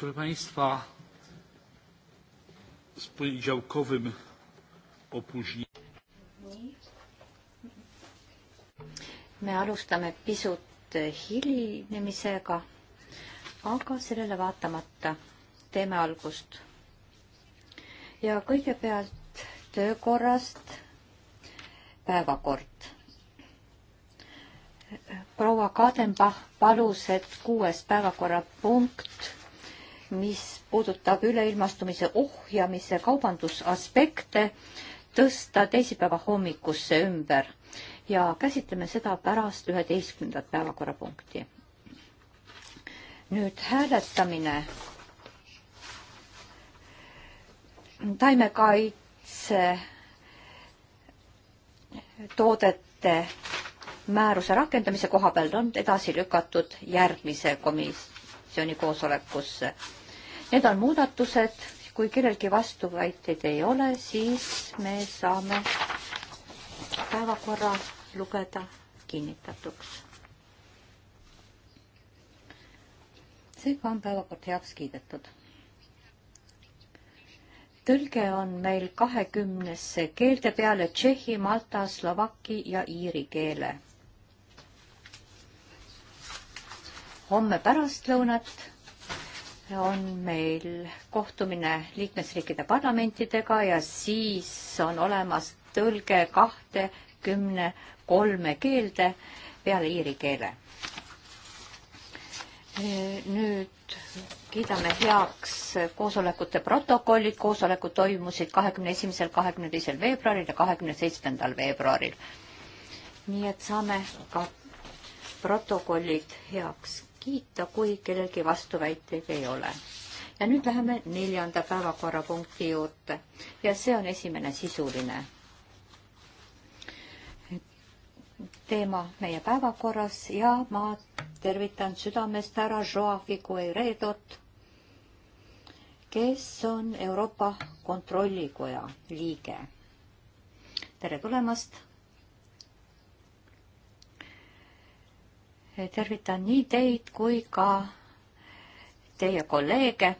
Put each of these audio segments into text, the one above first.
Proszę Państwa, z poniedziałkowym opóźnieniem. me alustame pisut hilinemisega, aga sellele vaatamata teeme algust. ja kõigepealt töökorrast päevakord. proua Kadenbach palus, et kuues päevakorrapunkt mis puudutab üleilmastumise ohjamise kaubandusaspekte, tõsta teisipäeva hommikusse ümber ja käsitleme seda pärast üheteistkümnendat päevakorrapunkti. nüüd hääletamine. taimekaitse toodete määruse rakendamise koha peal on edasi lükatud järgmise komisjoni koosolekusse Need on muudatused, kui kellelgi vastuväiteid ei ole, siis me saame päevakorra lugeda kinnitatuks. seega on päevakord heaks kiidetud. tõlge on meil kahekümnesse keelde peale tšehhi, malta, slovaki ja iiri keele. homme pärastlõunat on meil kohtumine liikmesriikide parlamentidega ja siis on olemas tõlge kahtekümne kolme keelde peale iiri keele. nüüd kiidame heaks koosolekute protokollid, koosolekud toimusid kahekümne esimesel, kahekümne teisel veebruaril ja kahekümne seitsmendal veebruaril. nii et saame ka protokollid heaks kiita, kui kellelgi vastuväiteid ei ole. ja nüüd läheme neljanda päevakorrapunkti juurde ja see on esimene sisuline teema meie päevakorras ja ma tervitan südamest härra Joafi Guerredot, kes on Euroopa Kontrollikoja liige. tere tulemast tervitan nii teid kui ka teie kolleege.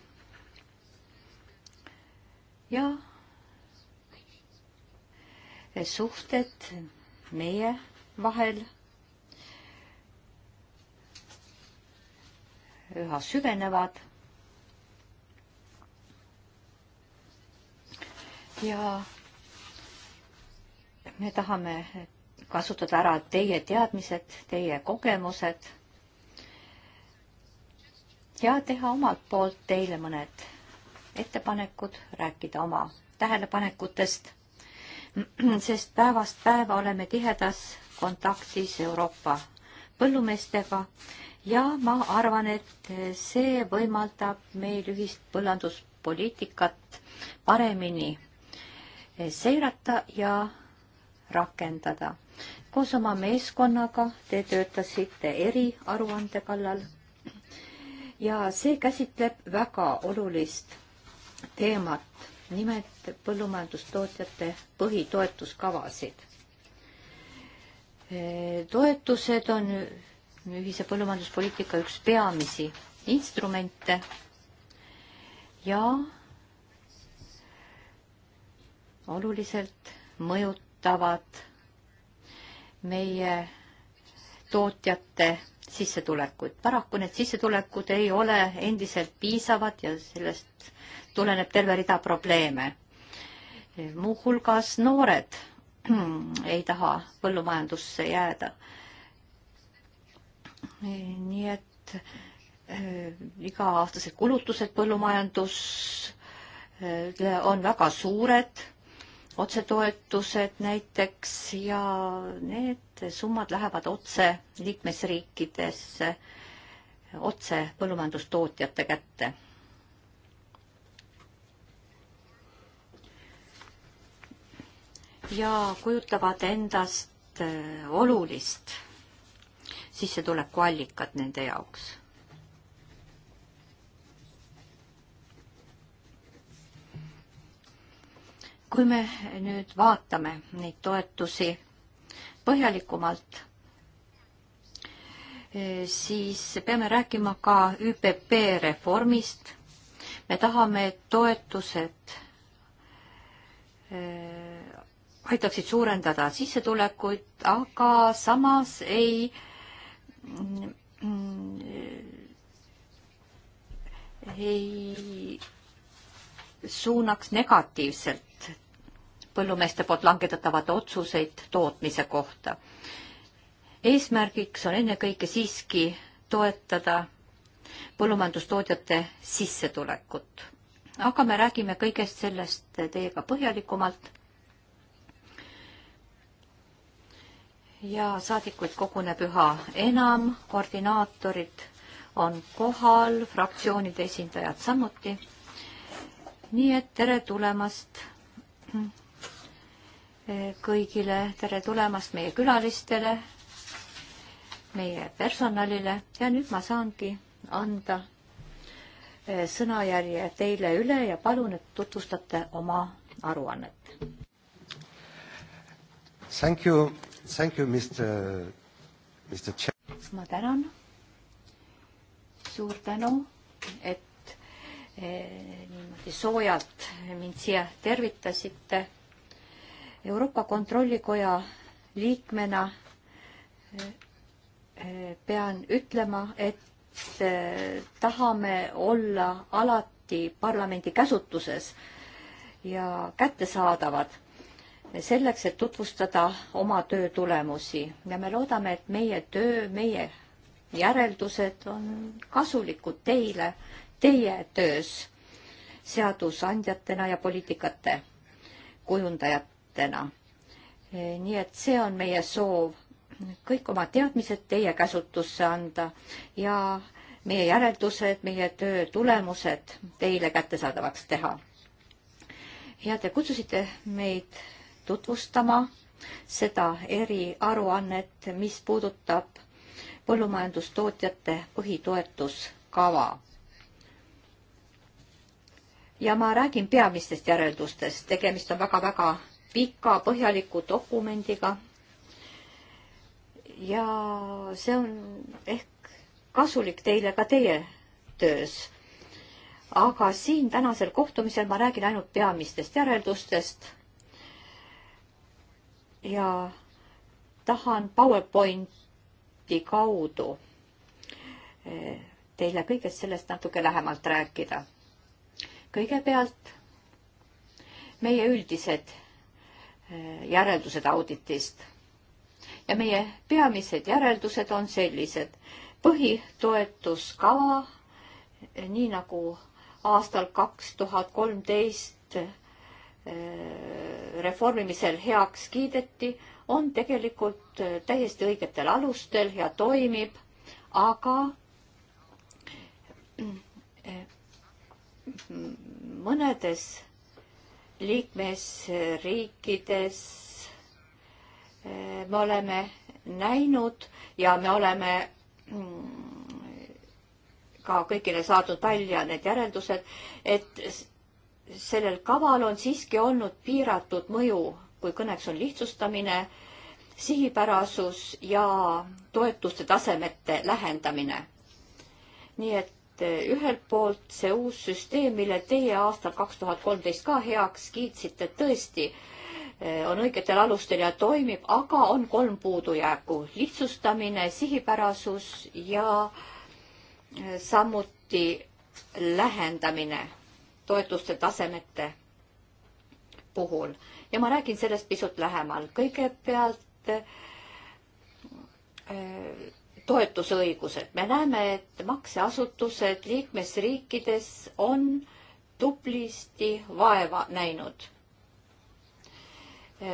ja suhted meie vahel üha süvenevad. ja me tahame, et kasutada ära teie teadmised, teie kogemused ja teha omalt poolt teile mõned ettepanekud, rääkida oma tähelepanekutest, sest päevast päeva oleme tihedas kontaktis Euroopa põllumeestega ja ma arvan, et see võimaldab meil ühist põllunduspoliitikat paremini seirata ja rakendada koos oma meeskonnaga te töötasite eriaruande kallal ja see käsitleb väga olulist teemat, nimelt põllumajandustootjate põhitoetuskavasid. E, toetused on ühise põllumajanduspoliitika üks peamisi instrumente ja oluliselt mõjutavad meie tootjate sissetulekuid. paraku need sissetulekud ei ole endiselt piisavad ja sellest tuleneb terve rida probleeme. muuhulgas noored ei taha põllumajandusse jääda. nii et äh, iga-aastased kulutused põllumajandus äh, on väga suured otsetoetused näiteks ja need summad lähevad otse liikmesriikidesse, otse põllumajandustootjate kätte. ja kujutavad endast äh, olulist sissetulekuallikat nende jaoks kui me nüüd vaatame neid toetusi põhjalikumalt, eh, siis peame rääkima ka ÜPP reformist. me tahame, et toetused eh, aitaksid suurendada sissetulekuid, aga samas ei mm, mm, ei suunaks negatiivselt põllumeeste poolt langetatavad otsuseid tootmise kohta. eesmärgiks on ennekõike siiski toetada põllumajandustootjate sissetulekut. aga me räägime kõigest sellest teiega põhjalikumalt. ja saadikuid koguneb üha enam, koordinaatorid on kohal, fraktsioonide esindajad samuti. nii et tere tulemast kõigile, tere tulemast meie külalistele, meie personalile ja nüüd ma saangi anda eh, sõnajärje teile üle ja palun, et tutvustate oma aruannet. Thank you, thank you, Mr, Mr Chair. ma tänan, suur tänu, et eh, niimoodi soojalt mind siia tervitasite Euroopa Kontrollikoja liikmena eh, eh, pean ütlema, et eh, tahame olla alati parlamendi käsutuses ja kättesaadavad selleks, et tutvustada oma töö tulemusi ja me loodame, et meie töö, meie järeldused on kasulikud teile, teie töös seadusandjatena ja poliitikate kujundajatena liikmetena. nii et see on meie soov, kõik oma teadmised teie käsutusse anda ja meie järeldused, meie töö tulemused teile kättesaadavaks teha. ja te kutsusite meid tutvustama seda eriaruannet, mis puudutab põllumajandustootjate põhitoetuskava. ja ma räägin peamistest järeldustest, tegemist on väga-väga pika põhjaliku dokumendiga. ja see on ehk kasulik teile ka teie töös. aga siin tänasel kohtumisel ma räägin ainult peamistest järeldustest. ja tahan PowerPointi kaudu eh, teile kõigest sellest natuke lähemalt rääkida. kõigepealt meie üldised järeldused auditist. ja meie peamised järeldused on sellised. põhitoetuskava, nii nagu aastal kaks tuhat kolmteist äh, reformimisel heaks kiideti, on tegelikult äh, täiesti õigetel alustel ja toimib, aga äh, mõnedes liikmesriikides eh, me oleme näinud ja me oleme mm, ka kõigile saadnud välja need järeldused, et sellel kaval on siiski olnud piiratud mõju, kui kõneks on lihtsustamine, sihipärasus ja toetuste tasemete lähendamine. nii et Eh, ühelt poolt see uus süsteem, mille teie aastal kaks tuhat kolmteist ka heaks kiitsite, tõesti eh, on õigetel alustel ja toimib, aga on kolm puudujääku. lihtsustamine, sihipärasus ja eh, samuti lähendamine toetuste tasemete puhul. ja ma räägin sellest pisut lähemal. kõigepealt äh, toetusõigused. me näeme, et makseasutused liikmesriikides on tublisti vaeva näinud.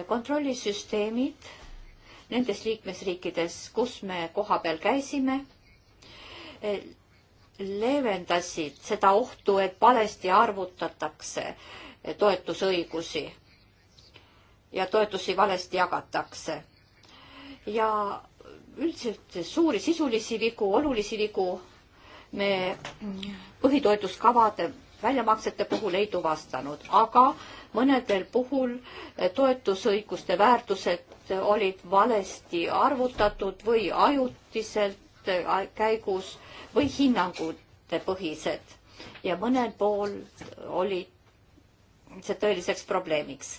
kontrollisüsteemid nendes liikmesriikides, kus me kohapeal käisime, leevendasid seda ohtu, et valesti arvutatakse toetusõigusi ja toetusi valesti jagatakse. ja üldiselt suuri sisulisi vigu, olulisi vigu me põhitoetuskavade väljamaksete puhul ei tuvastanud, aga mõnedel puhul eh, toetusõiguste väärtused olid valesti arvutatud või ajutiselt eh, käigus või hinnangute põhised ja mõnel pool oli see tõeliseks probleemiks.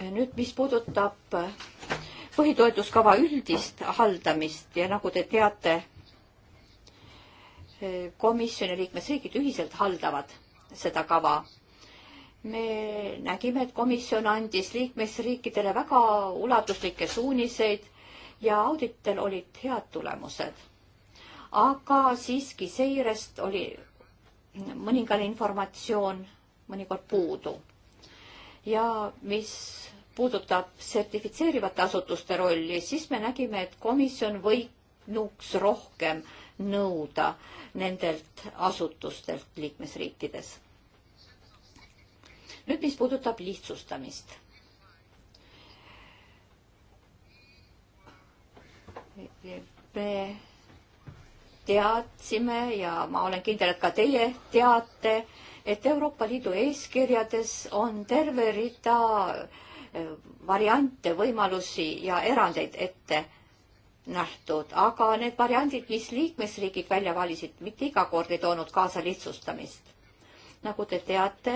nüüd, mis puudutab eh, põhitoetuskava üldist haldamist ja nagu te teate, komisjoni liikmesriigid ühiselt haldavad seda kava. me nägime, et komisjon andis liikmesriikidele väga ulatuslikke suuniseid ja auditel olid head tulemused. aga siiski seirest oli mõningane informatsioon mõnikord puudu. ja mis puudutab sertifitseerivate asutuste rolli, siis me nägime, et komisjon võinuks rohkem nõuda nendelt asutustelt liikmesriikides. nüüd, mis puudutab lihtsustamist. me teadsime ja ma olen kindel, et ka teie teate, et Euroopa Liidu eeskirjades on terve rida äh, variante, võimalusi ja erandeid ette nähtud, aga need variandid, mis liikmesriigid välja valisid, mitte iga kord ei toonud kaasa lihtsustamist. nagu te teate,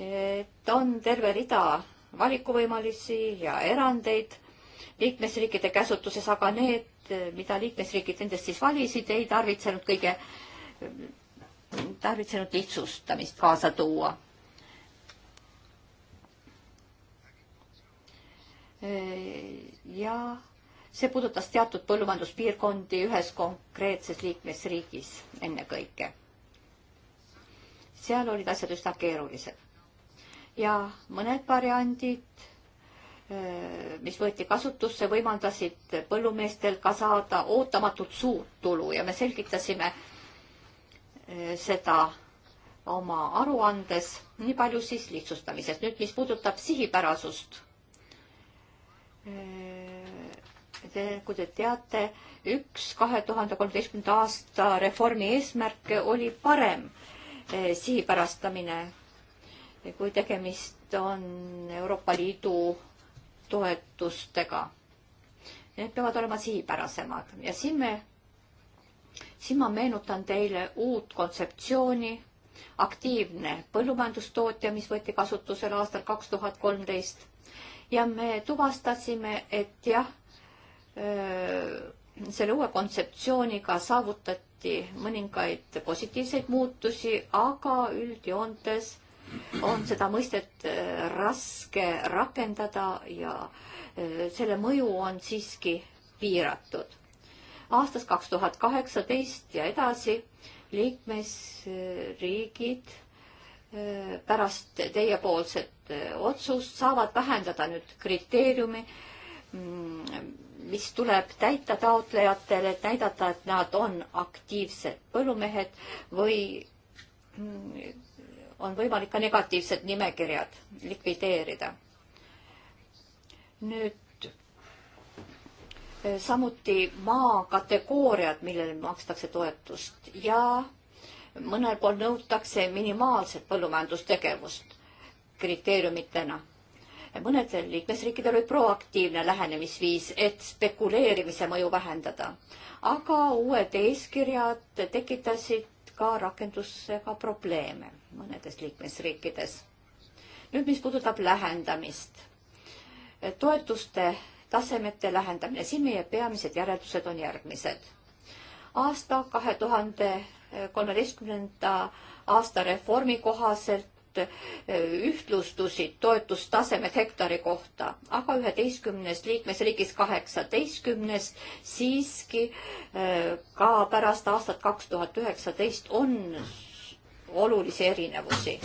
et on terve rida valikuvõimalusi ja erandeid liikmesriikide käsutuses, aga need, mida liikmesriigid nendest siis valisid, ei tarvitsenud kõige, tarvitsenud lihtsustamist kaasa tuua Äh, ja see puudutas teatud põllumajanduspiirkondi ühes konkreetses liikmesriigis ennekõike. seal olid asjad üsna keerulised ja mõned variandid, äh, mis võeti kasutusse, võimaldasid põllumeestel ka saada ootamatult suurt tulu ja me selgitasime äh, seda oma aruandes, nii palju siis lihtsustamisest. nüüd, mis puudutab sihipärasust Äh, te, kui te teate, üks kahe tuhande kolmeteistkümnenda aasta reformi eesmärke oli parem äh, sihipärastamine, kui tegemist on Euroopa Liidu toetustega. Need peavad olema sihipärasemad ja siin me, siin ma meenutan teile uut kontseptsiooni, aktiivne põllumajandustootja, mis võeti kasutusele aastal kaks tuhat kolmteist ja me tuvastasime, et jah, selle uue kontseptsiooniga saavutati mõningaid positiivseid muutusi, aga üldjoontes on seda mõistet raske rakendada ja selle mõju on siiski piiratud. aastast kaks tuhat kaheksateist ja edasi liikmesriigid Äh, pärast teiepoolset äh, otsust saavad vähendada nüüd kriteeriumi, mm, mis tuleb täita taotlejatele, et näidata, et nad on aktiivsed põllumehed või mm, on võimalik ka negatiivsed nimekirjad likvideerida. nüüd äh, samuti maakategooriad, millele makstakse toetust ja mõnel pool nõutakse minimaalset põllumajandustegevust kriteeriumitena. mõnedel liikmesriikidel oli proaktiivne lähenemisviis, et spekuleerimise mõju vähendada, aga uued eeskirjad tekitasid ka rakendusega probleeme mõnedes liikmesriikides. nüüd, mis puudutab lähendamist, toetuste tasemete lähendamine, siin meie peamised järeldused on järgmised. aasta kahe tuhande kolmeteistkümnenda aasta reformi kohaselt eh, ühtlustusid toetustasemed hektari kohta, aga üheteistkümnest liikmesriigist kaheksateistkümnest siiski eh, ka pärast aastat kaks tuhat üheksateist on olulisi erinevusi.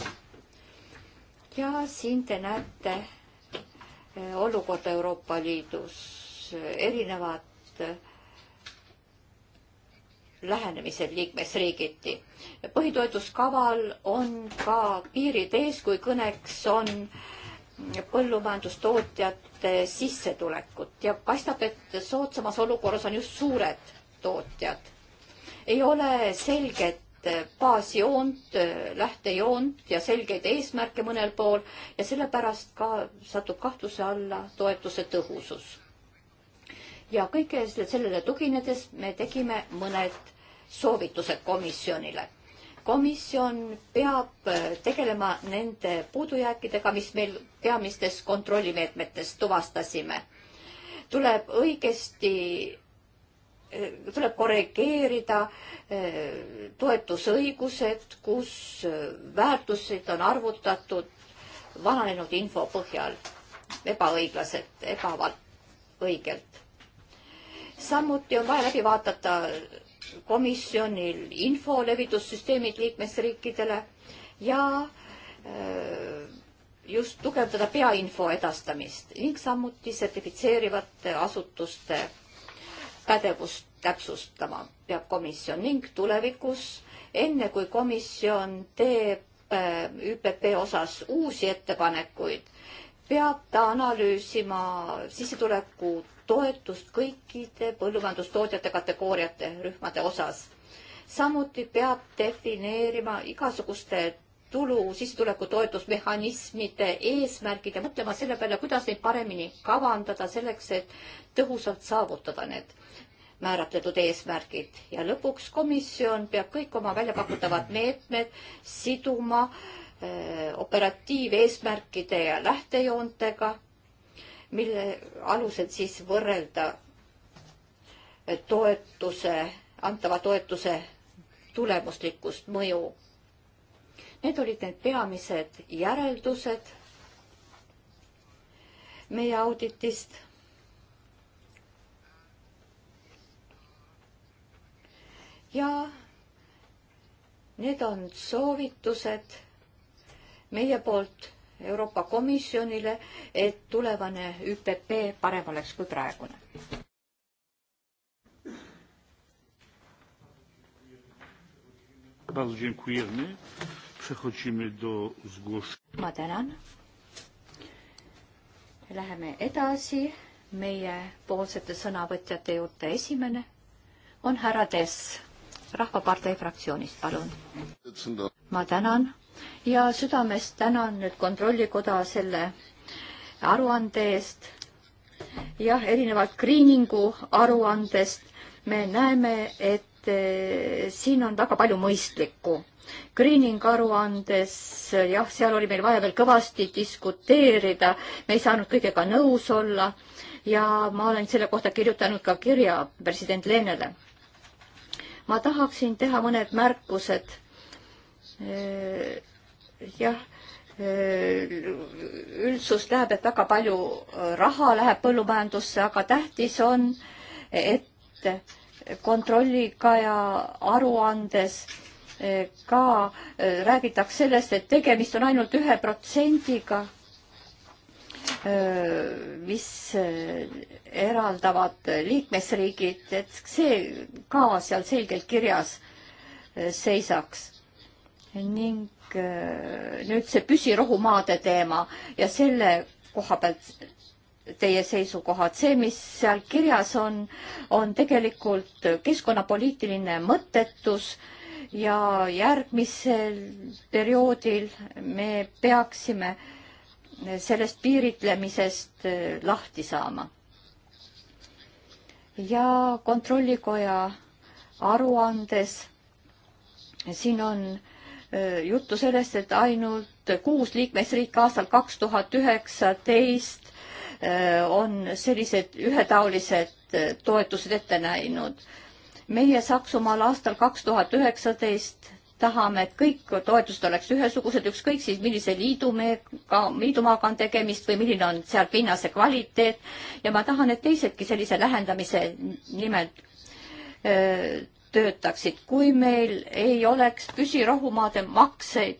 ja siin te näete eh, olukorda Euroopa Liidus, erinevad lähenemised liikmesriigiti. põhitoetuskaval on ka piirid ees, kui kõneks on põllumajandustootjate sissetulekut ja paistab, et soodsamas olukorras on just suured tootjad. ei ole selget baasjoont, lähtejoont ja selgeid eesmärke mõnel pool ja sellepärast ka satub kahtluse alla toetuse tõhusus ja kõige sellele tuginedes me tegime mõned soovitused komisjonile. komisjon peab äh, tegelema nende puudujääkidega, mis meil peamistes kontrollimeetmetes tuvastasime. tuleb õigesti äh, tuleb korrigeerida äh, toetusõigused, kus väärtused on arvutatud vananenud info põhjal ebaõiglaselt, ebaõigelt samuti on vaja läbi vaadata komisjonil info levitussüsteemid liikmesriikidele ja äh, just tugevdada peainfo edastamist ning samuti sertifitseerivate asutuste pädevust täpsustama peab komisjon ning tulevikus, enne kui komisjon teeb äh, ÜPP osas uusi ettepanekuid, peab ta analüüsima sissetuleku toetust kõikide põllumajandustootjate kategooriate rühmade osas. samuti peab defineerima igasuguste tulu, sissetulekutoetusmehhanismide eesmärgid ja mõtlema selle peale, kuidas neid paremini kavandada selleks, et tõhusalt saavutada need määratletud eesmärgid ja lõpuks komisjon peab kõik oma väljapakutavad meetmed siduma öö, eh, operatiiveesmärkide ja lähtejoontega mille alusel siis võrrelda eh, toetuse, antava toetuse tulemuslikkust, mõju. Need olid need peamised järeldused meie auditist. ja need on soovitused meie poolt Euroopa Komisjonile, et tulevane ÜPP parem oleks kui praegune. ma tänan. Läheme edasi meie poolsete sõnavõtjate juurde. esimene on härra Tess Rahvapartei fraktsioonist, palun. ma tänan ja südamest tänan nüüd Kontrollikoda selle aruande eest. jah, erinevalt greening'u aruandest me näeme, et eh, siin on väga palju mõistlikku. Greening aruandes, jah, seal oli meil vaja veel kõvasti diskuteerida, me ei saanud kõigega nõus olla ja ma olen selle kohta kirjutanud ka kirja president Leenele. ma tahaksin teha mõned märkused eh, jah, äh, üldsus näeb, et väga palju äh, raha läheb põllumajandusse, aga tähtis on, et kontrolliga ja aruandes äh, ka räägitakse sellest, et tegemist on ainult ühe protsendiga, mis eraldavad liikmesriigid, et see ka seal selgelt kirjas seisaks. ning Äh, nüüd see püsirohumaade teema ja selle koha pealt teie seisukohad, see, mis seal kirjas on, on tegelikult keskkonnapoliitiline mõttetus ja järgmisel perioodil me peaksime sellest piiritlemisest äh, lahti saama. ja kontrollikoja aruandes siin on Äh, juttu sellest, et ainult kuus liikmesriiki aastal kaks tuhat üheksateist äh, on sellised ühetaolised äh, toetused ette näinud. meie Saksamaal aastal kaks tuhat üheksateist tahame, et kõik toetused oleks ühesugused, ükskõik siis millise liidumeega, liidumaaga on tegemist või milline on seal pinnase kvaliteet ja ma tahan, et teisedki sellise lähendamise nimel töötaksid, kui meil ei oleks püsirohumaade makseid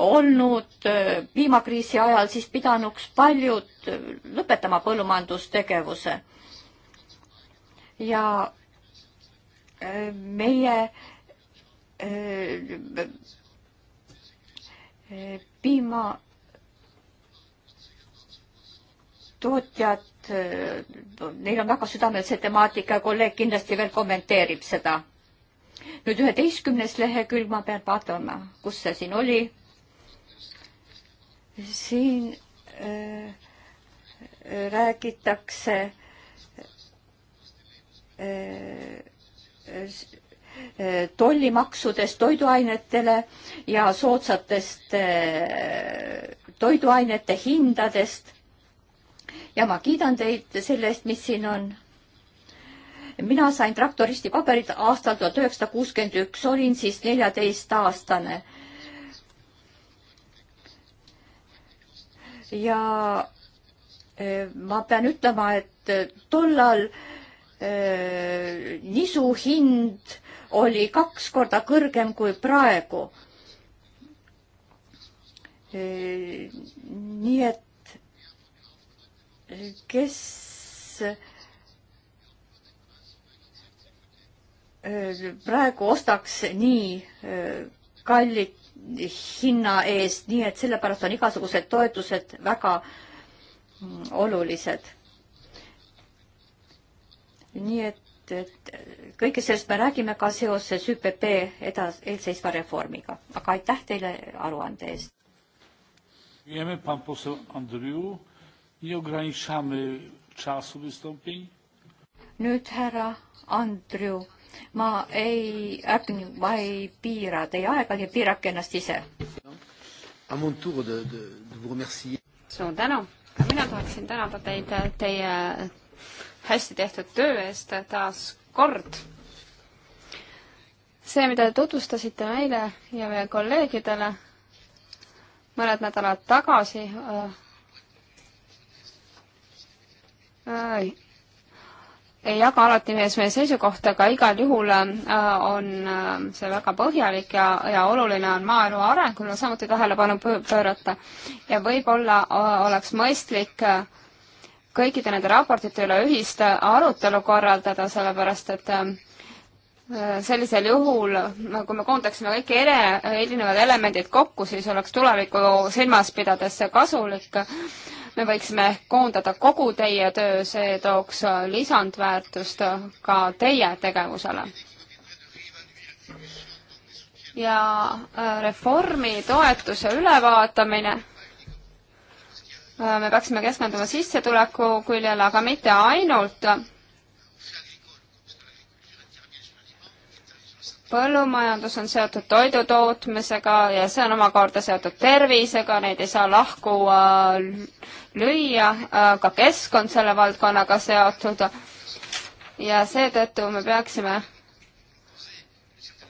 olnud äh, piimakriisi ajal, siis pidanuks paljud äh, lõpetama põllumajandustegevuse. ja äh, meie piimatootjad Äh, neil on väga südamel see temaatika, kolleeg kindlasti veel kommenteerib seda. nüüd üheteistkümnes lehekülg, ma pean vaatama, kus see siin oli. siin äh, räägitakse äh, äh tollimaksudest toiduainetele ja soodsatest äh, toiduainete hindadest ja ma kiidan teid selle eest, mis siin on. mina sain traktoristi paberid aastal tuhat üheksasada kuuskümmend üks, olin siis neljateistaastane. ja e, ma pean ütlema, et tollal äh, nisu hind oli kaks korda kõrgem kui praegu e, nii et kes äh, praegu ostaks nii äh, kalli hinna eest, nii et sellepärast on igasugused toetused väga mm, olulised. nii et, et kõigest sellest me räägime ka seoses ÜPP edas-, eelseisva reformiga, aga aitäh teile aruande eest. Nie ograniczamy czasu wystąpień. Nüüd härra Andrew, ma ei, ärge, ma ei piira teie aega, nii piirake ennast ise. suur tänu, ka mina tahaksin tänada teid teie hästi tehtud töö eest taas kord see, mida te tutvustasite meile ja meie kolleegidele mõned nädalad tagasi, ei jaga alati mees meie seisukohta, aga igal juhul äh, on äh, see väga põhjalik ja, ja oluline on maaelu arengule samuti tähelepanu pöörata. ja võib-olla äh, oleks mõistlik kõikide nende raportite üle ühist arutelu korraldada, sellepärast et sellisel juhul, kui me koondaksime kõik ere, erinevad elemendid kokku, siis oleks tulevikku silmas pidades see kasulik me võiksime koondada kogu teie töö, see tooks lisandväärtust ka teie tegevusele. ja äh, reformi toetuse ülevaatamine, äh, me peaksime keskenduma sissetuleku küljele, aga mitte ainult põllumajandus on seotud toidutootmisega ja see on omakorda seotud tervisega, neid ei saa lahku äh, lüüa, äh, ka keskkond selle valdkonnaga seotud ja seetõttu me peaksime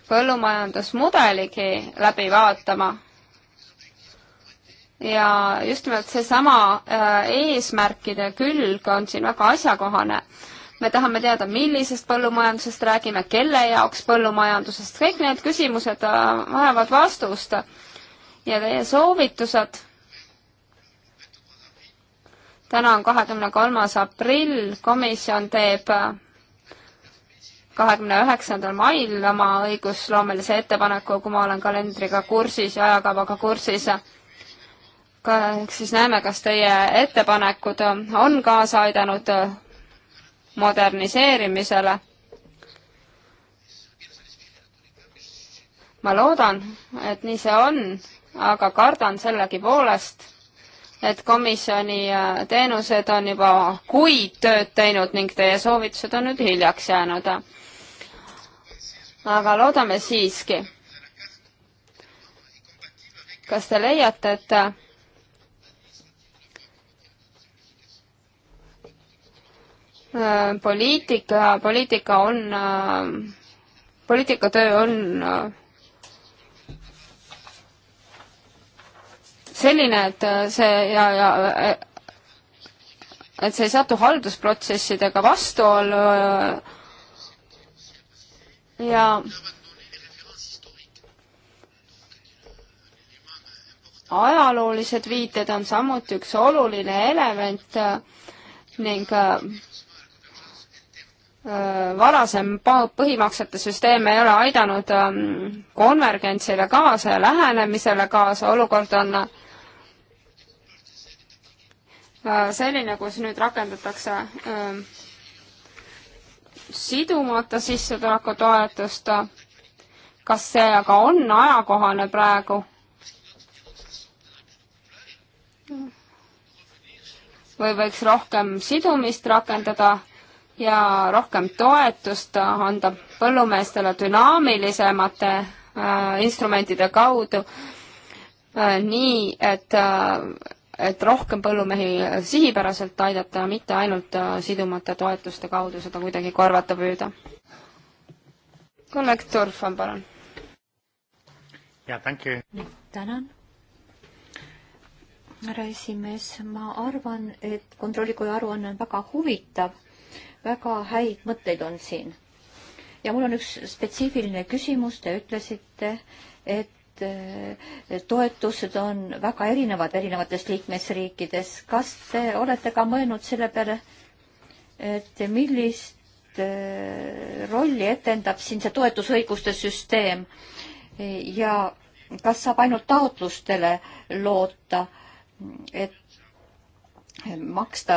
põllumajandusmudeligi läbi vaatama. ja just nimelt seesama äh, eesmärkide külg on siin väga asjakohane me tahame teada, millisest põllumajandusest räägime, kelle jaoks põllumajandusest, kõik need küsimused äh, vajavad vastust. ja teie soovitused täna on kahekümne kolmas aprill, komisjon teeb äh, kahekümne üheksandal mail oma õigusloomelise ettepaneku, kui ma olen kalendriga kursis ja ajakavaga kursis. ka eks siis näeme, kas teie ettepanekud on kaasa aidanud moderniseerimisele. ma loodan, et nii see on, aga kardan sellegipoolest et komisjoni äh, teenused on juba kuid tööd teinud ning teie soovitused on nüüd hiljaks jäänud. aga loodame siiski. kas te leiate, et äh, poliitika, poliitika on, äh, poliitikatöö on selline, et äh, see ja, ja äh, et see ei satu haldusprotsessidega vastuollu äh, ja ajaloolised viited on samuti üks oluline element ning varasem põhimaksete süsteem ei ole aidanud ähm, konvergentsile kaasa ja lähenemisele kaasa, olukord on Äh, selline, kus nüüd rakendatakse ähm, sidumata sissetulekutoetust. kas see aga on ajakohane praegu? või võiks rohkem sidumist rakendada ja rohkem toetust anda põllumeestele dünaamilisemate äh, instrumentide kaudu äh, nii, et äh, et rohkem põllumehi sihipäraselt aidata, mitte ainult äh, sidumata toetuste kaudu seda kuidagi korvata püüda. kolleeg Turfan, palun. jaa, tänke. tänan. härra esimees, ma arvan, et kontrollikoja aruanne on väga huvitav, väga häid mõtteid on siin. ja mul on üks spetsiifiline küsimus, te ütlesite, et toetused on väga erinevad erinevates liikmesriikides. kas te olete ka mõelnud selle peale, et millist eh, rolli etendab siin see toetusõiguste süsteem ja kas saab ainult taotlustele loota, et maksta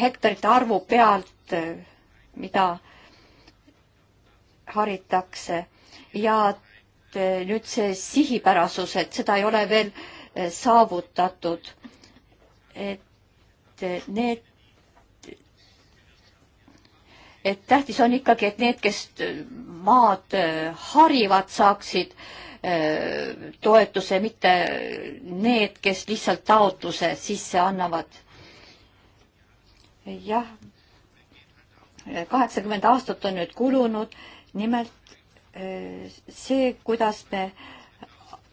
hektarite arvu pealt, eh, mida haritakse ja Eh, nüüd see sihipärasus, et seda ei ole veel eh, saavutatud. et eh, need, et tähtis on ikkagi, et need, kes maad harivad, saaksid toetuse, mitte need, kes lihtsalt taotluse sisse annavad. jah, kaheksakümmend aastat on nüüd kulunud, nimelt see, kuidas me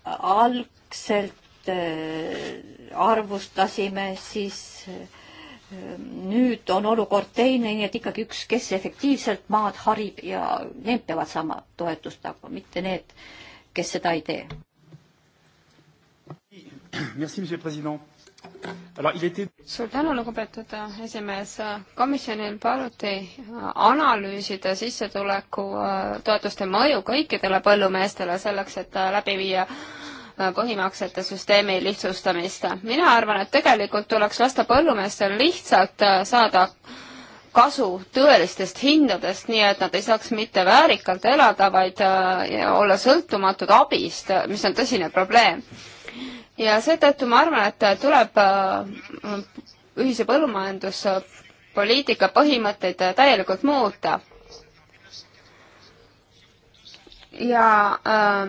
algselt äh, arvustasime, siis äh, nüüd on olukord teine, nii et ikkagi üks, kes efektiivselt maad harib ja need peavad saama toetust, aga mitte need, kes seda ei tee. Merci, monsieur president suur tänu, lugupeetud esimees. komisjonil paluti analüüsida sissetuleku äh, toetuste mõju kõikidele põllumeestele selleks, et äh, läbi viia äh, põhimaksete süsteemi lihtsustamist. mina arvan, et tegelikult tuleks lasta põllumeestel lihtsalt saada kasu tõelistest hindadest, nii et nad ei saaks mitte väärikalt elada, vaid olla sõltumatud abist, mis on tõsine probleem ja seetõttu ma arvan, et tuleb äh, ühise põllumajanduspoliitika põhimõtteid täielikult muuta. ja äh,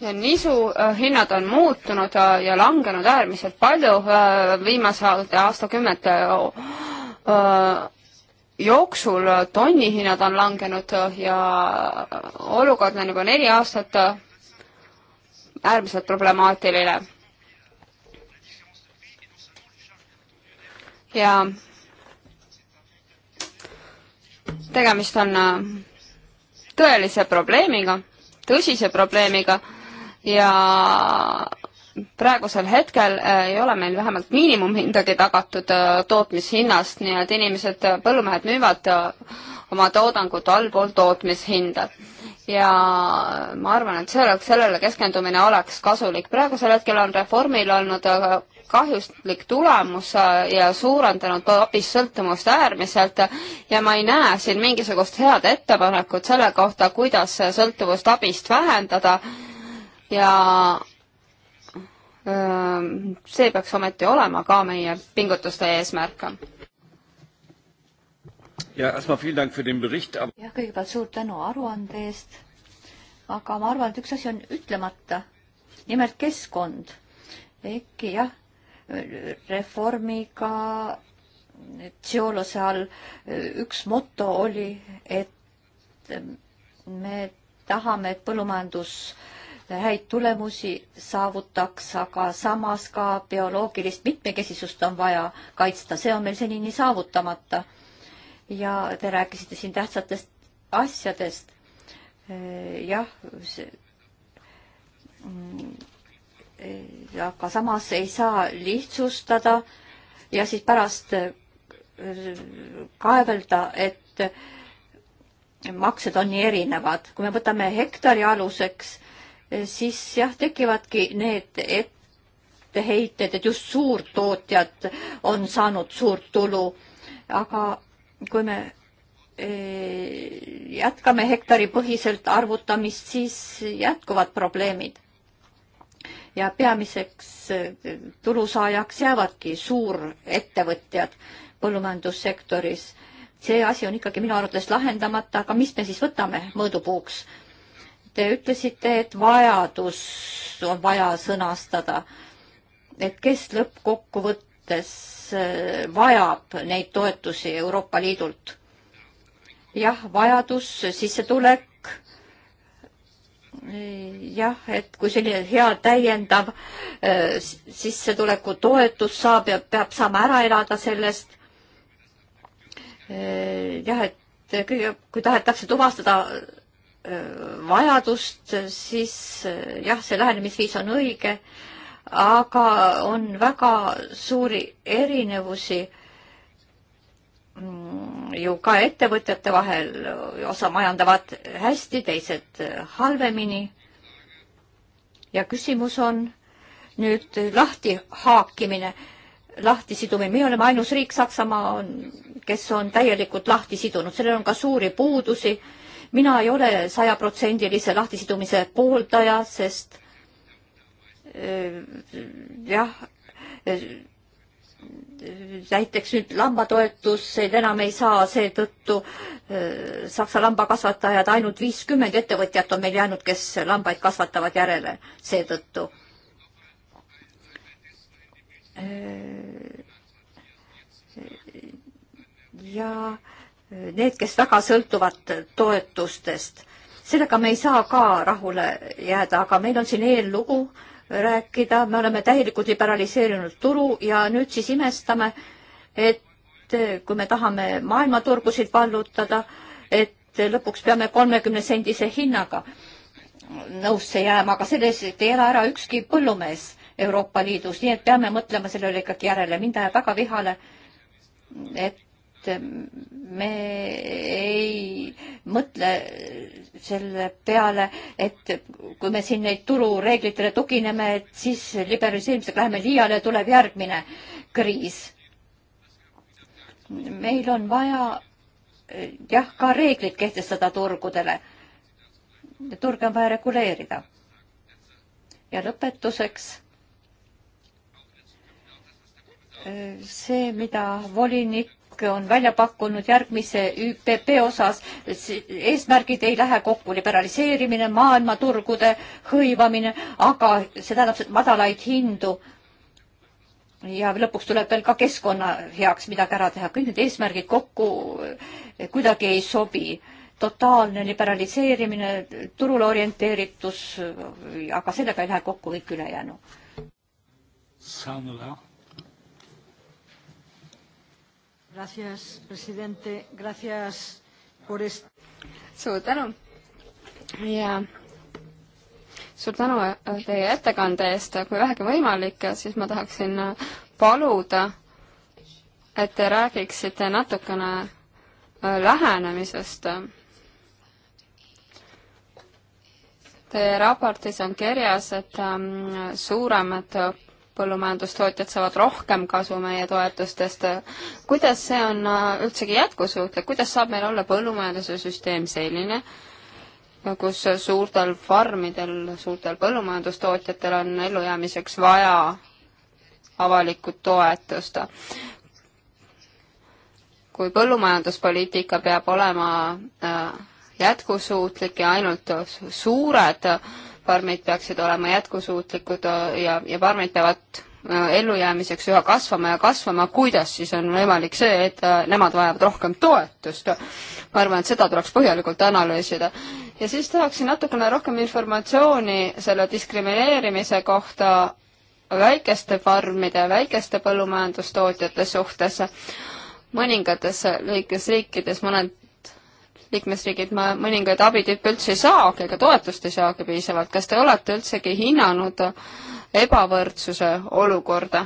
ja nisu äh, hinnad on muutunud äh, ja langenud äärmiselt palju viimase aastakümnete jooksul tonnihinnad on langenud ja olukord on juba neli aastat äärmiselt problemaatiline. ja tegemist on äh, tõelise probleemiga, tõsise probleemiga ja praegusel hetkel äh, ei ole meil vähemalt miinimumhindagi tagatud äh, tootmishinnast, nii et inimesed, äh, põllumehed müüvad oma toodangut allpool tootmishinda. ja ma arvan, et sellel, sellele keskendumine oleks kasulik. praegusel hetkel on reformil olnud kahjustlik tulemus ja suurendanud abist sõltuvust äärmiselt ja ma ei näe siin mingisugust head ettepanekut selle kohta, kuidas sõltuvust abist vähendada ja see peaks ometi olema ka meie pingutuste eesmärk. jah, kõigepealt suur tänu aruande eest, aga ma arvan, et üks asi on ütlemata, nimelt keskkond. ehkki jah, reformiga Tsiolose all üks moto oli, et me tahame, et põllumajandus äh, häid tulemusi saavutaks, aga samas ka bioloogilist mitmekesisust on vaja kaitsta, see on meil senini saavutamata. ja te rääkisite siin tähtsatest asjadest. Äh, jah, mm, äh, aga samas ei saa lihtsustada ja siis pärast äh, kaevelda, et maksed on nii erinevad. kui me võtame hektari aluseks, Äh, siis jah, tekivadki need etteheited, et just suurtootjad on saanud suurt tulu. aga kui me äh, jätkame hektaripõhiselt arvutamist, siis jätkuvad probleemid. ja peamiseks äh, tulusaajaks jäävadki suurettevõtjad põllumajandussektoris. see asi on ikkagi minu arvates lahendamata, aga mis me siis võtame mõõdupuuks? Te ütlesite, et vajadus on vaja sõnastada. et kes lõppkokkuvõttes äh, vajab neid toetusi Euroopa Liidult? jah, vajadus, sissetulek, jah, et kui selline hea täiendav äh, sissetulekutoetus saab ja peab saama ära elada sellest. Äh, jah, et kõige, kui tahetakse tuvastada vajadust, siis jah, see lähenemisviis on õige, aga on väga suuri erinevusi mm, ju ka ettevõtjate vahel, osa majandavad hästi, teised halvemini. ja küsimus on nüüd lahti haakimine, lahti sidumine. me oleme ainus riik, Saksamaa on, kes on täielikult lahti sidunud, sellel on ka suuri puudusi mina ei ole sajaprotsendilise lahtisidumise pooldaja, sest äh, jah, äh, näiteks nüüd lambatoetuseid enam ei saa, seetõttu äh, Saksa lambakasvatajad, ainult viiskümmend ettevõtjat on meil jäänud, kes lambaid kasvatavad järele seetõttu. ja need, kes väga sõltuvad toetustest. sellega me ei saa ka rahule jääda, aga meil on siin eellugu rääkida, me oleme täielikult liberaliseerinud turu ja nüüd siis imestame, et kui me tahame maailmaturgusid vallutada, et lõpuks peame kolmekümne sendise hinnaga nõusse jääma, aga selles ei ela ära ükski põllumees Euroopa Liidus, nii et peame mõtlema sellele ikkagi järele. mind ajab väga vihale, et et me ei mõtle selle peale, et kui me siin neid turureeglitele tugineme, et siis liberaliseerimisega läheme liiale ja tuleb järgmine kriis. meil on vaja jah, ka reeglid kehtestada turgudele. turge on vaja reguleerida. ja lõpetuseks see, mida volinik on välja pakkunud järgmise ÜPP osas, eesmärgid ei lähe kokku, liberaliseerimine, maailmaturgude hõivamine, aga see tähendab madalaid hindu. ja lõpuks tuleb veel ka keskkonna heaks midagi ära teha, kõik need eesmärgid kokku eh, kuidagi ei sobi totaalne liberaliseerimine, turule orienteeritus, aga sellega ei lähe kokku kõik ülejäänu. Sanula Gracias, presidente, gracias por est-. suur tänu ja suur tänu äh, teie ettekande eest, kui vähegi võimalik, siis ma tahaksin äh, paluda, et te räägiksite natukene äh, lähenemisest. Teie raportis on kirjas, et ähm, suuremad põllumajandustootjad saavad rohkem kasu meie toetustest. kuidas see on äh, üldsegi jätkusuutlik, kuidas saab meil olla põllumajanduse süsteem selline, kus suurtel farmidel, suurtel põllumajandustootjatel on ellujäämiseks vaja avalikku toetust? kui põllumajanduspoliitika peab olema äh, jätkusuutlik ja ainult suured farmid peaksid olema jätkusuutlikud äh, ja, ja farmid peavad äh, ellujäämiseks üha kasvama ja kasvama, kuidas siis on võimalik see, et äh, nemad vajavad rohkem toetust? ma arvan, et seda tuleks põhjalikult analüüsida. ja siis tahaksin natukene rohkem informatsiooni selle diskrimineerimise kohta väikeste farmide, väikeste põllumajandustootjate suhtes mõningates liikmesriikides, mõned liikmesriigid mõningaid abitüüpe üldse ei saagi ega toetust ei saagi piisavalt. kas te olete üldsegi hinnanud ebavõrdsuse olukorda?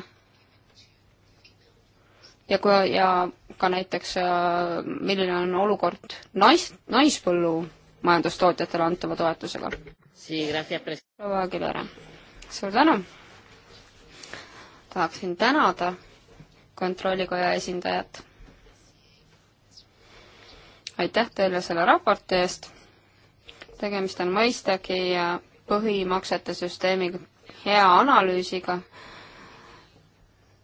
ja kui, ja ka näiteks äh, milline on olukord nais, naispõllu majandustootjatele antava toetusega? proua Aguilera, suur tänu! tahaksin tänada kontrollikoja esindajat aitäh teile selle raporti eest. tegemist on mõistagi põhimaksete süsteemi hea analüüsiga.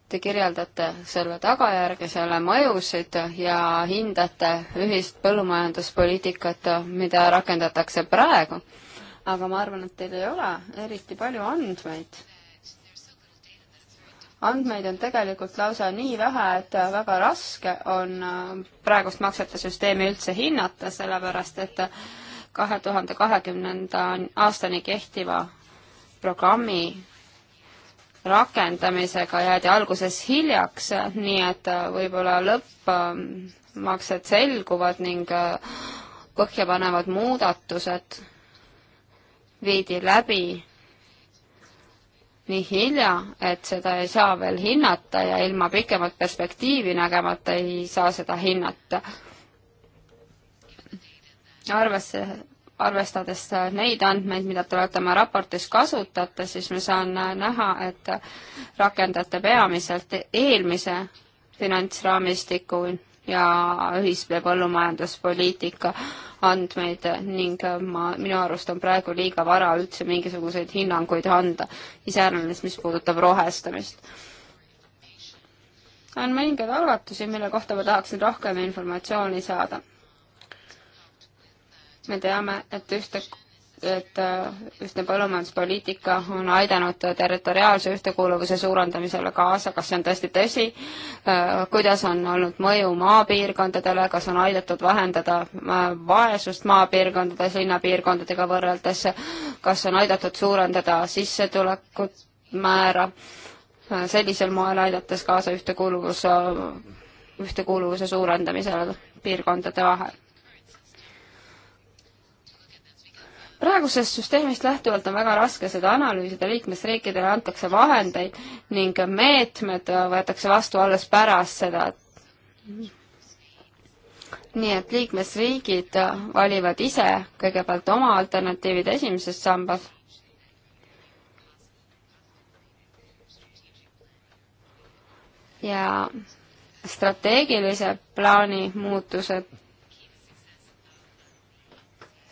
Te kirjeldate selle tagajärge, selle mõjusid ja hindate ühist põllumajanduspoliitikat, mida rakendatakse praegu. aga ma arvan, et teil ei ole eriti palju andmeid andmeid on tegelikult lausa nii vähe, et väga raske on äh, praegust maksete süsteemi üldse hinnata, sellepärast et kahe tuhande kahekümnenda aastani kehtiva programmi rakendamisega jäädi alguses hiljaks, nii et äh, võib-olla lõppmaksed selguvad ning äh, põhjapanevad muudatused viidi läbi nii hilja, et seda ei saa veel hinnata ja ilma pikemat perspektiivi nägemata ei saa seda hinnata. arvesse, arvestades neid andmeid, mida te olete oma raportis kasutate, siis ma saan näha, et rakendate peamiselt eelmise finantsraamistiku ja ühispõllumajanduspoliitika andmeid ning ma, minu arust on praegu liiga vara üldse mingisuguseid hinnanguid anda, iseäranis, mis puudutab rohestamist. on mõningaid algatusi, mille kohta ma tahaksin rohkem informatsiooni saada. me teame, et ühte et äh, ühtne põllumajanduspoliitika on aidanud territoriaalse ühtekuuluvuse suurendamisele kaasa, kas see on tõesti tõsi, äh, kuidas on olnud mõju maapiirkondadele, kas on aidatud vähendada äh, vaesust maapiirkondades linnapiirkondadega võrreldes, kas on aidatud suurendada sissetulekut määra, sellisel moel aidates kaasa ühtekuuluvus, ühtekuuluvuse suurendamisele piirkondade vahel praegusest süsteemist lähtuvalt on väga raske seda analüüsida, liikmesriikidele antakse vahendeid ning meetmed võetakse vastu alles pärast seda. nii et liikmesriigid valivad ise kõigepealt oma alternatiivid esimeses sambas. ja strateegilise plaani muutused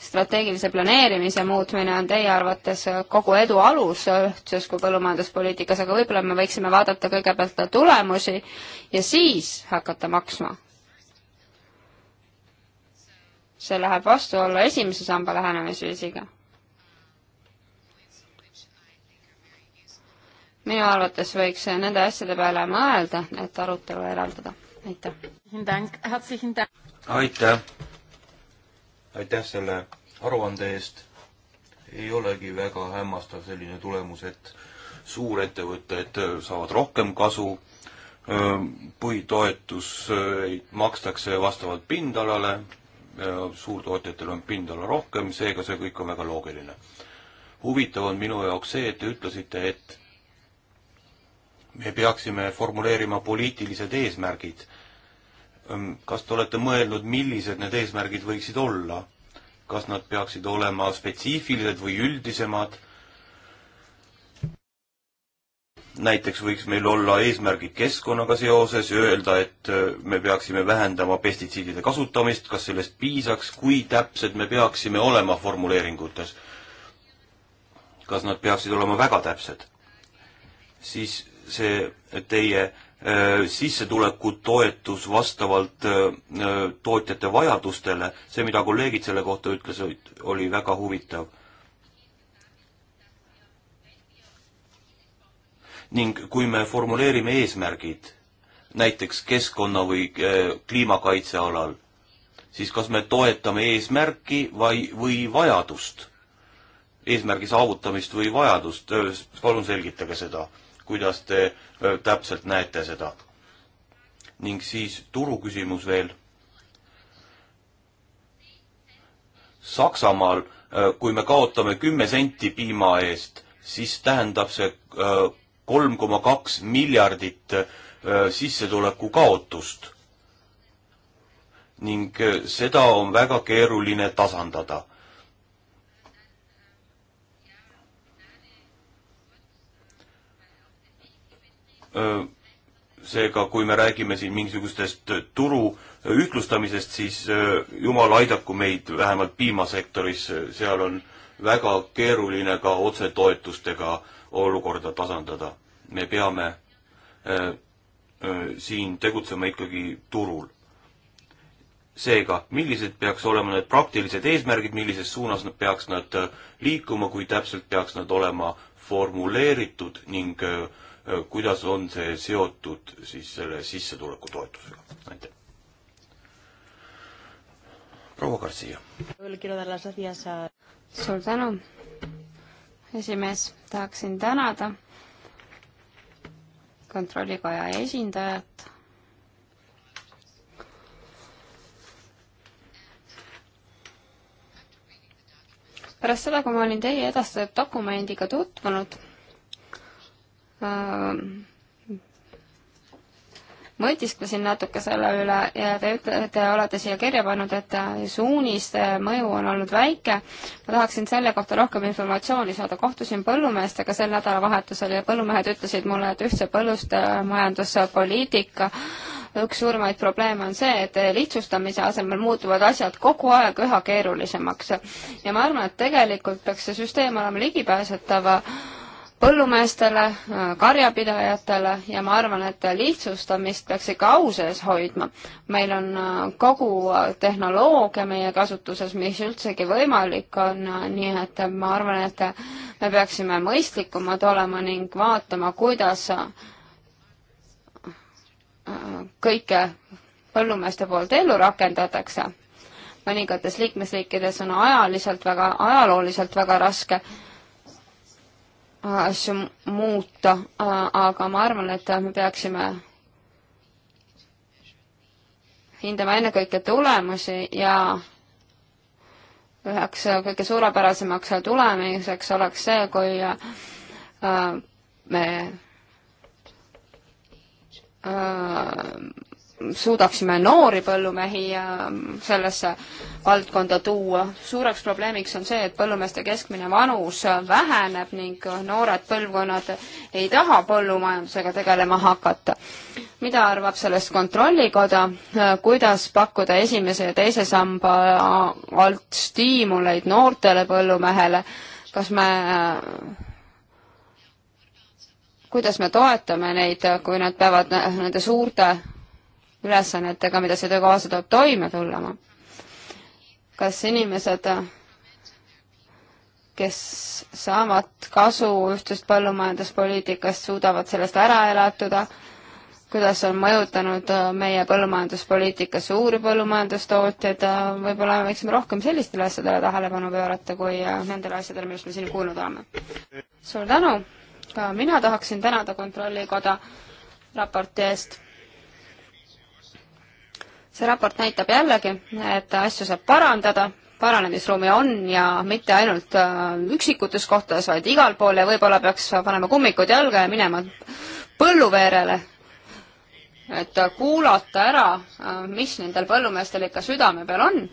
strateegilise planeerimise muutmine on teie arvates kogu edu alus ühtses kui põllumajanduspoliitikas, aga võib-olla me võiksime vaadata kõigepealt tulemusi ja siis hakata maksma. see läheb vastuollu esimese samba lähenemisviisiga. minu arvates võiks nende asjade peale mõelda, et arutelu eraldada. aitäh! aitäh! aitäh selle aruande eest. ei olegi väga hämmastav selline tulemus, et suurettevõtted saavad rohkem kasu, põhitoetuseid makstakse vastavalt pindalale, suurtootjatel on pindala rohkem, seega see kõik on väga loogiline. huvitav on minu jaoks see, et te ütlesite, et me peaksime formuleerima poliitilised eesmärgid kas te olete mõelnud, millised need eesmärgid võiksid olla? kas nad peaksid olema spetsiifilised või üldisemad? näiteks võiks meil olla eesmärgid keskkonnaga seoses, öelda, et me peaksime vähendama pestitsiidide kasutamist, kas sellest piisaks, kui täpsed me peaksime olema formuleeringutes? kas nad peaksid olema väga täpsed? siis see teie Äh, sissetulekutoetus vastavalt äh, äh, tootjate vajadustele, see, mida kolleegid selle kohta ütlesid, oli väga huvitav. ning kui me formuleerime eesmärgid, näiteks keskkonna või kliimakaitse alal, siis kas me toetame eesmärki vai, või vajadust? eesmärgi saavutamist või vajadust, palun selgitage seda kuidas te täpselt näete seda? ning siis turu küsimus veel. Saksamaal, kui me kaotame kümme senti piima eest, siis tähendab see kolm koma kaks miljardit sissetuleku kaotust. ning seda on väga keeruline tasandada seega, kui me räägime siin mingisugustest turu ühtlustamisest, siis jumal aidaku meid vähemalt piimasektoris, seal on väga keeruline ka otsetoetustega olukorda tasandada. me peame äh, äh, siin tegutsema ikkagi turul. seega, millised peaks olema need praktilised eesmärgid, millises suunas nad peaks nad äh, liikuma, kui täpselt peaks nad olema formuleeritud ning äh, Äh, kuidas on see seotud siis selle sissetulekutoetusega? aitäh. proua Garcia. suur tänu, esimees, tahaksin tänada kontrollikoja esindajat. pärast seda, kui ma olin teie edastatud dokumendiga tutvunud Äh, mõtisklesin natuke selle üle ja te ütlete, te olete siia kirja pannud, et äh, suuniste mõju on olnud väike. ma tahaksin selle kohta rohkem informatsiooni saada. kohtusin põllumeestega sel nädalavahetusel ja põllumehed ütlesid mulle, et ühtse põllust äh, majanduspoliitika üks suurimaid probleeme on see, et lihtsustamise asemel muutuvad asjad kogu aeg üha keerulisemaks. ja ma arvan, et tegelikult peaks see süsteem olema ligipääsetav põllumeestele, karjapidajatele ja ma arvan, et lihtsustamist peaks ikka au sees hoidma. meil on äh, kogu äh, tehnoloogia meie kasutuses, mis üldsegi võimalik on, äh, nii et ma arvan, et me peaksime mõistlikumad olema ning vaatama, kuidas kõike põllumeeste poolt ellu rakendatakse. mõningates liikmesriikides on ajaliselt väga, ajalooliselt väga raske asju muuta, aga ma arvan, et me peaksime hindama ennekõike tulemusi ja üheks kõige suurepärasemaks tulemiseks oleks see, kui äh, me äh, suudaksime noori põllumehi äh, sellesse valdkonda tuua. suureks probleemiks on see, et põllumeeste keskmine vanus väheneb ning noored põlvkonnad ei taha põllumajandusega tegelema hakata. mida arvab sellest Kontrollikoda, äh, kuidas pakkuda esimese ja teise samba alt stiimuleid noortele põllumehele, kas me äh, kuidas me toetame neid, kui nad peavad nende suurte ülesannetega, mida selle töö kaasa toob, toime tulla. kas inimesed, kes saavad kasu ühtsest põllumajanduspoliitikast, suudavad sellest ära elatuda, kuidas on mõjutanud meie põllumajanduspoliitika suuri põllumajandustootjaid, võib-olla me võiksime rohkem sellistele asjadele tähelepanu pöörata, kui nendele asjadele, millest me siin kuulnud oleme. suur tänu, ka mina tahaksin tänada Kontrollikoda raporti eest see raport näitab jällegi, et asju saab parandada, paranemisruumi on ja mitte ainult äh, üksikutes kohtades, vaid igal pool ja võib-olla peaks panema kummikud jalga ja minema põlluveerele, et kuulata ära, äh, mis nendel põllumeestel ikka südame peal on.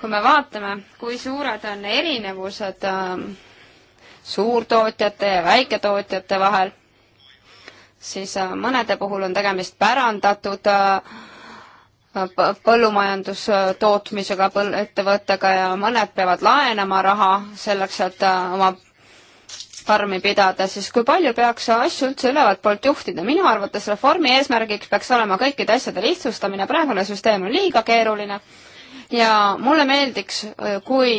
kui me vaatame, kui suured on erinevused äh, suurtootjate ja väiketootjate vahel, siis mõnede puhul on tegemist pärandatud äh, põllumajandustootmisega põl-, ettevõttega ja mõned peavad laenama raha selleks, et äh, oma farmi pidada, siis kui palju peaks asju üldse ülevalt poolt juhtida? minu arvates reformi eesmärgiks peaks olema kõikide asjade lihtsustamine, praegune süsteem on liiga keeruline ja mulle meeldiks, äh, kui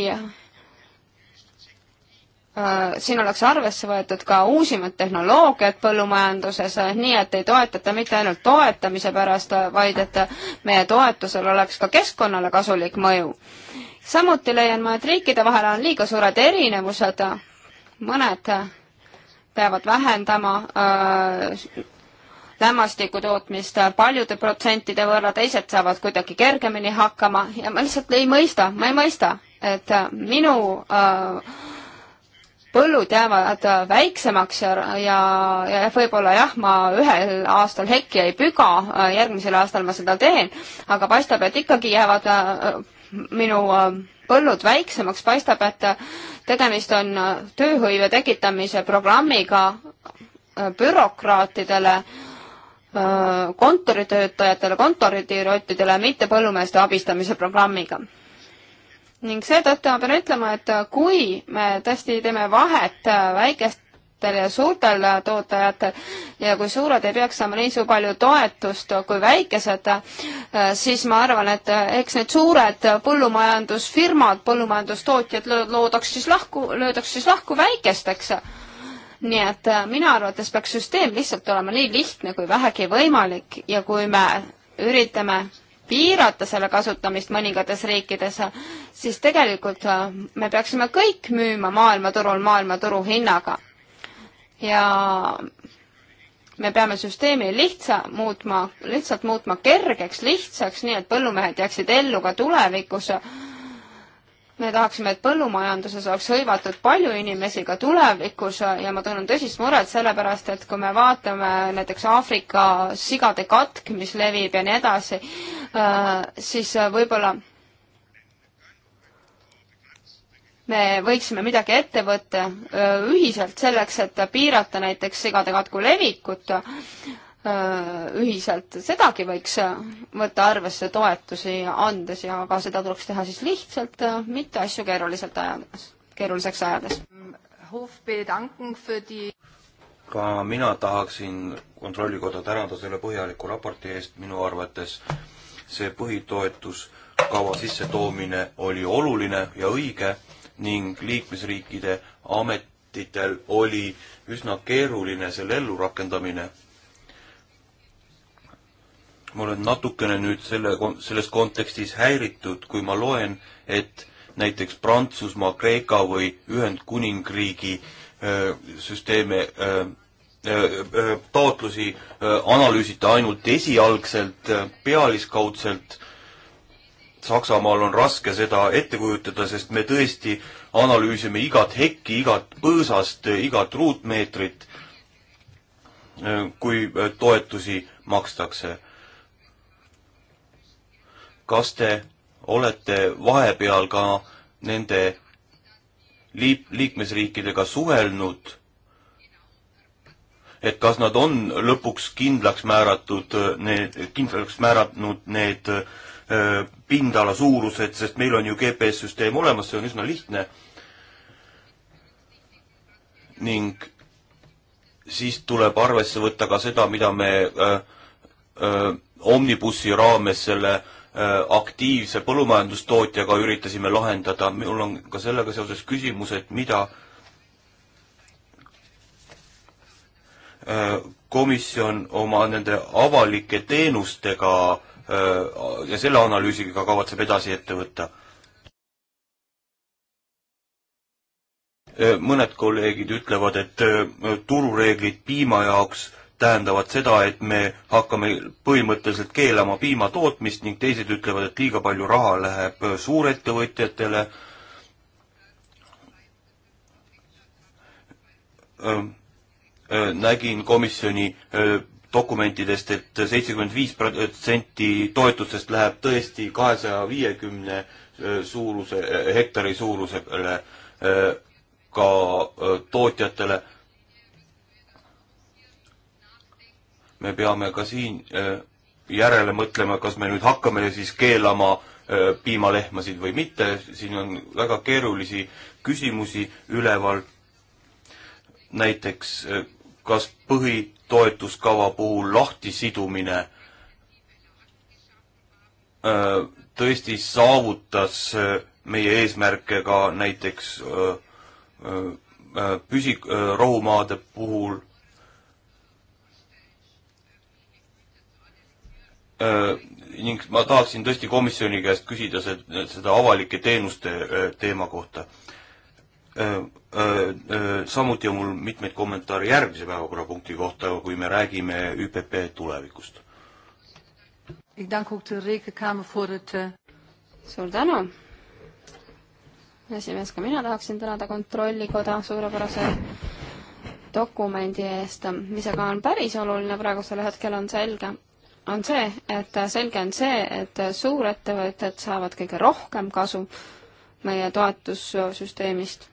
Äh, siin oleks arvesse võetud ka uusimad tehnoloogiad põllumajanduses, äh, nii et ei toetata mitte ainult toetamise pärast, äh, vaid et meie toetusel oleks ka keskkonnale kasulik mõju. samuti leian ma, et riikide vahel on liiga suured erinevused, mõned peavad vähendama öö, lämmastiku tootmist paljude protsentide võrra, teised saavad kuidagi kergemini hakkama ja ma lihtsalt ei mõista, ma ei mõista, et minu öö, põllud jäävad väiksemaks ja, ja, ja võib-olla jah, ma ühel aastal hekki ei püga, järgmisel aastal ma seda teen, aga paistab, et ikkagi jäävad äh, minu äh, põllud väiksemaks, paistab, et äh, tegemist on tööhõive tekitamise programmiga bürokraatidele, kontoritöötajatele, kontoritöötajatele, mitte põllumeeste abistamise programmiga ning seetõttu ma pean ütlema, et kui me tõesti teeme vahet väikestel ja suurtel tootajatel ja kui suured ei peaks saama nii palju toetust kui väikesed, siis ma arvan, et eks need suured põllumajandusfirmad, põllumajandustootjad loodaks siis lahku, löödaks siis lahku väikesteks nii et minu arvates peaks süsteem lihtsalt olema nii lihtne kui vähegi võimalik ja kui me üritame piirata selle kasutamist mõningates riikides, siis tegelikult äh, me peaksime kõik müüma maailmaturul maailmaturu hinnaga. ja me peame süsteemi lihtsa muutma, lihtsalt muutma kergeks, lihtsaks, nii et põllumehed jääksid ellu ka tulevikus me tahaksime, et põllumajanduses oleks hõivatud palju inimesi ka tulevikus ja ma tunnen tõsist muret, sellepärast et kui me vaatame näiteks Aafrika sigade katk, mis levib ja nii edasi, äh, siis võib-olla me võiksime midagi ette võtta äh, ühiselt selleks, et piirata näiteks sigade katku levikut Äh, ühiselt, sedagi võiks äh, võtta arvesse toetusi andes ja aga seda tuleks teha siis lihtsalt, äh, mitte asju keeruliselt ajades, keeruliseks ajades. ka mina tahaksin Kontrollikoda tänada selle põhjaliku raporti eest, minu arvates see põhitoetuskava sissetoomine oli oluline ja õige ning liikmesriikide ametitel oli üsna keeruline selle ellurakendamine ma olen natukene nüüd selle, selles kontekstis häiritud, kui ma loen, et näiteks Prantsusmaa, Kreeka või Ühendkuningriigi äh, süsteeme äh, äh, taotlusi analüüsiti ainult esialgselt, pealiskaudselt. Saksamaal on raske seda ette kujutada, sest me tõesti analüüsime igat hekki, igat põõsast, igat ruutmeetrit, kui toetusi makstakse kas te olete vahepeal ka nende liip-, liikmesriikidega suhelnud, et kas nad on lõpuks kindlaks määratud need, kindlaks määranud need öö, äh, pindala suurused, sest meil on ju GPS-süsteem olemas, see on üsna lihtne. ning siis tuleb arvesse võtta ka seda, mida me öö, äh, öö, äh, omnibussi raames selle Äh, aktiivse põllumajandustootjaga üritasime lahendada, mul on ka sellega seoses küsimus, et mida äh, komisjon oma nende avalike teenustega äh, ja selle analüüsiga kavatseb edasi ette võtta. mõned kolleegid ütlevad, et turureeglid piima jaoks tähendavad seda, et me hakkame põhimõtteliselt keelama piima tootmist ning teised ütlevad, et liiga palju raha läheb suurettevõtjatele. nägin komisjoni dokumentidest et, et seitsekümmend viis protsenti toetustest läheb tõesti kahesaja viiekümne suuruse, hektari suurusele ka tootjatele me peame ka siin äh, järele mõtlema, kas me nüüd hakkame siis keelama äh, piimalehmasid või mitte, siin on väga keerulisi küsimusi üleval. näiteks, äh, kas põhitoetuskava puhul lahtisidumine tõesti saavutas meie eesmärke ka näiteks püsi-, rohumaade puhul Äh, ning ma tahaksin tõesti komisjoni käest küsida seda avalike teenuste äh, teema kohta. Äh, samuti on mul mitmeid kommentaare järgmise päevakorrapunkti kohta, kui me räägime ÜPP tulevikust. suur tänu! esimees, ka mina tahaksin tänada Kontrollikoda suurepärase dokumendi eest, mis aga on päris oluline praegusel hetkel, on selge, on see, et selge on see, et suurettevõtted saavad kõige rohkem kasu meie toetussüsteemist.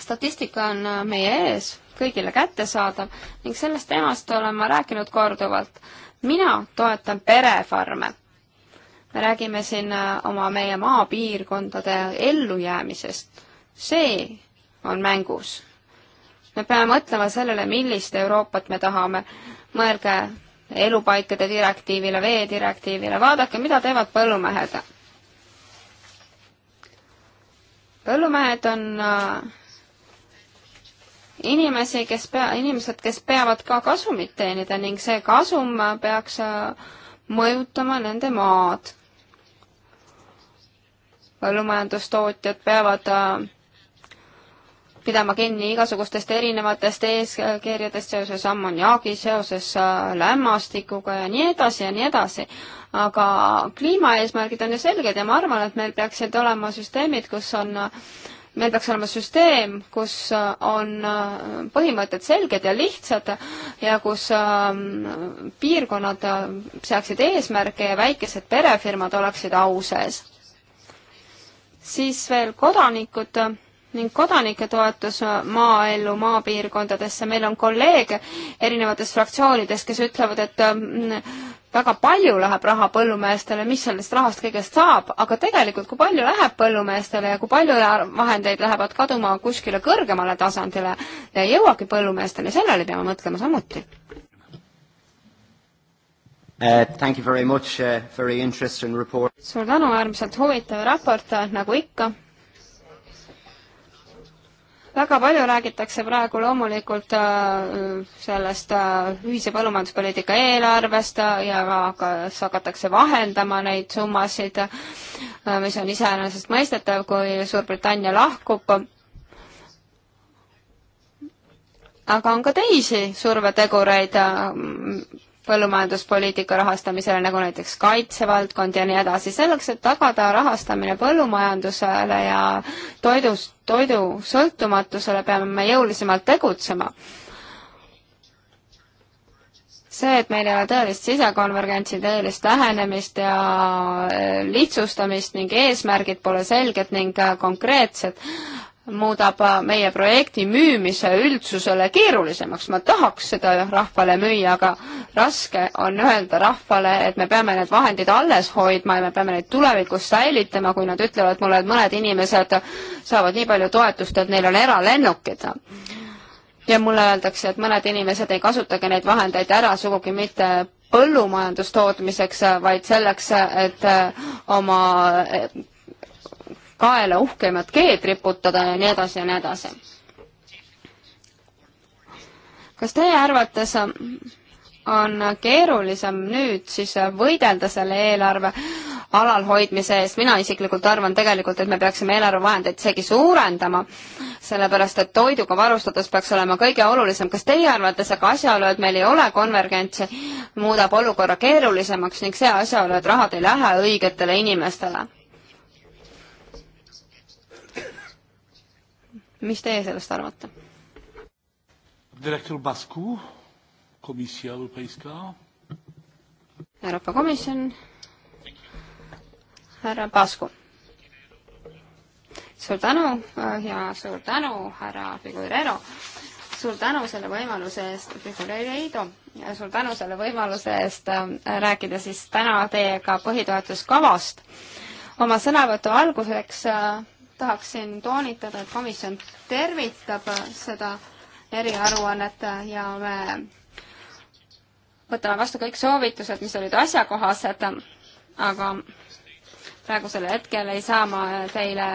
statistika on meie ees, kõigile kättesaadav ning sellest teemast olen ma rääkinud korduvalt. mina toetan perefarme. me räägime siin äh, oma meie maapiirkondade ellujäämisest. see on mängus me peame mõtlema sellele, millist Euroopat me tahame. mõelge elupaikade direktiivile, veedirektiivile, vaadake, mida teevad põllumehed. põllumehed on äh, inimesi, kes pea, inimesed, kes peavad ka kasumit teenida ning see kasum peaks äh, mõjutama nende maad. põllumajandustootjad peavad äh, pidama kinni igasugustest erinevatest eeskirjadest seoses ammoniaagi, seoses äh, lämmastikuga ja nii edasi ja nii edasi. aga kliimaeesmärgid on ju selged ja ma arvan, et meil peaksid olema süsteemid, kus on meil peaks olema süsteem, kus äh, on äh, põhimõtted selged ja lihtsad ja kus piirkonnad seaksid eesmärke ja väikesed perefirmad oleksid au sees. siis veel kodanikud ning kodanike toetus maaellu, maapiirkondadesse, meil on kolleege erinevates fraktsioonides, kes ütlevad, et mm, väga palju läheb raha põllumeestele, mis sellest rahast kõigest saab, aga tegelikult kui palju läheb põllumeestele ja kui palju vahendeid lähevad kaduma kuskile kõrgemale tasandile ja ei jõuagi põllumeesteni, sellele peame mõtlema samuti. Uh, thank you very much uh,, very interesting report. suur tänu, äärmiselt huvitav raport, nagu ikka väga palju räägitakse praegu loomulikult äh, sellest äh, ühise põllumajanduspoliitika eelarvest ja ka hakatakse vahendama neid summasid, äh, mis on iseenesestmõistetav, kui Suurbritannia lahkub. aga on ka teisi survetegureid, põllumajanduspoliitika rahastamisele, nagu näiteks kaitsevaldkond ja nii edasi, selleks, et tagada rahastamine põllumajandusele ja toidus, toidu sõltumatusele, peame me jõulisemalt tegutsema. see, et meil ei ole tõelist sisekonvergentsi, tõelist lähenemist ja äh, lihtsustamist ning eesmärgid pole selged ning äh, konkreetsed, muudab äh, meie projekti müümise üldsusele keerulisemaks. ma tahaks seda rahvale müüa, aga raske on öelda rahvale, et me peame need vahendid alles hoidma ja me peame neid tulevikus säilitama, kui nad ütlevad mulle, et mõned inimesed saavad nii palju toetust, et neil on eralennukid. ja mulle öeldakse, et mõned inimesed ei kasutagi neid vahendeid ära sugugi mitte põllumajandustootmiseks, vaid selleks, et äh, oma kaela uhkemat G-d riputada ja nii edasi ja nii edasi. kas teie arvates on keerulisem nüüd siis võidelda selle eelarve alalhoidmise eest, mina isiklikult arvan tegelikult, et me peaksime eelarvevahendeid isegi suurendama, sellepärast et toiduga varustatus peaks olema kõige olulisem. kas teie arvates aga asjaolu, et meil ei ole konvergentsi, muudab olukorra keerulisemaks ning see asjaolu, et rahad ei lähe õigetele inimestele? mis teie sellest arvate? direktor Basku, Komisjon Euroopa Euroopa Komisjon, härra Basku. suur tänu äh, ja suur tänu, härra Figurero. suur tänu selle võimaluse eest, Figureido, ja suur tänu selle võimaluse eest äh, rääkida siis täna teiega põhitoetuskavast. oma sõnavõtu alguseks äh, tahaksin toonitada, et komisjon tervitab seda eriaruannet ja me võtame vastu kõik soovitused, mis olid asjakohased, aga praegusel hetkel ei saa ma teile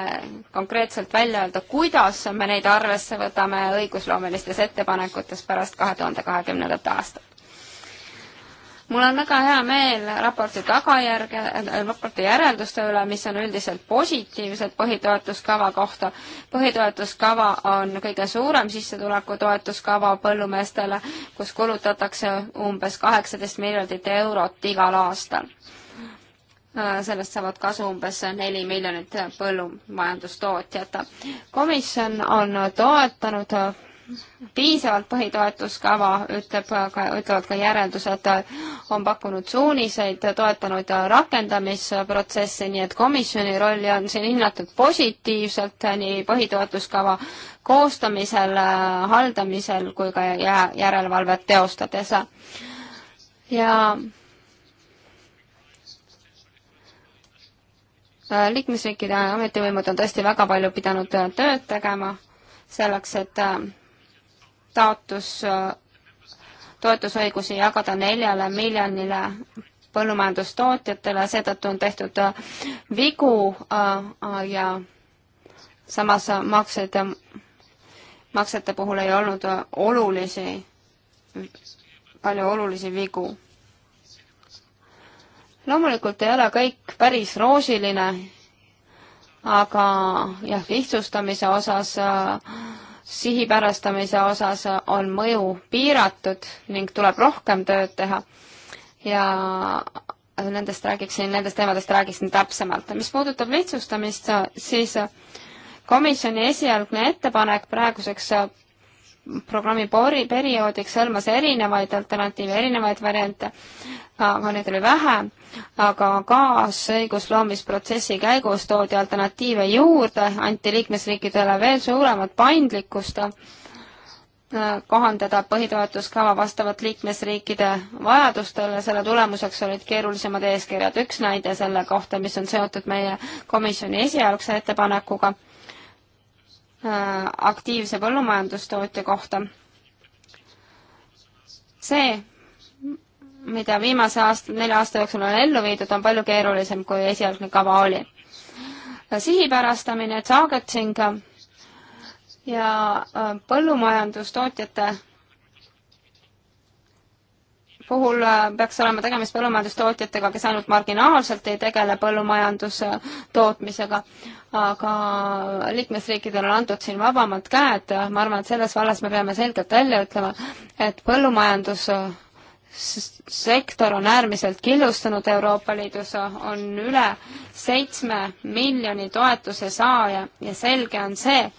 konkreetselt välja öelda, kuidas me neid arvesse võtame õigusloomelistes ettepanekutes pärast kahe tuhande kahekümnendat aastat mul on väga hea meel raporti tagajärge, äh, äh, raporti järelduste üle, mis on üldiselt positiivsed põhitoetuskava kohta. põhitoetuskava on kõige suurem sissetulekutoetuskava põllumeestele, kus kulutatakse umbes kaheksateist miljardit eurot igal aastal äh, sellest saavad kasu umbes neli miljonit põllumajandustootjat. komisjon on toetanud piisavalt põhitoetuskava, ütleb ka, ütlevad ka järeldused, on pakkunud suuniseid, toetanud rakendamisprotsessi, nii et komisjoni rolli on siin hinnatud positiivselt nii põhitoetuskava koostamisel, haldamisel kui ka järelevalvet teostades. ja liikmesriikide ametivõimud on tõesti väga palju pidanud tööd tegema selleks, et taotlus toetusõigusi jagada neljale miljonile põllumajandustootjatele, seetõttu on tehtud äh, vigu äh, äh, ja samas maksed, maksete puhul ei olnud olulisi, palju olulisi vigu. loomulikult ei ole kõik päris roosiline, aga jah, lihtsustamise osas äh, sihipärastamise osas on mõju piiratud ning tuleb rohkem tööd teha ja nendest räägiksin, nendest teemadest räägiksin täpsemalt. mis puudutab lihtsustamist, siis komisjoni esialgne ettepanek praeguseks programmi pori-, perioodiks hõlmas erinevaid alternatiive, erinevaid variante aga neid oli vähe, aga kaasõigusloomisprotsessi käigus toodi alternatiive juurde, anti liikmesriikidele veel suuremat paindlikkust äh, kohandada põhitoetuskava vastavalt liikmesriikide vajadustele, selle tulemuseks olid keerulisemad eeskirjad. üks näide selle kohta, mis on seotud meie komisjoni esialgse ettepanekuga äh, aktiivse põllumajandustootja kohta. see, mida viimase aasta, nelja aasta jooksul on ellu viidud, on palju keerulisem, kui esialgne kava oli. sihipärastamine, targeting ja äh, põllumajandustootjate puhul äh, peaks olema tegemist põllumajandustootjatega, kes ainult marginaalselt ei tegele põllumajandustootmisega, aga liikmesriikidele on antud siin vabamad käed, ma arvan, et selles vallas me peame selgelt välja ütlema, et põllumajandus sektor on äärmiselt killustunud Euroopa Liidus, on üle seitsme miljoni toetuse saaja ja selge on see,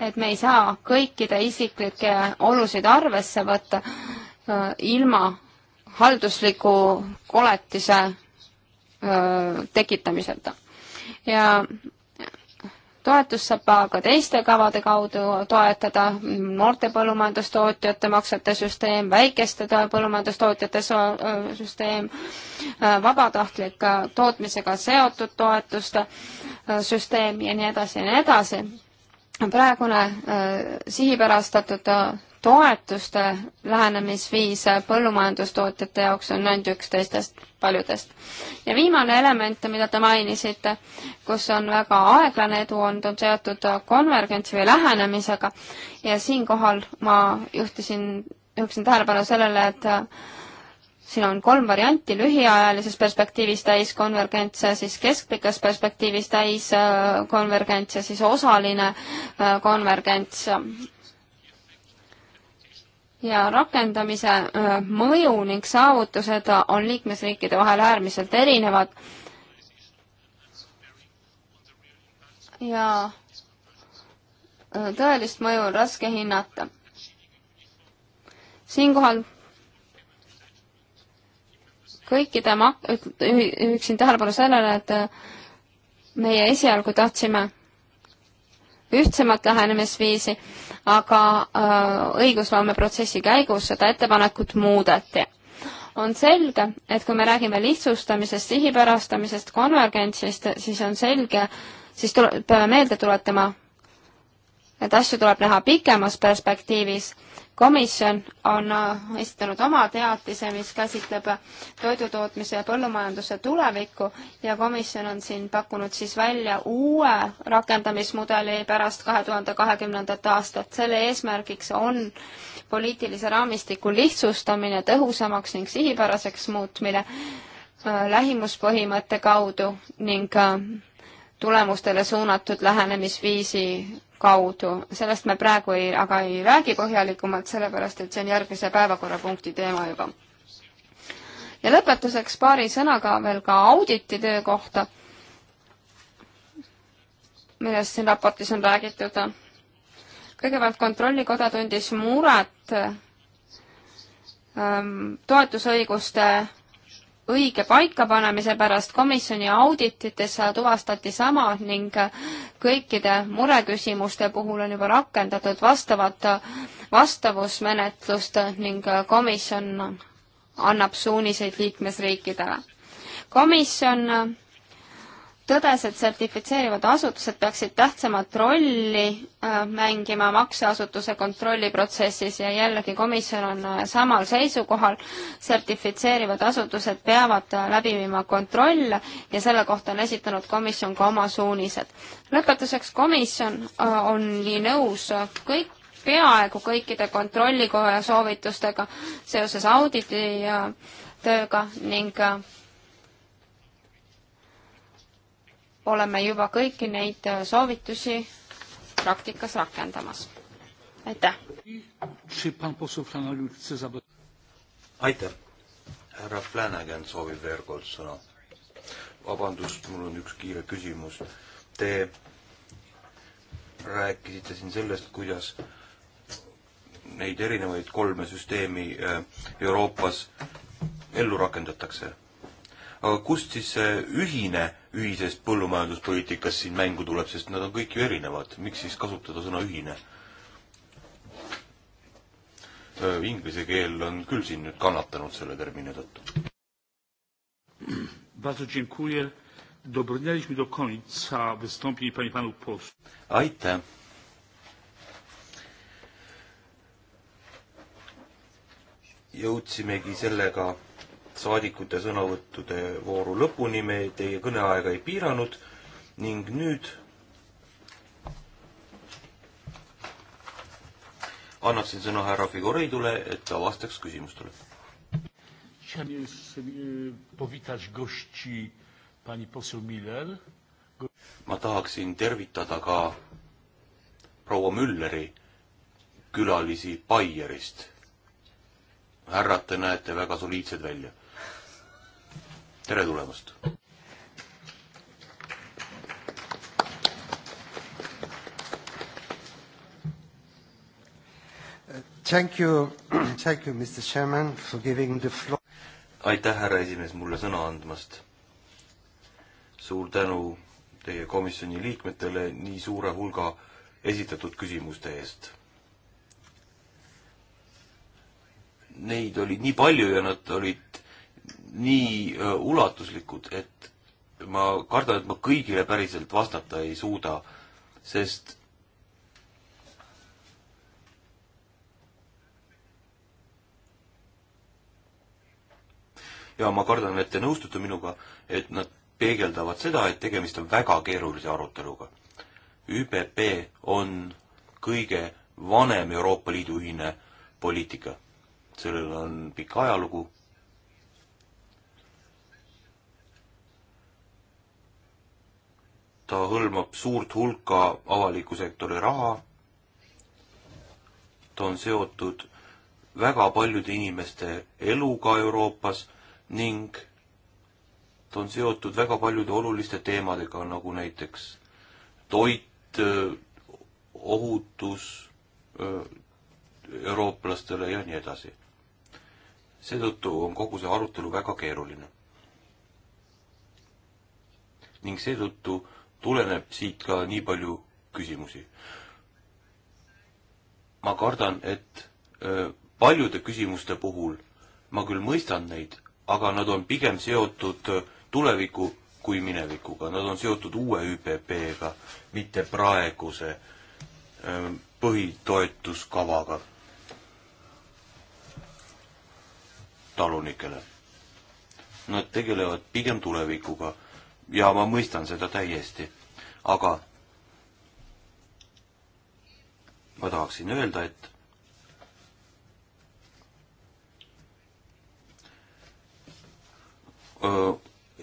et me ei saa kõikide isiklikke olusid arvesse võtta äh, ilma haldusliku koletise äh, tekitamiseta. ja toetust saab ka teiste kavade kaudu toetada, noorte põllumajandustootjate maksete süsteem, väikeste põllumajandustootjate süsteem, vabatahtlik tootmisega seotud toetuste süsteem ja nii edasi ja nii edasi. praegune sihipärastatud toetuste lähenemisviis põllumajandustootjate jaoks on ainult üks teistest paljudest. ja viimane element, mida te mainisite, kus on väga aeglane edu, on seotud konvergentsi või lähenemisega ja siinkohal ma juhtisin, juhtisin tähelepanu sellele, et siin on kolm varianti, lühiajalises perspektiivis täis konvergents ja siis keskpikas perspektiivis täis konvergents ja siis osaline konvergents ja rakendamise mõju ning saavutused on liikmesriikide vahel äärmiselt erinevad. ja tõelist mõju on raske hinnata. siinkohal kõikide mak-, juhiksin tähelepanu sellele, et meie esialgu tahtsime ühtsemat lähenemisviisi aga äh, õigusloomeprotsessi käigus seda ettepanekut muudeti on selge, et kui me räägime lihtsustamisest, sihipärastamisest, konvergentsist, siis on selge, siis tuleb, peame meelde tuletama, et asju tuleb näha pikemas perspektiivis komisjon on äh, esitanud oma teatise, mis käsitleb toidutootmise ja põllumajanduse tulevikku ja komisjon on siin pakkunud siis välja uue rakendamismudeli pärast kahe tuhande kahekümnendat aastat. selle eesmärgiks on poliitilise raamistiku lihtsustamine, tõhusamaks ning sihipäraseks muutmine äh, lähimuspõhimõtte kaudu ning äh, tulemustele suunatud lähenemisviisi kaudu, sellest me praegu ei, aga ei räägi põhjalikumalt, sellepärast et see on järgmise päevakorrapunkti teema juba. ja lõpetuseks paari sõnaga veel ka auditi töö kohta, millest siin raportis on räägitud. kõigepealt Kontrollikoda tundis muret ähm, toetusõiguste õige paikapanemise pärast komisjoni auditites tuvastati sama ning kõikide mureküsimuste puhul on juba rakendatud vastavat vastavusmenetlust ning komisjon annab suuniseid liikmesriikidele. komisjon tõdes, et sertifitseerivad asutused peaksid tähtsamat rolli äh, mängima makseasutuse kontrolliprotsessis ja jällegi komisjon on äh, samal seisukohal, sertifitseerivad asutused peavad äh, läbi viima kontrolle ja selle kohta on esitanud komisjon ka oma suunised. lõpetuseks, komisjon on nii nõus kõik, peaaegu kõikide kontrollikoja soovitustega seoses auditi ja tööga ning oleme juba kõiki neid äh, soovitusi praktikas rakendamas. aitäh! aitäh! härra Flanagan soovib veel kord sõna. vabandust, mul on üks kiire küsimus. Te rääkisite siin sellest, kuidas neid erinevaid kolme süsteemi äh, Euroopas ellu rakendatakse kust siis see ühine ühisest põllumajanduspoliitikast siin mängu tuleb, sest nad on kõik ju erinevad, miks siis kasutada sõna ühine? Inglise keel on küll siin nüüd kannatanud selle termini tõttu. aitäh. jõudsimegi sellega saadikute sõnavõttude vooru lõpuni, me teie kõneaega ei piiranud ning nüüd annaksin sõna härra Figoreidule, et ta vastaks küsimustele. E, ma tahaksin tervitada ka proua Mülleri külalisi Baierist. härrad, te näete väga soliidsed välja tere tulemast! Thank you, thank you, Mr Chairman, for giving the floor. aitäh, härra esimees, mulle sõna andmast. suur tänu teie komisjoni liikmetele nii suure hulga esitatud küsimuste eest. Neid oli nii palju ja nad olid nii äh, ulatuslikud, et ma kardan, et ma kõigile päriselt vastata ei suuda, sest ja ma kardan, et te nõustute minuga, et nad peegeldavad seda, et tegemist on väga keerulise aruteluga. ÜPP on kõige vanem Euroopa Liidu ühine poliitika. sellel on pikk ajalugu ta hõlmab suurt hulka avaliku sektori raha, ta on seotud väga paljude inimeste eluga Euroopas ning ta on seotud väga paljude oluliste teemadega, nagu näiteks toit, ohutus eurooplastele ja nii edasi. seetõttu on kogu see arutelu väga keeruline. ning seetõttu tuleneb siit ka nii palju küsimusi. ma kardan, et öö, paljude küsimuste puhul ma küll mõistan neid, aga nad on pigem seotud tuleviku kui minevikuga, nad on seotud uue ÜPP-ga, mitte praeguse öö, põhitoetuskavaga talunikele. Nad tegelevad pigem tulevikuga ja ma mõistan seda täiesti, aga ma tahaksin öelda, et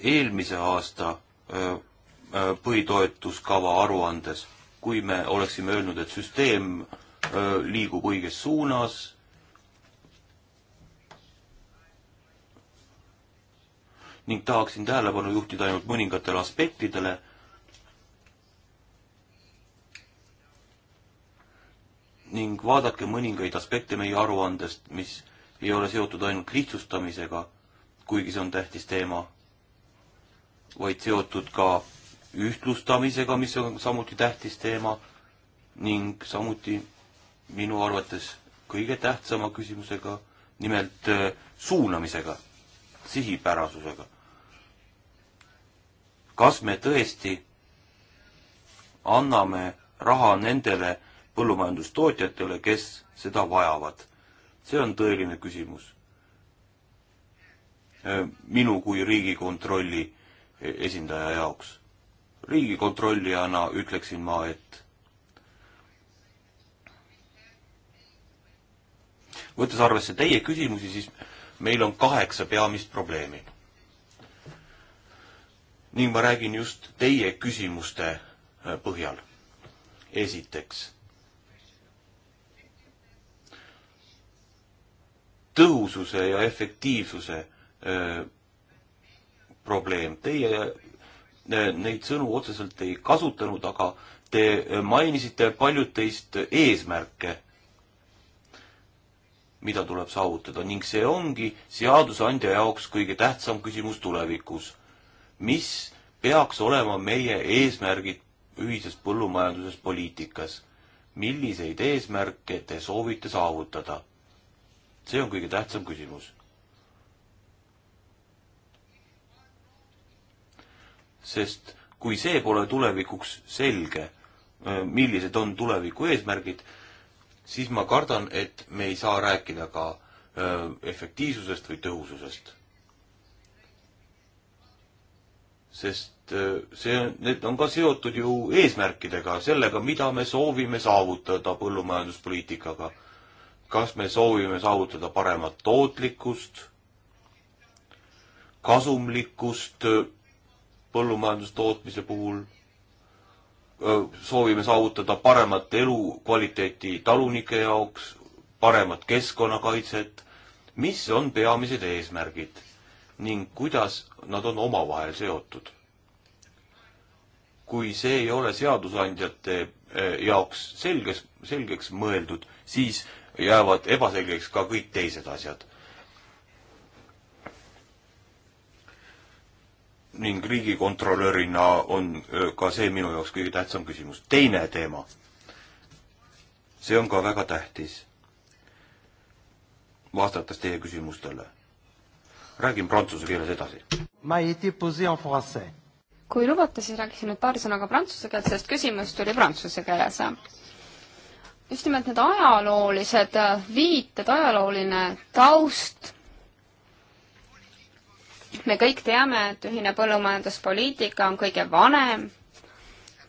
eelmise aasta põhitoetuskava aruandes, kui me oleksime öelnud, et süsteem liigub õiges suunas, ning tahaksin tähelepanu juhtida ainult mõningatele aspektidele. ning vaadake mõningaid aspekte meie aruandest, mis ei ole seotud ainult lihtsustamisega, kuigi see on tähtis teema, vaid seotud ka ühtlustamisega, mis on samuti tähtis teema ning samuti minu arvates kõige tähtsama küsimusega, nimelt äh, suunamisega, sihipärasusega kas me tõesti anname raha nendele põllumajandustootjatele, kes seda vajavad? see on tõeline küsimus. Äh, minu kui Riigikontrolli esindaja jaoks. riigikontrollijana ütleksin ma, et võttes arvesse teie küsimusi, siis meil on kaheksa peamist probleemi ning ma räägin just teie küsimuste äh, põhjal. esiteks, tõhususe ja efektiivsuse öö, äh, probleem. Teie äh, neid sõnu otseselt ei kasutanud, aga te mainisite paljud teist eesmärke, mida tuleb saavutada ning see ongi seadusandja jaoks kõige tähtsam küsimus tulevikus mis peaks olema meie eesmärgid ühises põllumajanduspoliitikas? milliseid eesmärke te soovite saavutada? see on kõige tähtsam küsimus. sest kui see pole tulevikuks selge, millised on tuleviku eesmärgid, siis ma kardan, et me ei saa rääkida ka efektiivsusest või tõhususest sest äh, see on, need on ka seotud ju eesmärkidega, sellega, mida me soovime saavutada põllumajanduspoliitikaga. kas me soovime saavutada paremat tootlikkust, kasumlikkust äh, põllumajandustootmise puhul, äh, soovime saavutada paremat elukvaliteeti talunike jaoks, paremat keskkonnakaitset, mis on peamised eesmärgid ning kuidas nad on omavahel seotud. kui see ei ole seadusandjate eh, jaoks selges, selgeks mõeldud, siis jäävad ebaselgeks ka kõik teised asjad. ning riigikontrolörina on eh, ka see minu jaoks kõige tähtsam küsimus. teine teema. see on ka väga tähtis. vastates teie küsimustele räägin prantsuse keeles edasi. kui lubate, siis räägiksin nüüd paari sõnaga prantsuse keelt, sest küsimus tuli prantsuse keeles. just nimelt need ajaloolised viited, ajalooline taust. me kõik teame, et ühine põllumajanduspoliitika on kõige vanem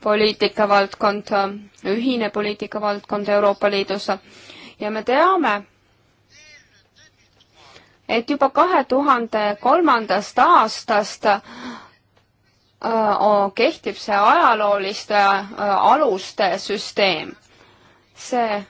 poliitikavaldkond, ühine poliitikavaldkond Euroopa Liidus ja me teame, et juba kahe tuhande kolmandast aastast äh, kehtib see ajalooliste äh, aluste süsteem. see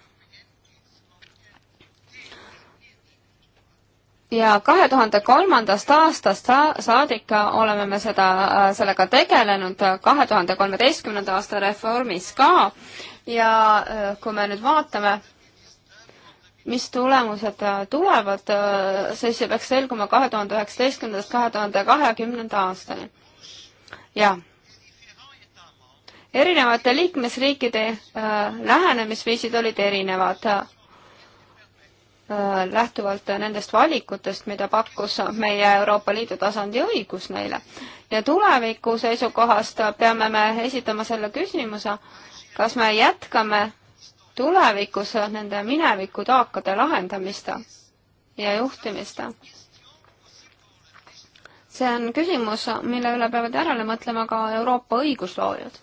ja kahe tuhande kolmandast aastast saadik oleme me seda, äh, sellega tegelenud, kahe tuhande kolmeteistkümnenda aasta reformis ka. ja kui me nüüd vaatame mis tulemused äh, tulevad, äh, siis see peaks selguma kahe tuhande üheksateistkümnendast kahe tuhande kahekümnenda aastani. jaa. erinevate liikmesriikide äh, lähenemisviisid olid erinevad lähtuvalt nendest valikutest, mida pakkus meie Euroopa Liidu tasandi õigus neile. ja tuleviku seisukohast peame me esitama selle küsimuse, kas me jätkame tulevikus nende mineviku taakade lahendamist ja juhtimist. see on küsimus, mille üle peavad järele mõtlema ka Euroopa õigusloojad.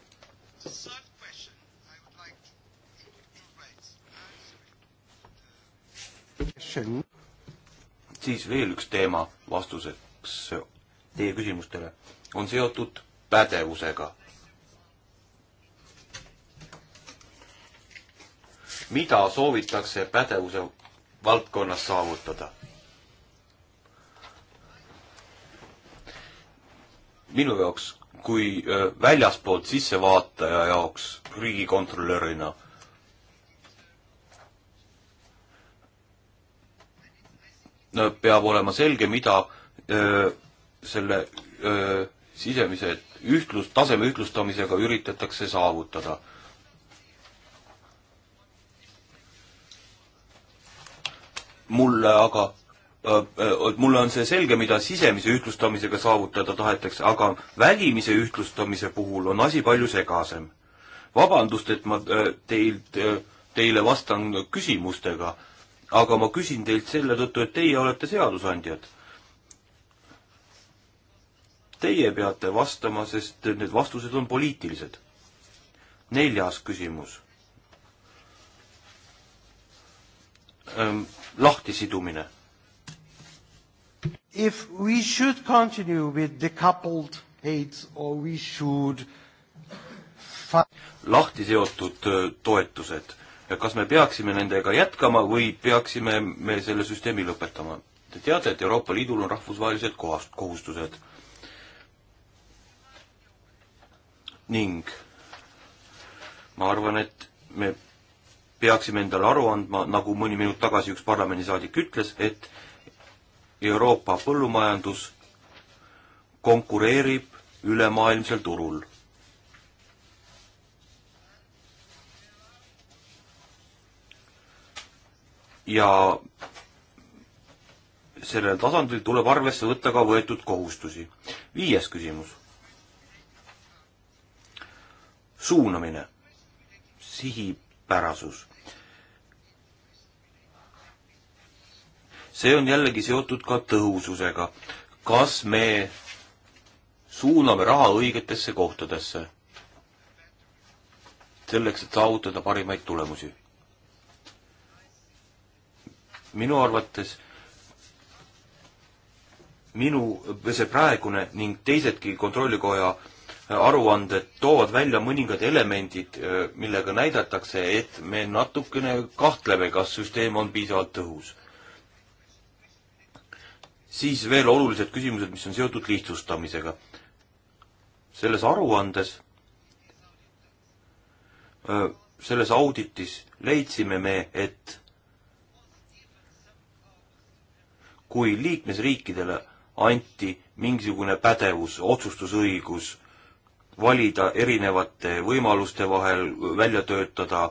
siis veel üks teema vastuseks teie küsimustele on seotud pädevusega mida soovitakse pädevuse valdkonnas saavutada. minu jaoks kui väljaspoolt sissevaataja jaoks riigikontrolörina peab olema selge, mida öö, selle öö, sisemise ühtlus, taseme ühtlustamisega üritatakse saavutada mulle aga mulle on see selge, mida sisemise ühtlustamisega saavutada tahetakse, aga välimise ühtlustamise puhul on asi palju segasem. vabandust, et ma teilt, teile vastan küsimustega, aga ma küsin teilt selle tõttu, et teie olete seadusandjad. Teie peate vastama, sest need vastused on poliitilised. neljas küsimus ähm, lahtisidumine. If we should continue with decoupled aids or we should lahti seotud eh, toetused, kas me peaksime nendega jätkama või peaksime me selle süsteemi lõpetama? Te teate, et Euroopa Liidul on rahvusvahelised kohast, kohustused. ning ma arvan, et me peaksime endale aru andma, nagu mõni minut tagasi üks parlamendisaadik ütles, et Euroopa põllumajandus konkureerib ülemaailmsel turul. ja sellel tasandil tuleb arvesse võtta ka võetud kohustusi. viies küsimus. suunamine, sihipärasus see on jällegi seotud ka tõhususega. kas me suuname raha õigetesse kohtadesse? selleks, et saavutada parimaid tulemusi. minu arvates minu, see praegune ning teisedki Kontrollikoja aruanded toovad välja mõningad elemendid, millega näidatakse, et me natukene kahtleme, kas süsteem on piisavalt tõhus siis veel olulised küsimused, mis on seotud lihtsustamisega. selles aruandes, selles auditis leidsime me, et kui liikmesriikidele anti mingisugune pädevus, otsustusõigus valida erinevate võimaluste vahel, välja töötada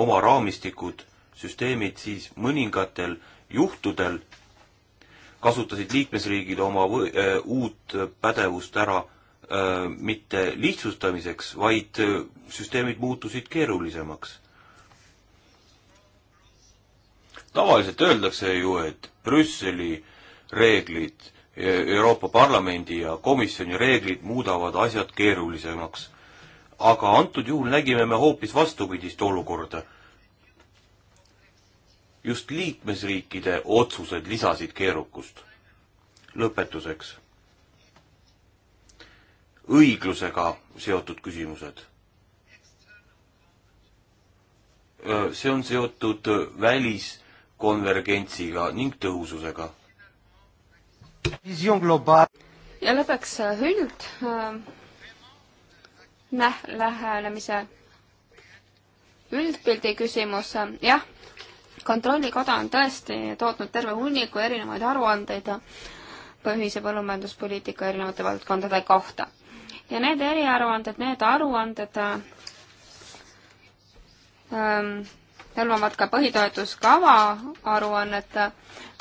oma raamistikud, süsteemid, siis mõningatel juhtudel kasutasid liikmesriigid oma või, äh, uut pädevust ära äh, mitte lihtsustamiseks, vaid äh, süsteemid muutusid keerulisemaks. tavaliselt öeldakse ju, et Brüsseli reeglid, e, Euroopa Parlamendi ja komisjoni reeglid muudavad asjad keerulisemaks. aga antud juhul nägime me hoopis vastupidist olukorda just liikmesriikide otsused lisasid keerukust. lõpetuseks. õiglusega seotud küsimused. see on seotud väliskonvergentsiga ning tõhususega. ja lõpuks üld äh, äh, näh-, lähenemise üldpildi küsimus, jah kontrollikoda on tõesti tootnud terve hunniku erinevaid aruandeid põhise põllumajanduspoliitika erinevate valdkondade kohta. ja need eriaruanded, need aruanded ähm, hõlmavad ähm, ka põhitoetuskava aruannet,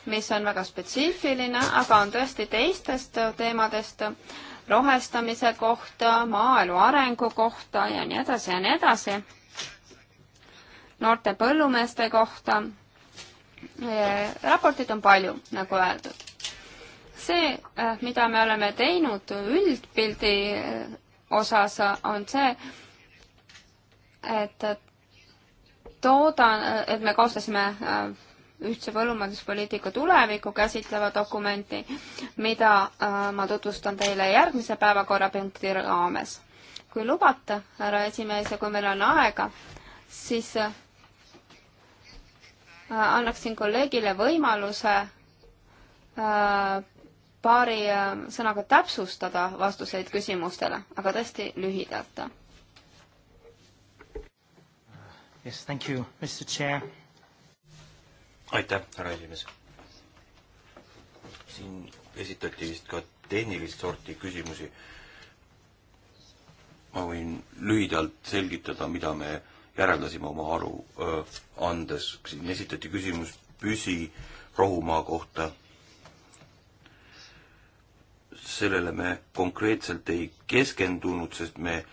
mis on väga spetsiifiline, aga on tõesti teistest teemadest, rohestamise kohta, maaelu arengu kohta ja nii edasi ja nii edasi noorte põllumeeste kohta. raporteid on palju, nagu öeldud. see, äh, mida me oleme teinud üldpildi äh, osas, on see, et tooda, et me koostasime äh, ühtse põllumajanduspoliitika tulevikku käsitleva dokumenti, mida ma tutvustan teile järgmise päevakorrapunkti raames. kui lubate, härra esimees, ja kui meil on aega, siis Äh, annaksin kolleegile võimaluse äh, paari äh, sõnaga täpsustada vastuseid küsimustele, aga tõesti lühidalt. Yes, thank you, Mr Chair. aitäh, härra esimees. siin esitati vist ka tehnilist sorti küsimusi. ma võin lühidalt selgitada, mida me äh, järeldasime oma aruandes. siin esitati küsimus püsirohumaa kohta. sellele me konkreetselt ei keskendunud, sest me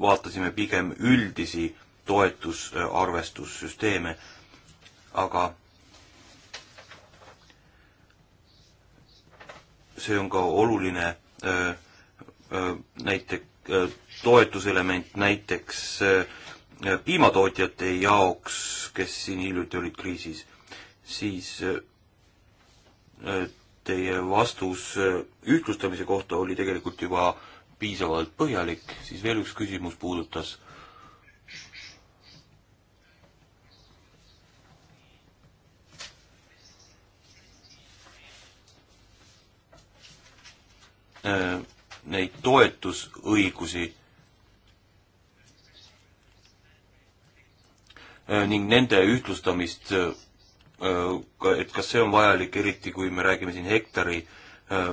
vaatasime pigem üldisi toetusarvestussüsteeme, aga see on ka oluline näite, toetuselement näiteks äh, piimatootjate jaoks, kes siin hiljuti olid kriisis, siis äh, äh, teie vastus äh, ühtlustamise kohta oli tegelikult juba piisavalt põhjalik, siis veel üks küsimus puudutas neid toetusõigusi Äh, ning nende ühtlustamist, äh, et kas see on vajalik, eriti kui me räägime siin hektari äh,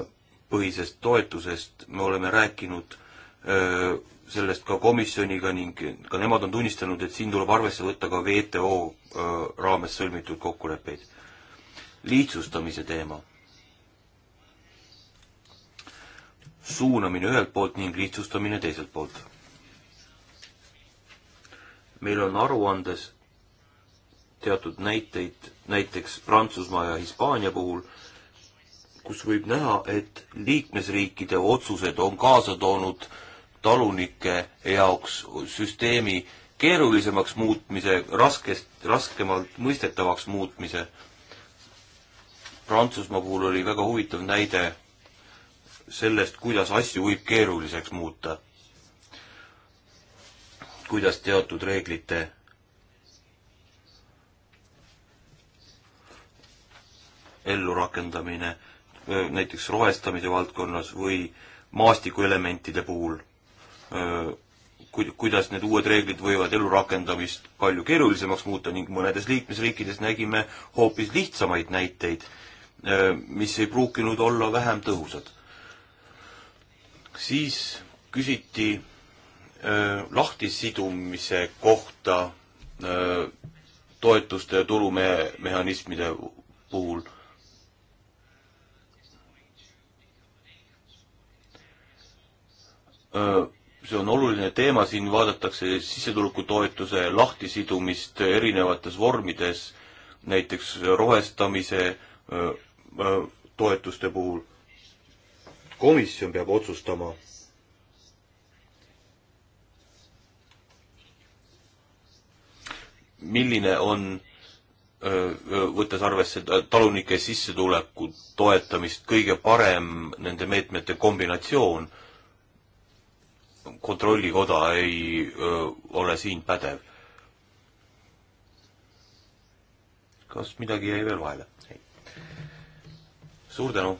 põhisest toetusest, me oleme rääkinud sellest ka komisjoniga ning ka nemad on tunnistanud, et siin tuleb arvesse võtta ka WTO raames sõlmitud kokkuleppeid. lihtsustamise teema. suunamine ühelt poolt ning lihtsustamine teiselt poolt meil on aruandes teatud näiteid, näiteks Prantsusmaa ja Hispaania puhul, kus võib näha, et liikmesriikide otsused on kaasa toonud talunike jaoks süsteemi keerulisemaks muutmise, raskest, raskemalt mõistetavaks muutmise. Prantsusmaa puhul oli väga huvitav näide sellest, kuidas asju võib keeruliseks muuta. kuidas teatud reeglite ellurakendamine näiteks rohestamise valdkonnas või maastikuelementide puhul, kuidas need uued reeglid võivad elurakendamist palju keerulisemaks muuta ning mõnedes liikmesriikides nägime hoopis lihtsamaid näiteid, mis ei pruukinud olla vähem tõhusad. siis küsiti lahtisidumise kohta toetuste ja turumehhanismide puhul see on oluline teema, siin vaadatakse sissetulekutoetuse lahtisidumist erinevates vormides, näiteks rohestamise toetuste puhul. komisjon peab otsustama. milline on, võttes arvesse talunike sissetuleku toetamist, kõige parem nende meetmete kombinatsioon kontrollikoda ei öö, ole siin pädev. kas midagi jäi veel vahele? ei. suur tänu.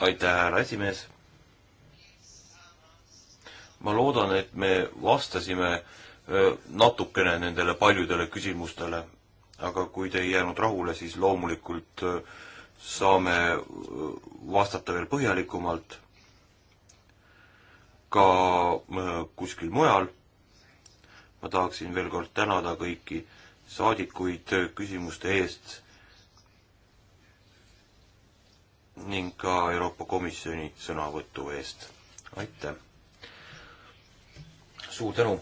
aitäh, härra esimees. ma loodan, et me vastasime öö, natukene nendele paljudele küsimustele, aga kui te ei jäänud rahule, siis loomulikult öö, saame vastata veel põhjalikumalt ka äh, kuskil mujal. ma tahaksin veel kord tänada kõiki saadikuid küsimuste eest ning ka Euroopa Komisjoni sõnavõtu eest. aitäh! suur tänu!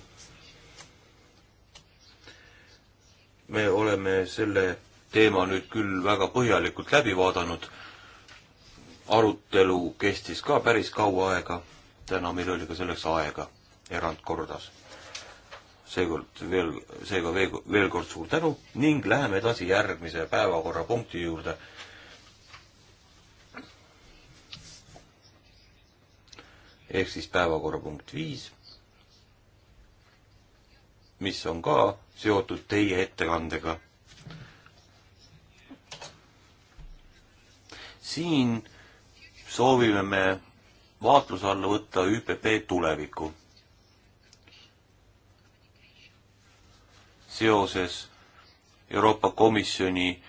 me oleme selle teema nüüd küll väga põhjalikult läbi vaadanud, arutelu kestis ka päris kaua aega täna meil oli ka selleks aega erandkorras. seekord veel, seega veel, veel kord suur tänu ning läheme edasi järgmise päevakorrapunkti juurde. ehk siis päevakorrapunkt viis, mis on ka seotud teie ettekandega siin soovime me vaatluse alla võtta ÜPP tulevikku. seoses Euroopa Komisjoni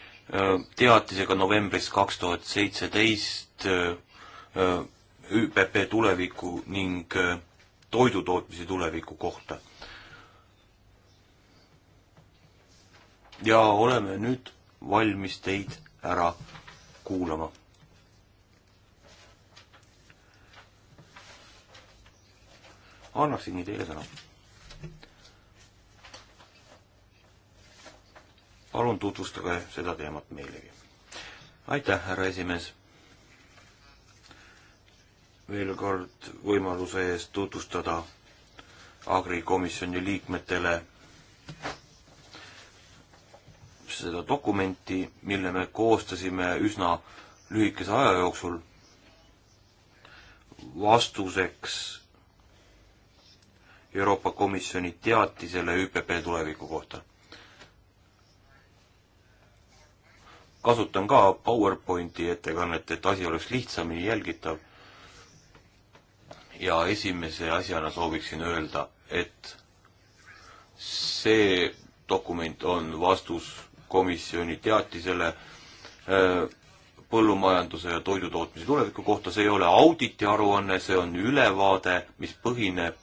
teatisega novembris kaks tuhat seitseteist ÜPP tuleviku ning toidutootmise tuleviku kohta. ja oleme nüüd valmis teid ära kuulama annaksingi teile sõna. palun tutvustage seda teemat meilegi. aitäh, härra esimees, veel kord võimaluse eest tutvustada agrikomisjoni liikmetele seda dokumenti, mille me koostasime üsna lühikese aja jooksul vastuseks Euroopa Komisjoni teatisele ÜPP tuleviku kohta. kasutan ka PowerPointi ettekannet, et asi oleks lihtsamini jälgitav. ja esimese asjana sooviksin öelda, et see dokument on vastus komisjoni teatisele äh, põllumajanduse ja toidutootmise tuleviku kohta, see ei ole auditi aruanne, see on ülevaade, mis põhineb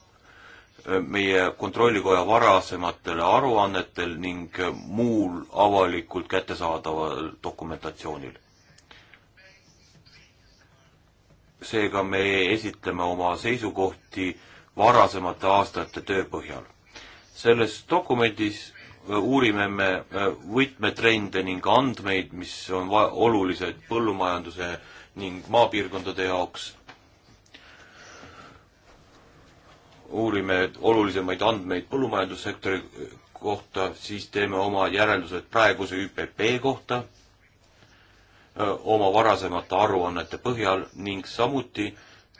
meie Kontrollikoja varasematel aruannetel ning muul avalikult kättesaadaval dokumentatsioonil. seega me esitleme oma seisukohti varasemate aastate töö põhjal. selles dokumendis äh, uurime me äh, võtmetrende ning andmeid, mis on olulised põllumajanduse ning maapiirkondade jaoks uurime olulisemaid andmeid põllumajandussektori kohta, siis teeme oma järeldused praeguse ÜPP kohta oma varasemate aruannete põhjal ning samuti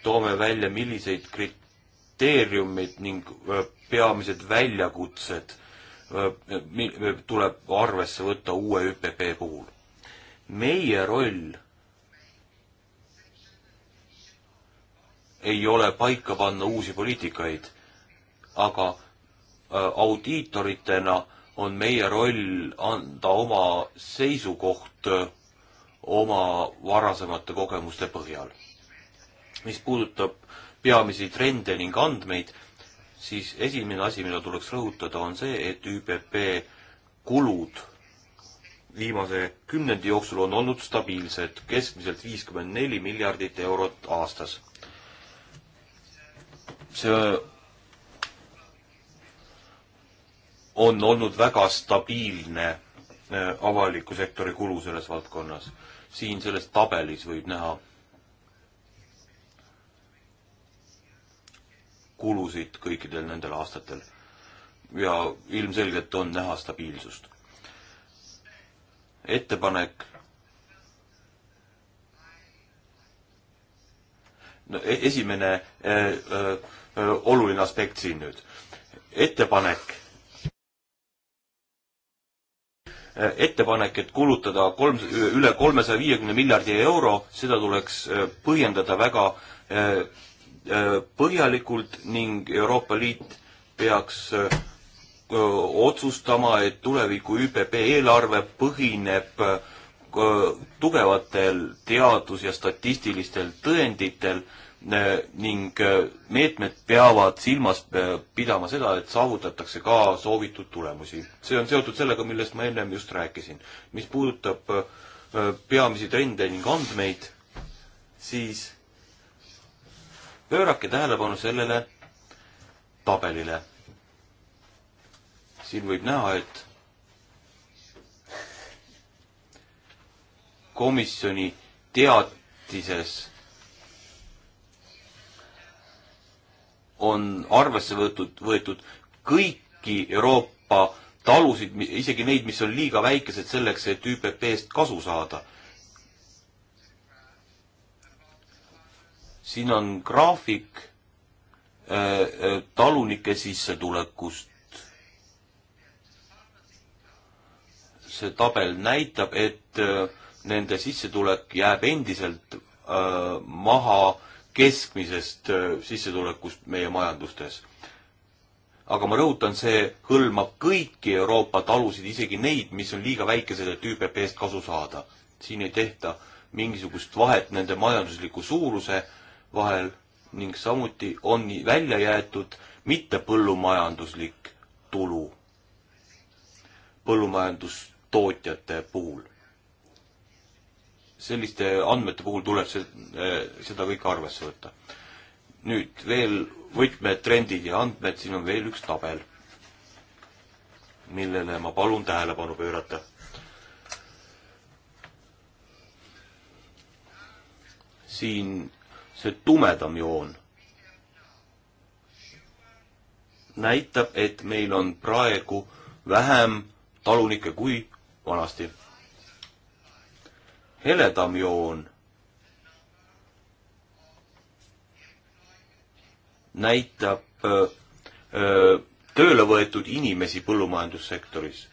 toome välja, milliseid kriteeriumid ning peamised väljakutsed tuleb arvesse võtta uue ÜPP puhul. meie roll ei ole paika panna uusi poliitikaid, aga äh, audiitoritena on meie roll anda oma seisukoht äh, oma varasemate kogemuste põhjal. mis puudutab peamisi trende ning andmeid, siis esimene asi, mida tuleks rõhutada, on see, et ÜPP kulud viimase kümnendi jooksul on olnud stabiilsed, keskmiselt viiskümmend neli miljardit eurot aastas see on olnud väga stabiilne äh, avaliku sektori kulu selles valdkonnas. siin selles tabelis võib näha kulusid kõikidel nendel aastatel ja ilmselgelt on näha stabiilsust. ettepanek no e-, esimene äh, äh, oluline aspekt siin nüüd. ettepanek. ettepanek, et kulutada kolm, üle kolmesaja viiekümne miljardi euro, seda tuleks põhjendada väga põhjalikult ning Euroopa Liit peaks otsustama, et tuleviku ÜPP eelarve põhineb tugevatel teadus- ja statistilistel tõenditel Äh, ning äh, meetmed peavad silmas äh, pidama seda, et saavutatakse ka soovitud tulemusi. see on seotud sellega, millest ma ennem just rääkisin. mis puudutab peamisi trende ning andmeid, siis pöörake tähelepanu sellele tabelile. siin võib näha, et komisjoni teatises on arvesse võetud, võetud kõiki Euroopa talusid, isegi neid, mis on liiga väikesed selleks, et ÜPP-st kasu saada. siin on graafik äh, äh, talunike sissetulekust. see tabel näitab, et äh, nende sissetulek jääb endiselt maha keskmisest äh, sissetulekust meie majandustes. aga ma rõhutan, see hõlmab kõiki Euroopa talusid, isegi neid, mis on liiga väikesed, et ÜPP-st kasu saada. siin ei tehta mingisugust vahet nende majandusliku suuruse vahel ning samuti on välja jäetud mittepõllumajanduslik tulu põllumajandustootjate puhul selliste andmete puhul tuleb see, eh, seda kõike arvesse võtta. nüüd veel võtmetrendid ja andmed, siin on veel üks tabel, millele ma palun tähelepanu pöörata. siin see tumedam joon näitab, et meil on praegu vähem talunikke kui vanasti heledam joon näitab öö, tööle võetud inimesi põllumajandussektoris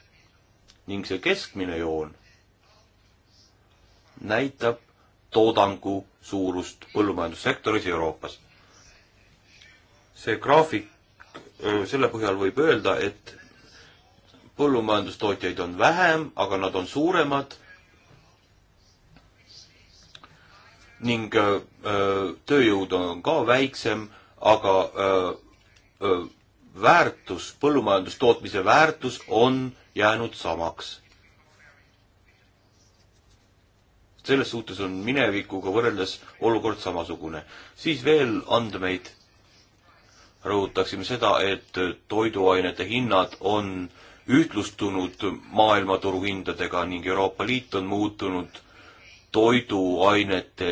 ning see keskmine joon näitab toodangu suurust põllumajandussektoris Euroopas. see graafik, selle põhjal võib öelda, et põllumajandustootjaid on vähem, aga nad on suuremad ning äh, äh, tööjõud on ka väiksem, aga äh, väärtus, põllumajandustootmise väärtus on jäänud samaks. selles suhtes on minevikuga võrreldes olukord samasugune. siis veel andmeid. rõhutaksime seda, et toiduainete hinnad on ühtlustunud maailmaturu hindadega ning Euroopa Liit on muutunud toiduainete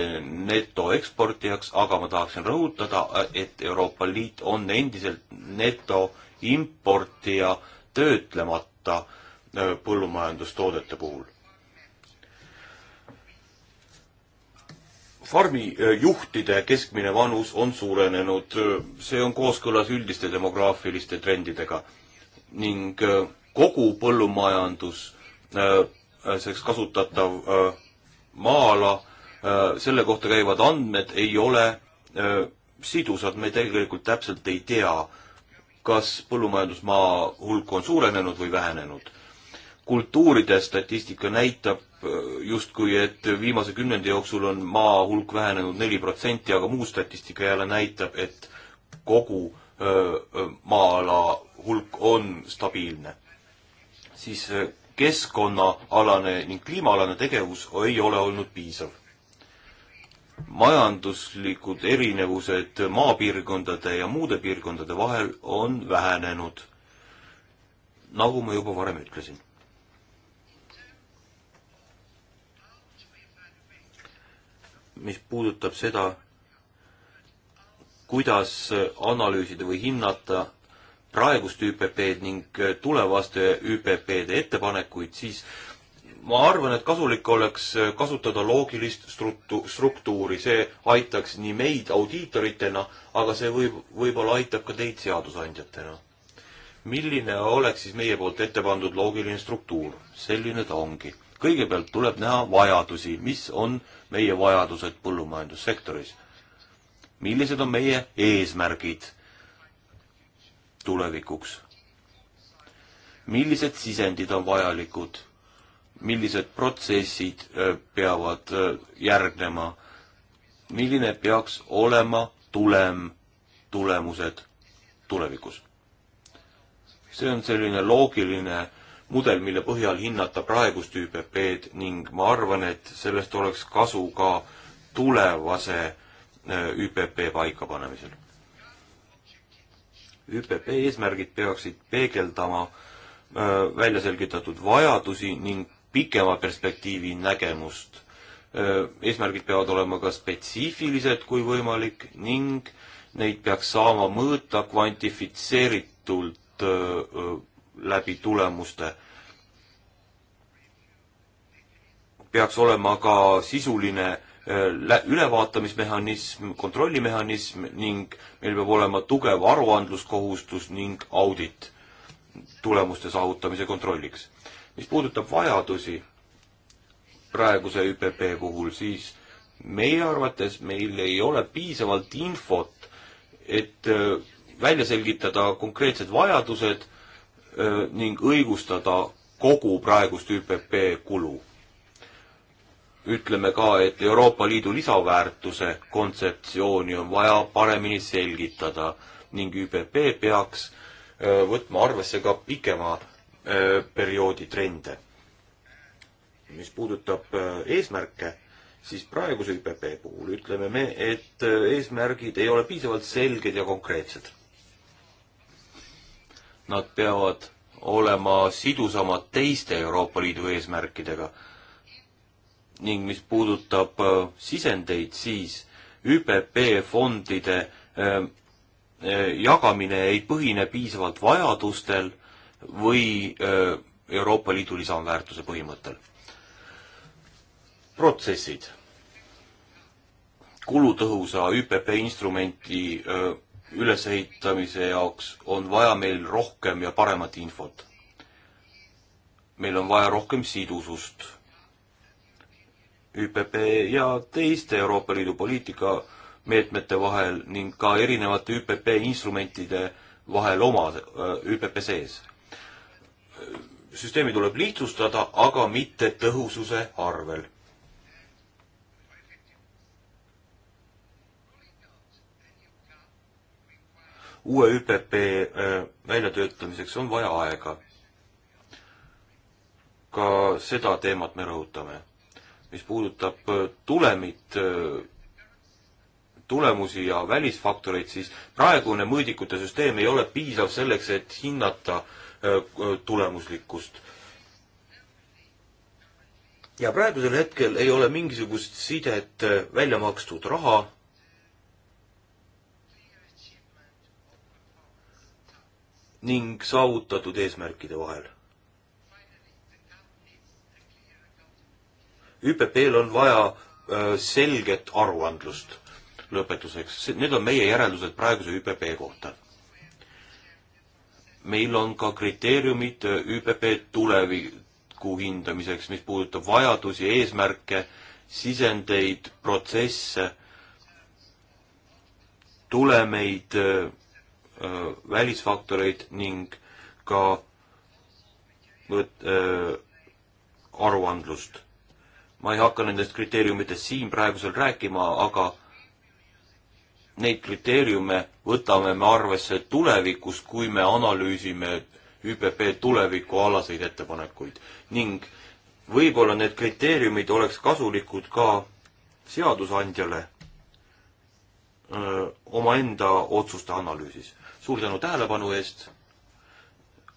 netoeksportijaks, aga ma tahaksin rõhutada, et Euroopa Liit on endiselt netoimportija töötlemata äh, põllumajandustoodete puhul. farmijuhtide äh, keskmine vanus on suurenenud, äh, see on kooskõlas üldiste demograafiliste trendidega ning kogu põllumajandus, selleks kasutatav maa-ala, äh, selle kohta käivad andmed ei ole äh, sidusad, me tegelikult täpselt ei tea, kas põllumajandusmaa hulk on suurenenud või vähenenud. kultuuride statistika näitab äh, justkui, et viimase kümnendi jooksul on maa hulk vähenenud neli protsenti, aga muu statistika jälle näitab, et kogu maa-ala hulk on stabiilne. siis keskkonnaalane ning kliimaalane tegevus ei ole olnud piisav. majanduslikud erinevused maapiirkondade ja muude piirkondade vahel on vähenenud, nagu ma juba varem ütlesin. mis puudutab seda, kuidas analüüsida või hinnata praegust ÜPP-d ning äh, tulevaste ÜPP-de ettepanekuid, siis ma arvan, et kasulik oleks äh, kasutada loogilist struktu-, struktuuri, see aitaks nii meid audiitoritena, aga see võib, võib-olla aitab ka teid seadusandjatena. milline oleks siis meie poolt ette pandud loogiline struktuur? selline ta ongi. kõigepealt tuleb näha vajadusi, mis on meie vajadused põllumajandussektoris. millised on meie eesmärgid tulevikuks. millised sisendid on vajalikud, millised protsessid äh, peavad äh, järgnema, milline peaks olema tulem, tulemused tulevikus? see on selline loogiline mudel, mille põhjal hinnata praegust ÜPP-d ning ma arvan, et sellest oleks kasu ka tulevase äh, ÜPP paikapanemisel ÜPP eesmärgid peaksid peegeldama välja selgitatud vajadusi ning pikema perspektiivi nägemust. eesmärgid peavad olema ka spetsiifilised, kui võimalik, ning neid peaks saama mõõta kvantifitseeritult läbi tulemuste. peaks olema ka sisuline Äh, ülevaatamismehhanism, kontrollimehhanism ning meil peab olema tugev aruandluskohustus ning audit tulemuste saavutamise kontrolliks. mis puudutab vajadusi praeguse ÜPP puhul, siis meie arvates meil ei ole piisavalt infot, et äh, välja selgitada konkreetsed vajadused äh, ning õigustada kogu praegust ÜPP kulu ütleme ka, et Euroopa Liidu lisaväärtuse kontseptsiooni on vaja paremini selgitada ning ÜPP peaks äh, võtma arvesse ka pikema äh, perioodi trende. mis puudutab äh, eesmärke, siis praeguse ÜPP puhul ütleme me, et eesmärgid ei ole piisavalt selged ja konkreetsed. Nad peavad olema sidusamad teiste Euroopa Liidu eesmärkidega ning mis puudutab äh, sisendeid, siis ÜPP fondide ähm, äh, jagamine ei põhine piisavalt vajadustel või äh, Euroopa Liidu lisandväärtuse põhimõttel. protsessid. kulutõhusa ÜPP instrumenti ülesehitamise jaoks on vaja meil rohkem ja paremat infot. meil on vaja rohkem sidusust ÜPP ja teiste Euroopa Liidu poliitikameetmete vahel ning ka erinevate ÜPP instrumentide vahel oma äh, ÜPP sees. süsteemi tuleb lihtsustada, aga mitte tõhususe arvel. uue ÜPP äh, väljatöötamiseks on vaja aega. ka seda teemat me rõhutame mis puudutab äh, tulemit, äh, tulemusi ja välisfaktoreid, siis praegune mõõdikute süsteem ei ole piisav selleks, et hinnata äh, tulemuslikkust. ja praegusel hetkel ei ole mingisugust sidet välja makstud raha ning saavutatud eesmärkide vahel ÜPP-l on vaja selget aruandlust lõpetuseks. Need on meie järeldused praeguse ÜPP kohta. meil on ka kriteeriumid ÜPP tuleviku hindamiseks, mis puudutab vajadusi, eesmärke, sisendeid, protsesse, tulemeid, välisfaktoreid ning ka aruandlust ma ei hakka nendest kriteeriumitest siin praegusel rääkima, aga neid kriteeriume võtame me arvesse tulevikus, kui me analüüsime ÜPP tulevikualaseid ettepanekuid ning võib-olla need kriteeriumid oleks kasulikud ka seadusandjale öö, omaenda otsuste analüüsis. suur tänu tähelepanu eest,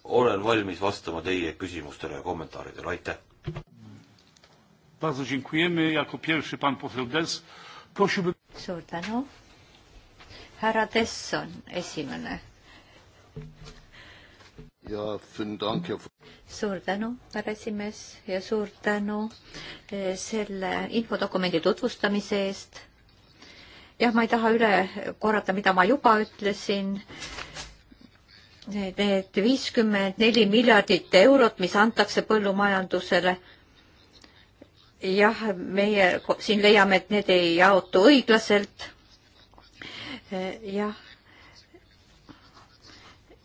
olen valmis vastama teie küsimustele ja kommentaaridele, aitäh! Bardzo dziękujemy. Jako pierwszy pan poseł Des. Prosiłbym... Suur tänu. Härra Dess on esimene. ja dank ja... suur tänu, härra esimees ja suur tänu eh, selle infodokumendi tutvustamise eest. jah, ma ei taha üle korrata, mida ma juba ütlesin need viiskümmend neli miljardit eurot, mis antakse põllumajandusele, jah, meie siin leiame, et need ei jaotu õiglaselt. E, jah.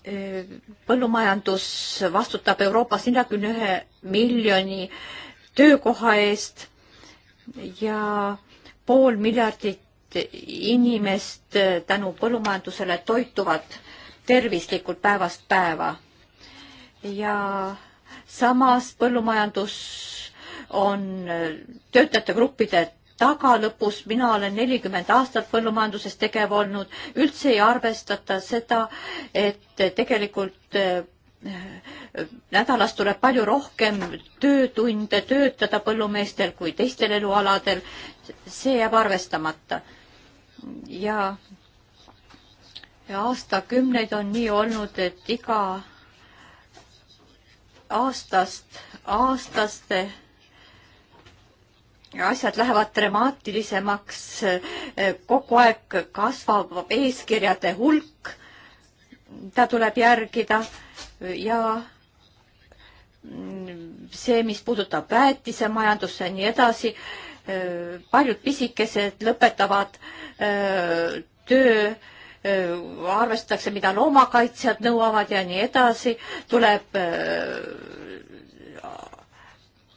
E, põllumajandus vastutab Euroopas neljakümne ühe miljoni töökoha eest ja pool miljardit inimest tänu põllumajandusele toituvad tervislikult päevast päeva. ja samas põllumajandus on äh, töötajate gruppide taga lõpus, mina olen nelikümmend aastat põllumajanduses tegev olnud, üldse ei arvestata seda, et tegelikult äh, nädalas tuleb palju rohkem töötunde töötada põllumeestel kui teistel elualadel. see jääb arvestamata. ja, ja aastakümneid on nii olnud, et iga aastast aastaste asjad lähevad dramaatilisemaks, kogu aeg kasvab eeskirjade hulk, mida tuleb järgida ja see, mis puudutab väetisemajandusse ja nii edasi, paljud pisikesed lõpetavad töö, arvestatakse, mida loomakaitsjad nõuavad ja nii edasi, tuleb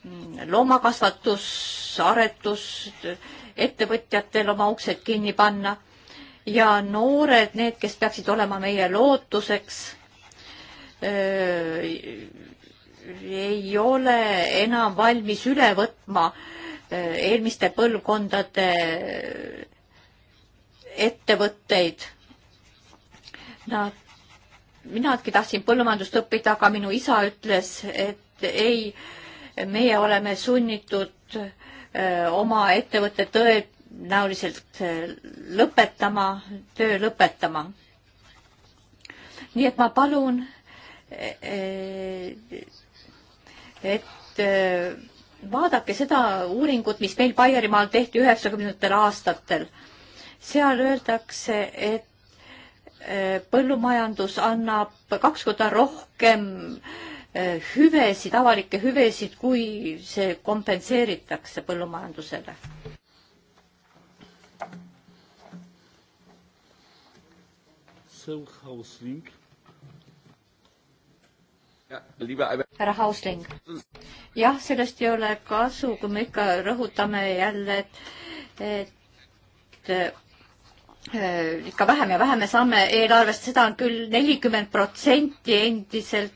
Mm, loomakasvatus, aretus, ettevõtjatel oma uksed kinni panna ja noored, need, kes peaksid olema meie lootuseks, ei ole enam valmis üle võtma eelmiste põlvkondade ettevõtteid. Nad, minagi tahtsin põllumajandust õppida, aga minu isa ütles, et ei äh,, meie oleme sunnitud äh, oma ettevõtte tõenäoliselt äh, lõpetama, töö lõpetama. nii et ma palun, äh, et vaadake seda uuringut, mis meil Baierimaal tehti üheksakümnendatel aastatel. seal öeldakse, et põllumajandus annab kaks korda rohkem äh, Eh, hüvesid, avalikke hüvesid, kui see kompenseeritakse põllumajandusele? härra Hausling. jah, sellest ei ole kasu, kui me ikka rõhutame jälle, et, et Äh, ikka vähem ja vähem me saame eelarvest, seda on küll nelikümmend protsenti endiselt,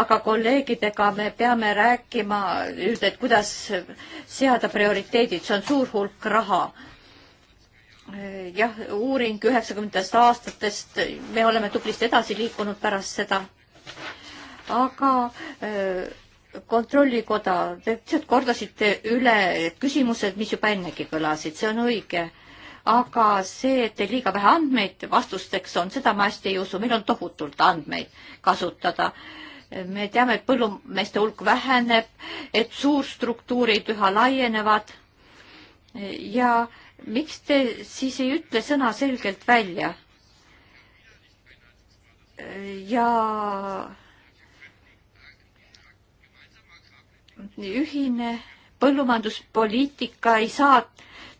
aga kolleegidega me peame rääkima nüüd, et kuidas seada prioriteedid, see on suur hulk raha. Äh, jah, uuring üheksakümnendast aastatest, me oleme tublisti edasi liikunud pärast seda. aga äh, kontrollikoda, te lihtsalt kordasite üle küsimused, mis juba ennegi kõlasid, see on õige aga see, et teil liiga vähe andmeid vastusteks on, seda ma hästi ei usu, meil on tohutult andmeid kasutada. me teame, et põllumeeste hulk väheneb, et suurstruktuurid üha laienevad ja miks te siis ei ütle sõna selgelt välja? ja ühine põllumajanduspoliitika ei saa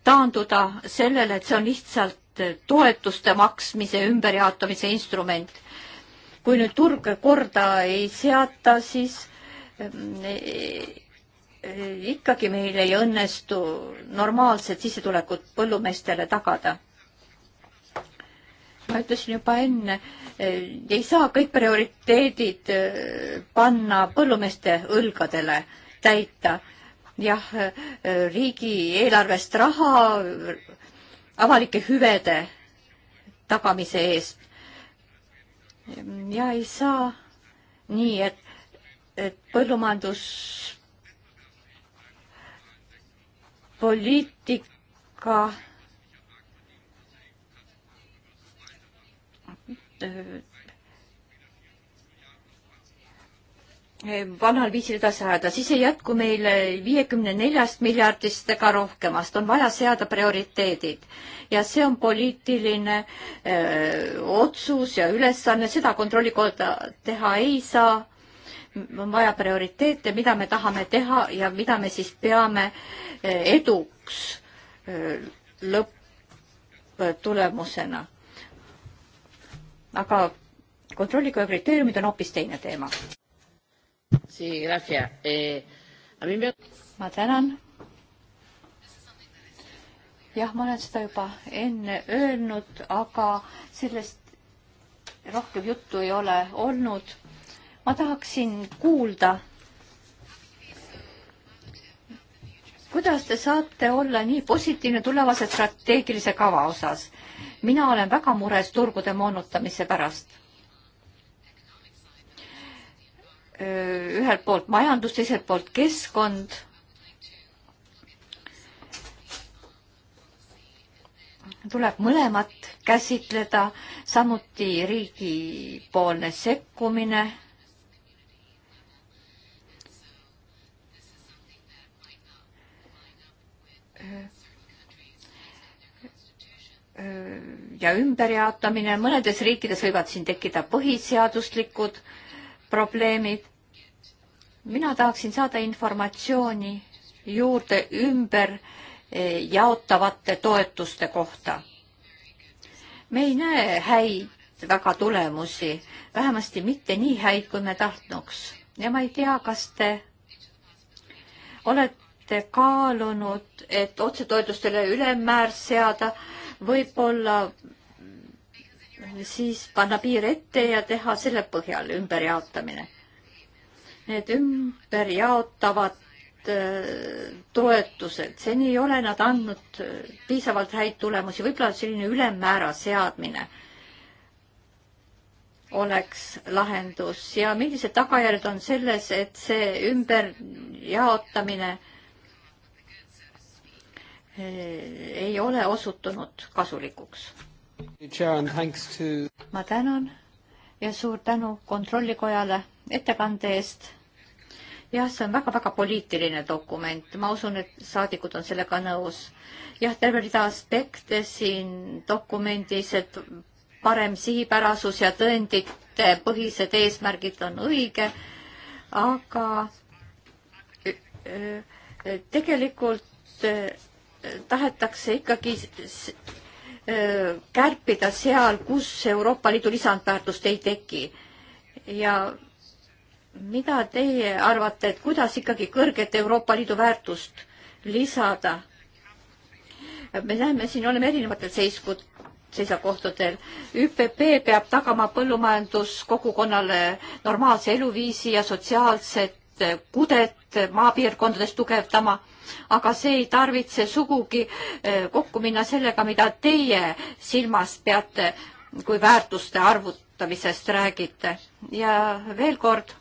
taanduda sellele, et see on lihtsalt toetuste maksmise ümberjaotamise instrument. kui nüüd turg korda ei seata, siis eh, eh, ikkagi meil ei õnnestu normaalsed sissetulekud põllumeestele tagada. ma ütlesin juba enne, eh, ei saa kõik prioriteedid panna põllumeeste õlgadele täita jah, riigieelarvest raha avalike hüvede tagamise eest. ja ei saa nii, et, et põllumajanduspoliitika vanal viisil edasi ajada, siis ei jätku meil viiekümne neljast miljardist ega rohkemast, on vaja seada prioriteedid. ja see on poliitiline öö, äh, otsus ja ülesanne, seda kontrollikoda teha ei saa. on vaja prioriteete, mida me tahame teha ja mida me siis peame äh, eduks äh, lõpptulemusena. aga kontrollikoja kriteeriumid on hoopis teine teema. Eh, ma tänan. jah, ma olen seda juba enne öelnud, aga sellest rohkem juttu ei ole olnud. ma tahaksin kuulda, kuidas te saate olla nii positiivne tulevase strateegilise kava osas? mina olen väga mures turgude moonutamise pärast ühelt poolt majandus, teiselt poolt keskkond. tuleb mõlemat käsitleda, samuti riigipoolne sekkumine. ja ümberjaotamine, mõnedes riikides võivad siin tekkida põhiseaduslikud äh, probleemid. mina tahaksin saada informatsiooni juurde ümber eh, jaotavate toetuste kohta. me ei näe häid väga tulemusi, vähemasti mitte nii häid, kui me tahtnuks ja ma ei tea, kas te olete kaalunud, et otsetoetustele ülemmäär seada, võib-olla siis panna piir ette ja teha selle põhjal ümberjaotamine. Need ümberjaotavad äh, toetused, seni ei ole nad andnud äh, piisavalt häid tulemusi, võib-olla selline ülemmäära seadmine oleks lahendus ja millised tagajärjed on selles, et see ümberjaotamine äh, ei ole osutunud kasulikuks ma tänan ja suur tänu Kontrollikojale ettekande eest. jah, see on väga-väga poliitiline dokument, ma usun, et saadikud on sellega nõus. jah, terve rida aspekte siin dokumendis, et parem sihipärasus ja tõendite põhised eesmärgid on õige, aga äh, äh, tegelikult äh, tahetakse ikkagi kärpida seal, kus Euroopa Liidu lisandväärtust ei teki. ja mida teie arvate, et kuidas ikkagi kõrget Euroopa Liidu väärtust lisada? me näeme, siin oleme erinevatel seiskud, seisakohtadel. ÜPP peab tagama põllumajanduskogukonnale normaalse eluviisi ja sotsiaalset kudet maapiirkondades tugevdama, aga see ei tarvitse sugugi eh, kokku minna sellega, mida teie silmas peate, kui väärtuste arvutamisest räägite. ja veel kord,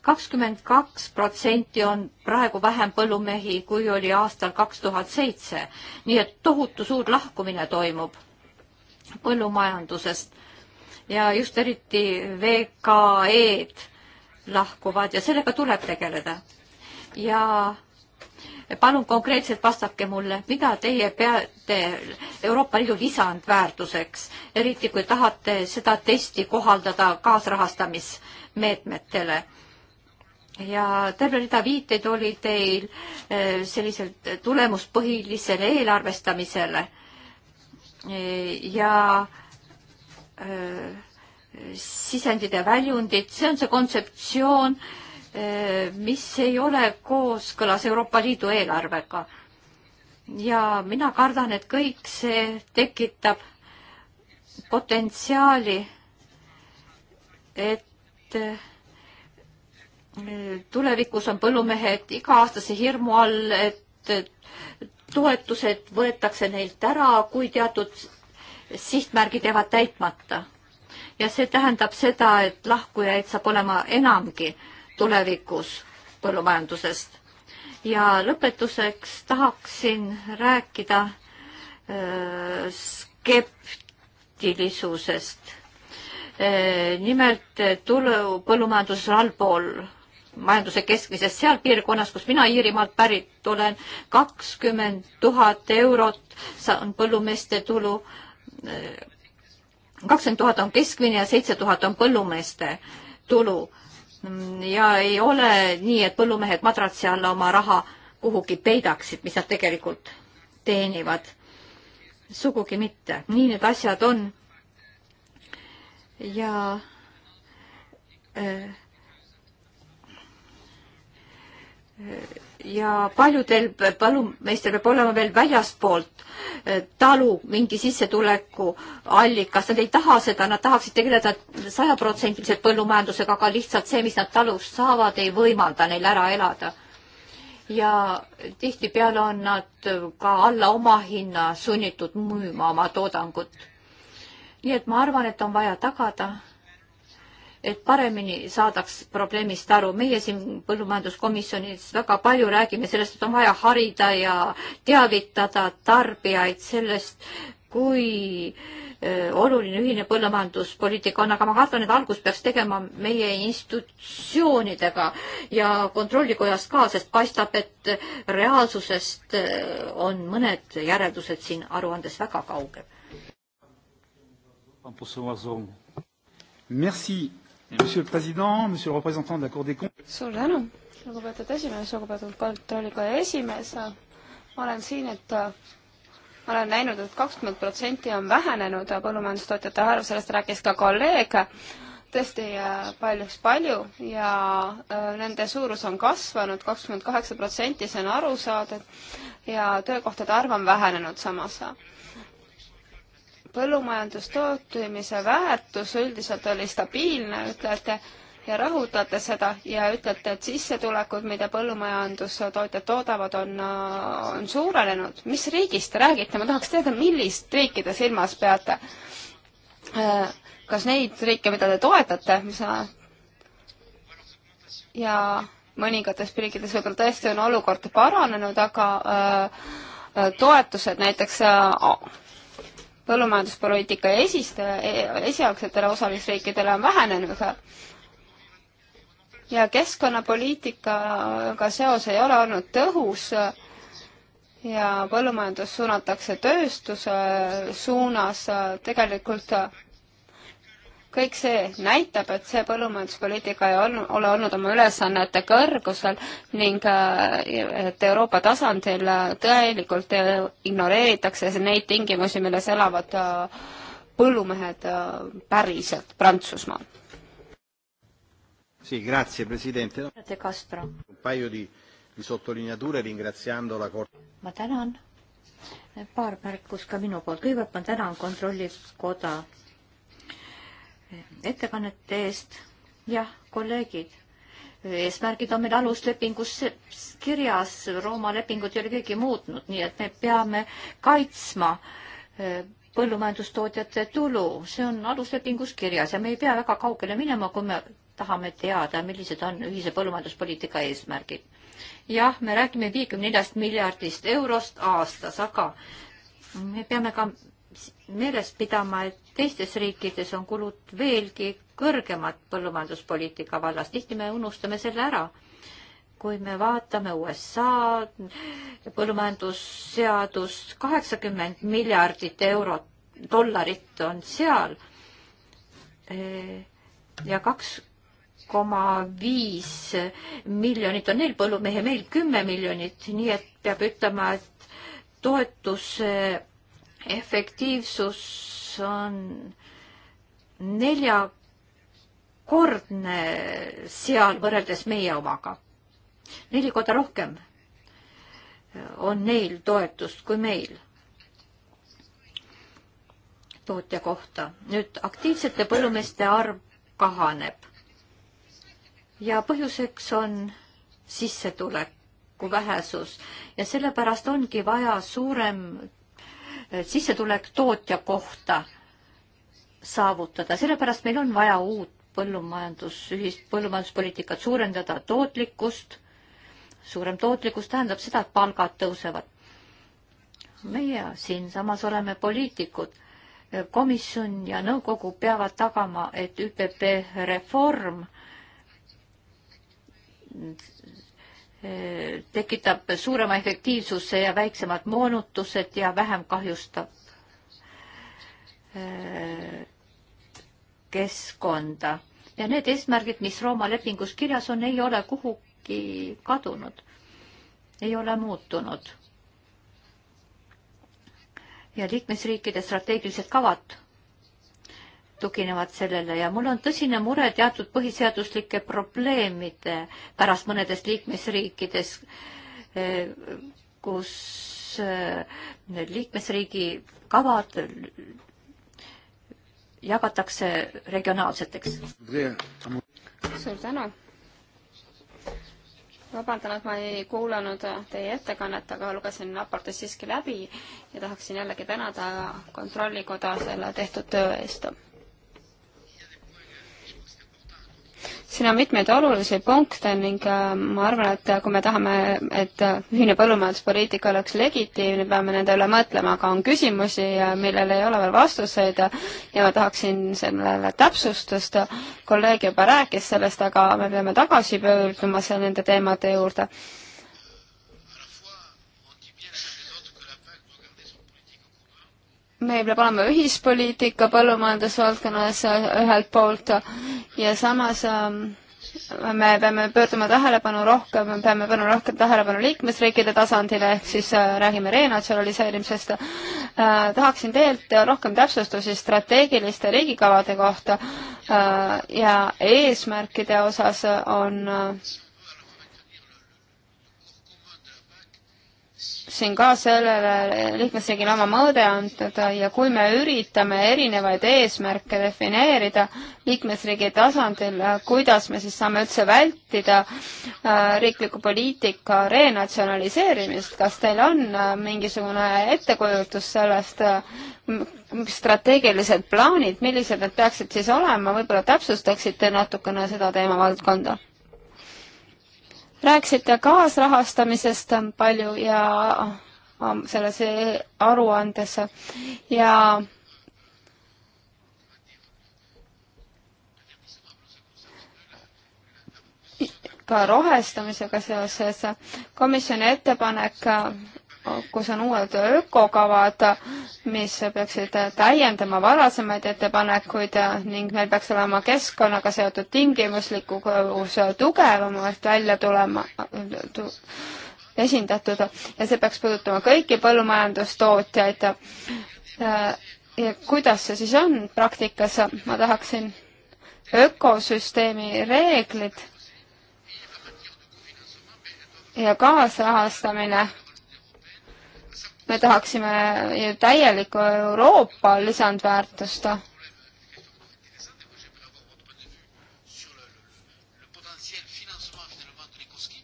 kakskümmend kaks protsenti on praegu vähem põllumehi, kui oli aastal kaks tuhat seitse. nii et tohutu suur lahkumine toimub põllumajandusest ja just eriti VKE-d lahkuvad ja sellega tuleb tegeleda. ja palun konkreetselt vastake mulle, mida teie peate Euroopa Liidu lisandväärtuseks, eriti kui tahate seda testi kohaldada kaasrahastamismeetmetele. ja terve rida viiteid oli teil eh, selliselt tulemuspõhilisele eelarvestamisele eh, ja öö, eh, sisendid ja väljundid, see on see kontseptsioon, mis ei ole kooskõlas Euroopa Liidu eelarvega. ja mina kardan, et kõik see tekitab potentsiaali, et eh, tulevikus on põllumehed iga-aastase hirmu all, et eh, toetused võetakse neilt ära, kui teatud sihtmärgid jäävad täitmata ja see tähendab seda, et lahkujaid saab olema enamgi tulevikus põllumajandusest. ja lõpetuseks tahaksin rääkida öö, äh, skeptilisusest. Äh, nimelt äh, tulu põllumajanduses allpool majanduse keskmisest, seal piirkonnas, kus mina Iirimaalt pärit olen, kakskümmend tuhat eurot on põllumeeste tulu öö, kakskümmend tuhat on keskmine ja seitse tuhat on põllumeeste tulu. ja ei ole nii, et põllumehed madratsi alla oma raha kuhugi peidaksid, mis nad tegelikult teenivad. sugugi mitte, nii need asjad on. ja äh, äh, ja paljudel põllumeestel peab olema veel väljaspoolt eh, talu mingi sissetuleku allikas, nad ei taha seda, nad tahaksid tegeleda sajaprotsendiliselt põllumajandusega, aga lihtsalt see, mis nad talust saavad, ei võimalda neil ära elada. ja tihtipeale on nad ka alla omahinna sunnitud müüma oma toodangut. nii et ma arvan, et on vaja tagada et paremini saadaks probleemist aru. meie siin põllumajanduskomisjonis väga palju räägime sellest, et on vaja harida ja teavitada tarbijaid sellest, kui oluline ühine põllumajanduspoliitika on, aga ma kardan, et algus peaks tegema meie institutsioonidega ja kontrollikojas ka, sest paistab, et reaalsusest on mõned järeldused siin aruandes väga kaugel. Merci, Monsieur le Président, Monsieur le représentant de la Cour des comptes. suur tänu, lugupeetud esimees, lugupeetud kontrollikoja esimees. ma olen siin, et ma olen näinud et, et kakskümmend protsenti on vähenenud põllumajandustootjate arv, sellest rääkis ka kolleeg. tõesti äh, paljuks palju ja äh, nende suurus on kasvanud kakskümmend kaheksa protsenti, see on arusaadav ja töökohtade arv on vähenenud samas põllumajandustootmise väärtus üldiselt oli stabiilne, ütlete, ja rõhutate seda ja ütlete, et sissetulekud, mida põllumajandustootjad toodavad, on, on suurenenud. mis riigist te räägite, ma tahaks teada, millist riiki te silmas peate? Äh, kas neid riike, mida te toetate, mis ja mõningates riikides võib-olla tõesti on olukord paranenud, aga äh, äh toetused näiteks äh, põllumajanduspoliitika esiste, esialgsetele osalisriikidele on vähenenud. ja keskkonnapoliitikaga seos ei ole olnud tõhus ja põllumajandus suunatakse tööstuse suunas, tegelikult kõik see näitab, et see põllumajanduspoliitika ei olnud, ole olnud oma ülesannete kõrgusel ning äh, et Euroopa tasandil äh, tõelikult äh, ignoreeritakse neid tingimusi, milles elavad põllumehed päriselt Prantsusmaal. Sì, grazie Presidente. Grazie Castro. Un paio di, di sottolineature ringraziando la Corte. Ma tänan. Paar märkus ka minu poolt. Kõigepealt ma tänan kontrollikoda ettekannete eest. jah, kolleegid, eesmärgid on meil aluslepingus kirjas, Rooma lepingut ei ole keegi muutnud, nii et me peame kaitsma e, põllumajandustootjate tulu, see on aluslepingus kirjas ja me ei pea väga kaugele minema, kui me tahame teada, millised on ühise põllumajanduspoliitika eesmärgid. jah, me räägime viiekümne neljast miljardist eurost aastas, aga me peame ka meeles pidama, et teistes riikides on kulud veelgi kõrgemad põllumajanduspoliitika vallas, tihti me unustame selle ära. kui me vaatame USA põllumajandusseadust, kaheksakümmend miljardit eurot, dollarit on seal eh, ja kaks koma viis miljonit on neil põllumehe, meil kümme miljonit, nii et peab ütlema, et toetuse efektiivsus on neljakordne seal võrreldes meie omaga. neli korda rohkem on neil toetust kui meil tootja kohta. nüüd aktiivsete põllumeeste arv kahaneb. ja põhjuseks on sissetuleku vähesus ja sellepärast ongi vaja suurem Eh, sissetulek tootja kohta saavutada, sellepärast meil on vaja uut põllumajandus, ühist põllumajanduspoliitikat, suurendada tootlikkust. suurem tootlikkus tähendab seda, et palgad tõusevad. meie siinsamas oleme poliitikud. komisjon ja nõukogu peavad tagama, et ÜPP reform tekitab suurema efektiivsuse ja väiksemad moonutused ja vähem kahjustab äh, keskkonda. ja need eesmärgid, mis Rooma lepingus kirjas on, ei ole kuhugi kadunud, ei ole muutunud. ja liikmesriikide strateegilised kavad tuginevad sellele ja mul on tõsine mure teatud põhiseaduslike probleemide pärast mõnedes liikmesriikides, kus eh, liikmesriigi kavad jagatakse regionaalseteks. suur tänu. vabandan, et ma ei kuulanud teie ettekannet, aga lugesin raporti siiski läbi ja tahaksin jällegi tänada Kontrollikoda selle tehtud töö eest siin on mitmeid olulisi punkte ning äh, ma arvan, et äh, kui me tahame, et äh, ühine põllumajanduspoliitika oleks legitiimne, peame nende üle mõtlema, aga on küsimusi, millel ei ole veel vastuseid ja ma tahaksin sellele täpsustust. kolleeg juba rääkis sellest, aga me peame tagasi pöörduma nende teemade juurde meil peab olema ühispoliitika põllumajandusvaldkonnas ühelt poolt ja samas ähm, me peame pöörduma tähelepanu rohkem, me peame pöörama rohkem tähelepanu liikmesriikide tasandile, ehk siis äh, räägime renatsionaliseerimisest. Äh, tahaksin teilt rohkem täpsustusi strateegiliste riigikavade kohta äh, ja eesmärkide osas on siin ka sellele liikmesriigile oma mõõde antud ja kui me üritame erinevaid eesmärke defineerida liikmesriigi tasandil, kuidas me siis saame üldse vältida äh, riikliku poliitika renatsionaliseerimist, kas teil on äh, mingisugune ettekujutus sellest, äh, strateegilised plaanid, millised need peaksid siis olema, võib-olla täpsustaksite natukene seda teemavaldkonda? rääkisite kaasrahastamisest äh, palju ja äh, selles e- aruandes ja ka rohestamisega seoses komisjoni ettepanek äh, kus on uued ökokavad, mis peaksid täiendama varasemaid ettepanekuid ning meil peaks olema keskkonnaga seotud tingimuslikkus tugevamalt välja tulema tu, esindatud ja see peaks puudutama kõiki põllumajandustootjaid. ja kuidas see siis on praktikas, ma tahaksin ökosüsteemi reeglid ja kaasrahastamine me tahaksime ju täielikku Euroopa lisandväärtust.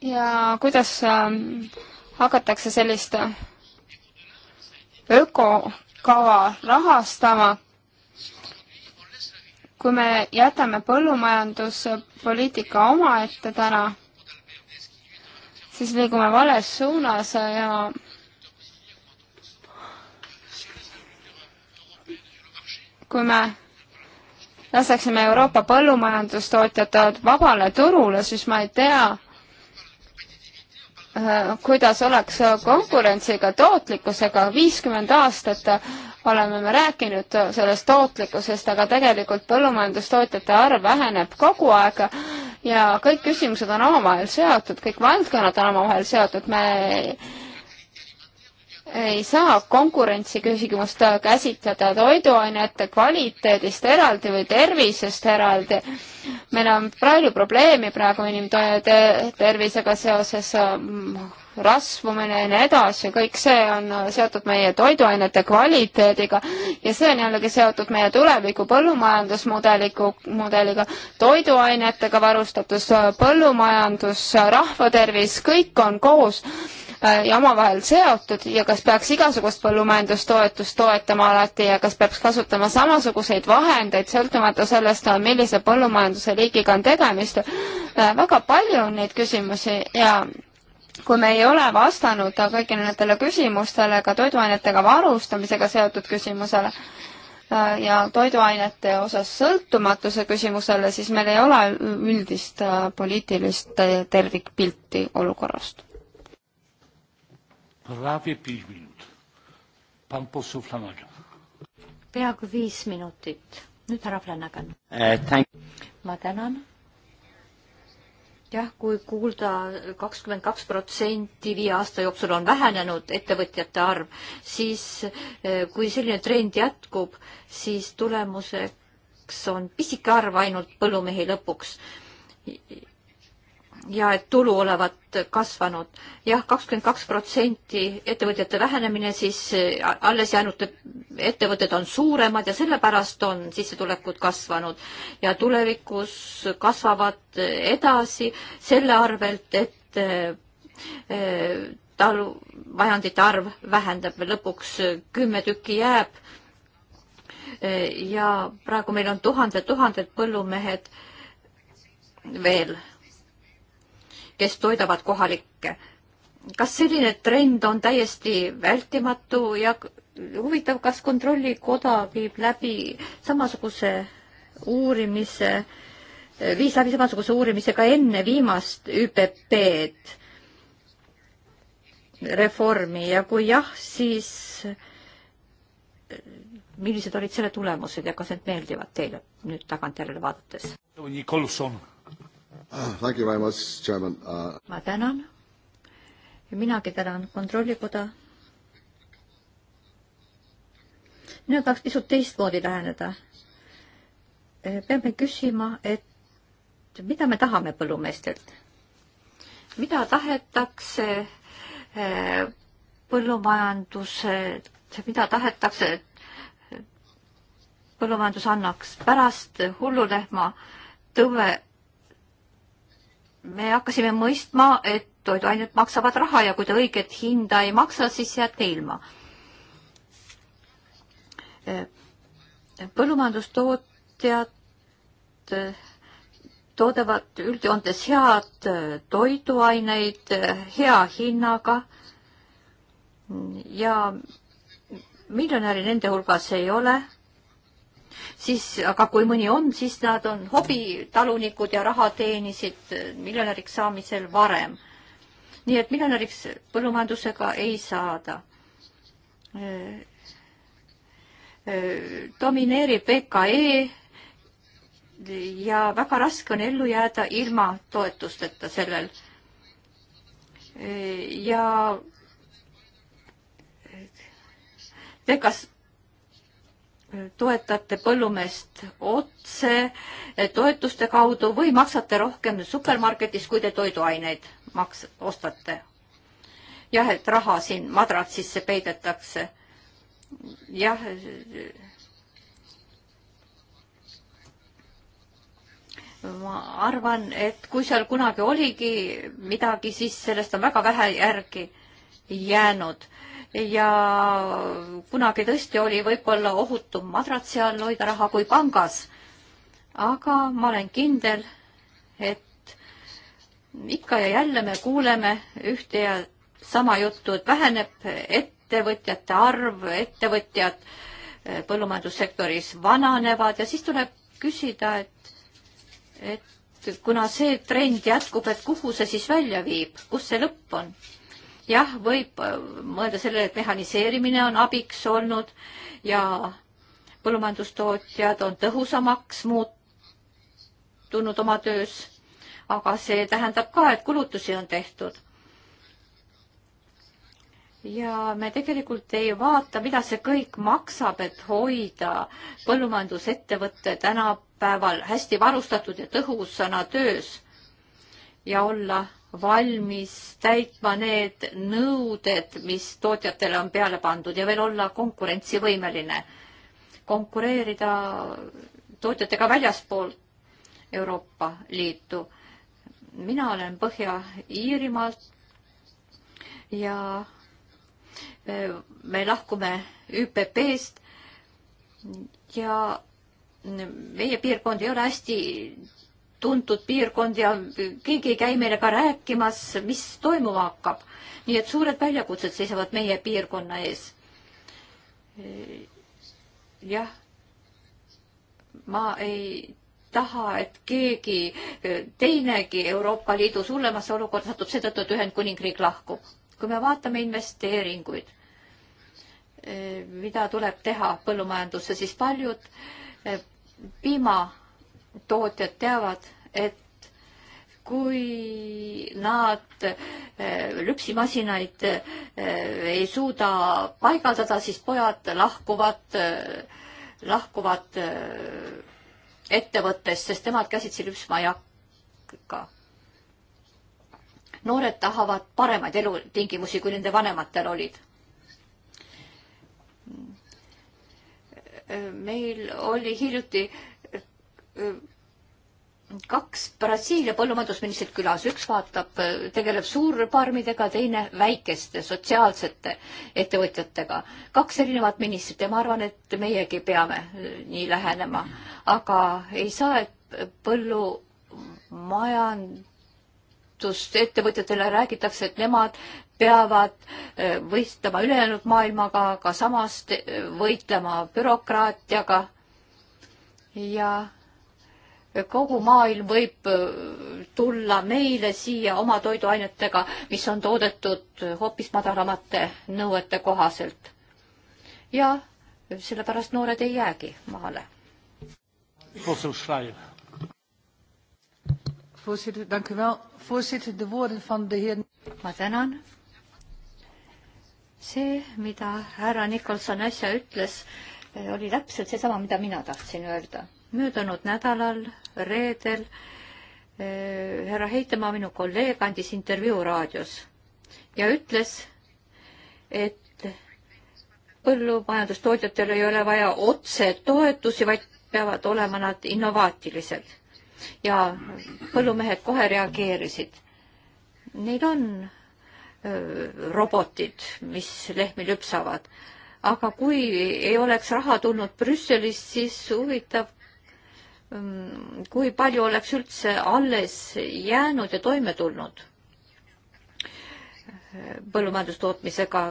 ja kuidas ähm, hakatakse sellist ökokava rahastama, kui me jätame põllumajanduspoliitika omaette täna, siis liigume vales suunas ja kui me laseksime Euroopa põllumajandustootjad vabale turule, siis ma ei tea, äh, kuidas oleks konkurentsiga, tootlikkusega, viiskümmend aastat oleme me rääkinud sellest tootlikkusest, aga tegelikult põllumajandustootjate arv väheneb kogu aeg ja kõik küsimused on omavahel seotud, kõik valdkonnad on omavahel seotud, me ei saa konkurentsi küsimust käsitleda toiduainete kvaliteedist eraldi või tervisest eraldi. meil on palju probleemi praegu inimtoimede tervisega seoses, mm, rasvumine ja nii edasi, kõik see on seotud meie toiduainete kvaliteediga ja see on jällegi seotud meie tuleviku põllumajandusmudeliku, mudeliga, toiduainetega varustatus, põllumajandus, rahvatervis, kõik on koos Äh, ja omavahel seotud ja kas peaks igasugust põllumajandustoetust toetama alati ja kas peaks kasutama samasuguseid vahendeid, sõltumata sellest, millise põllumajanduse liigiga on tegemist. Äh, väga palju on neid küsimusi ja kui me ei ole vastanud kõigile nendele küsimustele, ka toiduainetega varustamisega seotud küsimusele, äh, ja toiduainete osas sõltumatuse küsimusele, siis meil ei ole üldist poliitilist tervikpilti olukorrast prawie viis minut. Pan poseł Flanagan. peaaegu viis minutit. nüüd härra Flanagan uh,. ma tänan. jah, kui kuulda kakskümmend kaks protsenti viie aasta jooksul on vähenenud ettevõtjate arv, siis eh, kui selline trend jätkub, siis tulemuseks on pisike arv ainult põllumehi lõpuks ja et tulu olevat kasvanud jah,. jah, kakskümmend kaks protsenti ettevõtjate vähenemine, siis eh, alles jäänud ettevõtted on suuremad ja sellepärast on sissetulekud kasvanud ja tulevikus kasvavad eh, edasi selle arvelt, et eh, talumajandite arv vähendab, lõpuks kümme tükki jääb. ja praegu meil on tuhanded-tuhanded põllumehed veel kes toidavad kohalikke. kas selline trend on täiesti vältimatu ja huvitav, kas Kontrollikoda viib läbi samasuguse uurimise, viis läbi samasuguse uurimise ka enne viimast ÜPP-d, reformi ja kui jah, siis millised olid selle tulemused ja kas need meeldivad teile nüüd tagantjärele vaadates? Nikolson Thank you very much, Chairman uh.... ma tänan. minagi tänan Kontrollikoda. mina tahaks pisut teistmoodi läheneda. Äh, peame küsima, et mida me tahame põllumeestelt? mida tahetakse äh, põllumajanduselt, mida tahetakse, et põllumajandus annaks pärast hullulehma tõve me hakkasime mõistma, et toiduained maksavad raha ja kui te õiget hinda ei maksa, siis jääte ilma. põllumajandustootjad toodavad üldjoontes head toiduaineid hea hinnaga ja miljonäri nende hulgas ei ole siis, aga kui mõni on, siis nad on hobitalunikud ja raha teenisid miljonäriks saamisel varem. nii et miljonäriks põllumajandusega ei saada. domineerib VKE ja väga raske on ellu jääda ilma toetusteta sellel. ja VKS toetate põllumeest otse toetuste kaudu või maksate rohkem supermarketis, kui te toiduaineid maks-, ostate? jah, et raha siin madrad sisse peidetakse. jah. ma arvan, et kui seal kunagi oligi midagi, siis sellest on väga vähe järgi jäänud ja kunagi tõesti oli võib-olla ohutum madratsi all hoida raha kui pangas. aga ma olen kindel, et ikka ja jälle me kuuleme ühte ja sama juttu, et väheneb ettevõtjate arv, ettevõtjad eh, põllumajandussektoris vananevad ja siis tuleb küsida, et, et kuna see trend jätkub, et kuhu see siis välja viib, kus see lõpp on? jah, võib äh, mõelda sellele, et mehhaniseerimine on abiks olnud ja põllumajandustootjad on tõhusamaks muutunud oma töös, aga see tähendab ka, et kulutusi on tehtud. ja me tegelikult ei vaata, mida see kõik maksab, et hoida põllumajandusettevõtte tänapäeval hästi varustatud ja tõhusana töös ja olla valmis täitma need nõuded, mis tootjatele on peale pandud ja veel olla konkurentsivõimeline, konkureerida tootjatega väljaspool Euroopa Liitu. mina olen Põhja-Iirimaalt ja e, me lahkume ÜPP-st ja meie piirkond ei ole hästi tuntud piirkond ja keegi ei käi meile ka rääkimas, mis toimuma hakkab. nii et suured väljakutsed seisavad meie piirkonna ees. jah, ma ei taha, et keegi teinegi Euroopa Liidu hullemasse olukorda satub seetõttu, et Ühendkuningriik lahkub. kui me vaatame investeeringuid, eh, mida tuleb teha põllumajandusse, siis paljud eh, piima tootjad teavad, et kui nad eh, lüpsimasinaid eh, ei suuda paigaldada, siis pojad lahkuvad, eh, lahkuvad ettevõttest, sest nemad käsitsi lüpsma ei hakka. noored tahavad paremaid elutingimusi, kui nende vanematel olid. meil oli hiljuti äh, kaks Brasiilia põllumajandusministrit külas, üks vaatab, tegeleb suurfarmidega, teine väikeste sotsiaalsete ettevõtjatega. kaks erinevat ministrit ja ma arvan, et meiegi peame äh, nii lähenema, aga ei saa, et põllumajandust ettevõtjatele räägitakse, et nemad peavad äh, võistlema ülejäänud maailmaga, aga samas võitlema bürokraatiaga ja kogu maailm võib äh, tulla meile siia oma toiduainetega, mis on toodetud hoopis madalamate nõuete kohaselt. ja sellepärast noored ei jäägi maale. ma tänan. see, mida härra Nikolson äsja ütles, oli täpselt seesama, mida mina tahtsin öelda möödunud nädalal, reedel eh, härra Heitemaa, minu kolleeg, andis intervjuu raadios ja ütles, et põllumajandustootjatel ei ole vaja otsetoetusi, vaid peavad olema nad innovaatilised. ja põllumehed kohe reageerisid. Neil on öö, eh, robotid, mis lehmi lüpsavad, aga kui ei oleks raha tulnud Brüsselist, siis huvitav, Ehm, kui palju oleks üldse alles jäänud ja toime tulnud põllumajandustootmisega.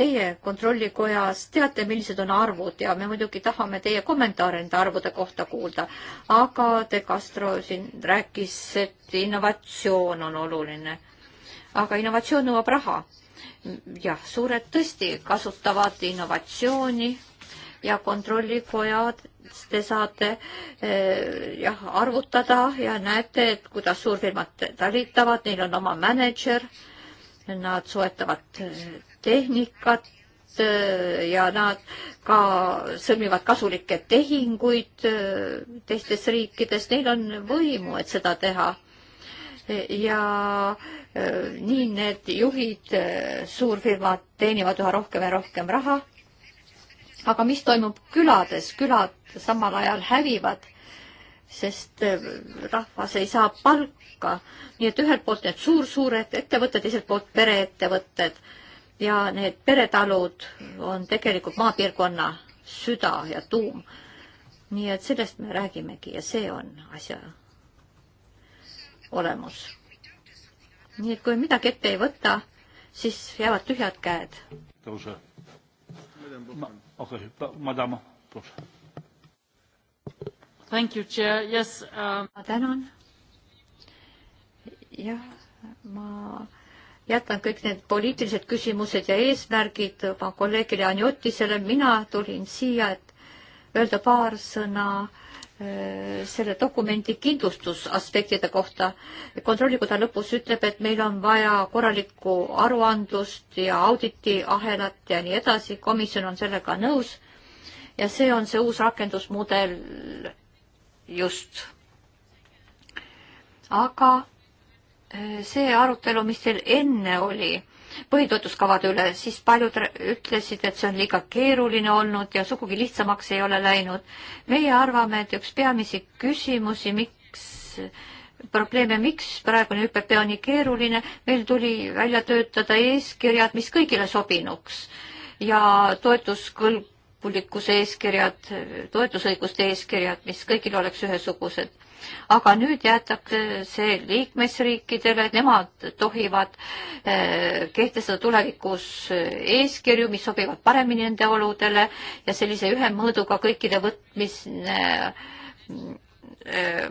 Teie kontrollikojas teate, millised on arvud ja me muidugi tahame teie kommentaare nende arvude kohta kuulda. aga De Castro siin rääkis, et innovatsioon on oluline. aga innovatsioon nõuab raha. jah, suured tõesti kasutavad innovatsiooni ja kontrollikojad te saate eh, jah, arvutada ja näete, et kuidas suurfirmad talitavad, neil on oma mänedžer, nad soetavad eh, tehnikat eh, ja nad ka sõlmivad kasulikke tehinguid teistes riikides, neil on võimu, et seda teha. ja nii need juhid, suurfirmad teenivad üha rohkem ja rohkem raha aga mis toimub külades, külad samal ajal hävivad, sest äh, rahvas ei saa palka. nii et ühelt poolt need suur-suured ettevõtted, teiselt poolt pereettevõtted ja need peretalud on tegelikult maapiirkonna süda ja tuum. nii et sellest me räägimegi ja see on asja olemus. nii et kui midagi ette ei võta, siis jäävad tühjad käed. tõuse Um, ma tänan. jah, ma jätan kõik need poliitilised küsimused ja eesmärgid oma kolleegile Anjotisele. mina tulin siia, et öelda paar sõna äh, Äh, selle dokumendi kindlustusaspektide kohta. kontrollikoda lõpus ütleb, et meil on vaja korralikku aruandlust ja auditiahelat ja nii edasi, komisjon on sellega nõus ja see on see uus rakendusmudel just. aga äh, see arutelu, mis teil enne oli põhitoetuskavade üle, siis paljud ütlesid, et see on liiga keeruline olnud ja sugugi lihtsamaks ei ole läinud. meie arvame, et üks peamisi küsimusi, miks probleeme, miks praegune ÜPP on nii keeruline, meil tuli välja töötada eeskirjad, mis kõigile sobinuks ja toetuskõlbulikkuse eeskirjad, toetusõiguste eeskirjad, mis kõigil oleks ühesugused aga nüüd jäetakse see liikmesriikidele, nemad tohivad eh, kehtestada tulevikus eh, eeskirju, mis sobivad paremini nende oludele ja sellise ühe mõõduga kõikide võtmine eh,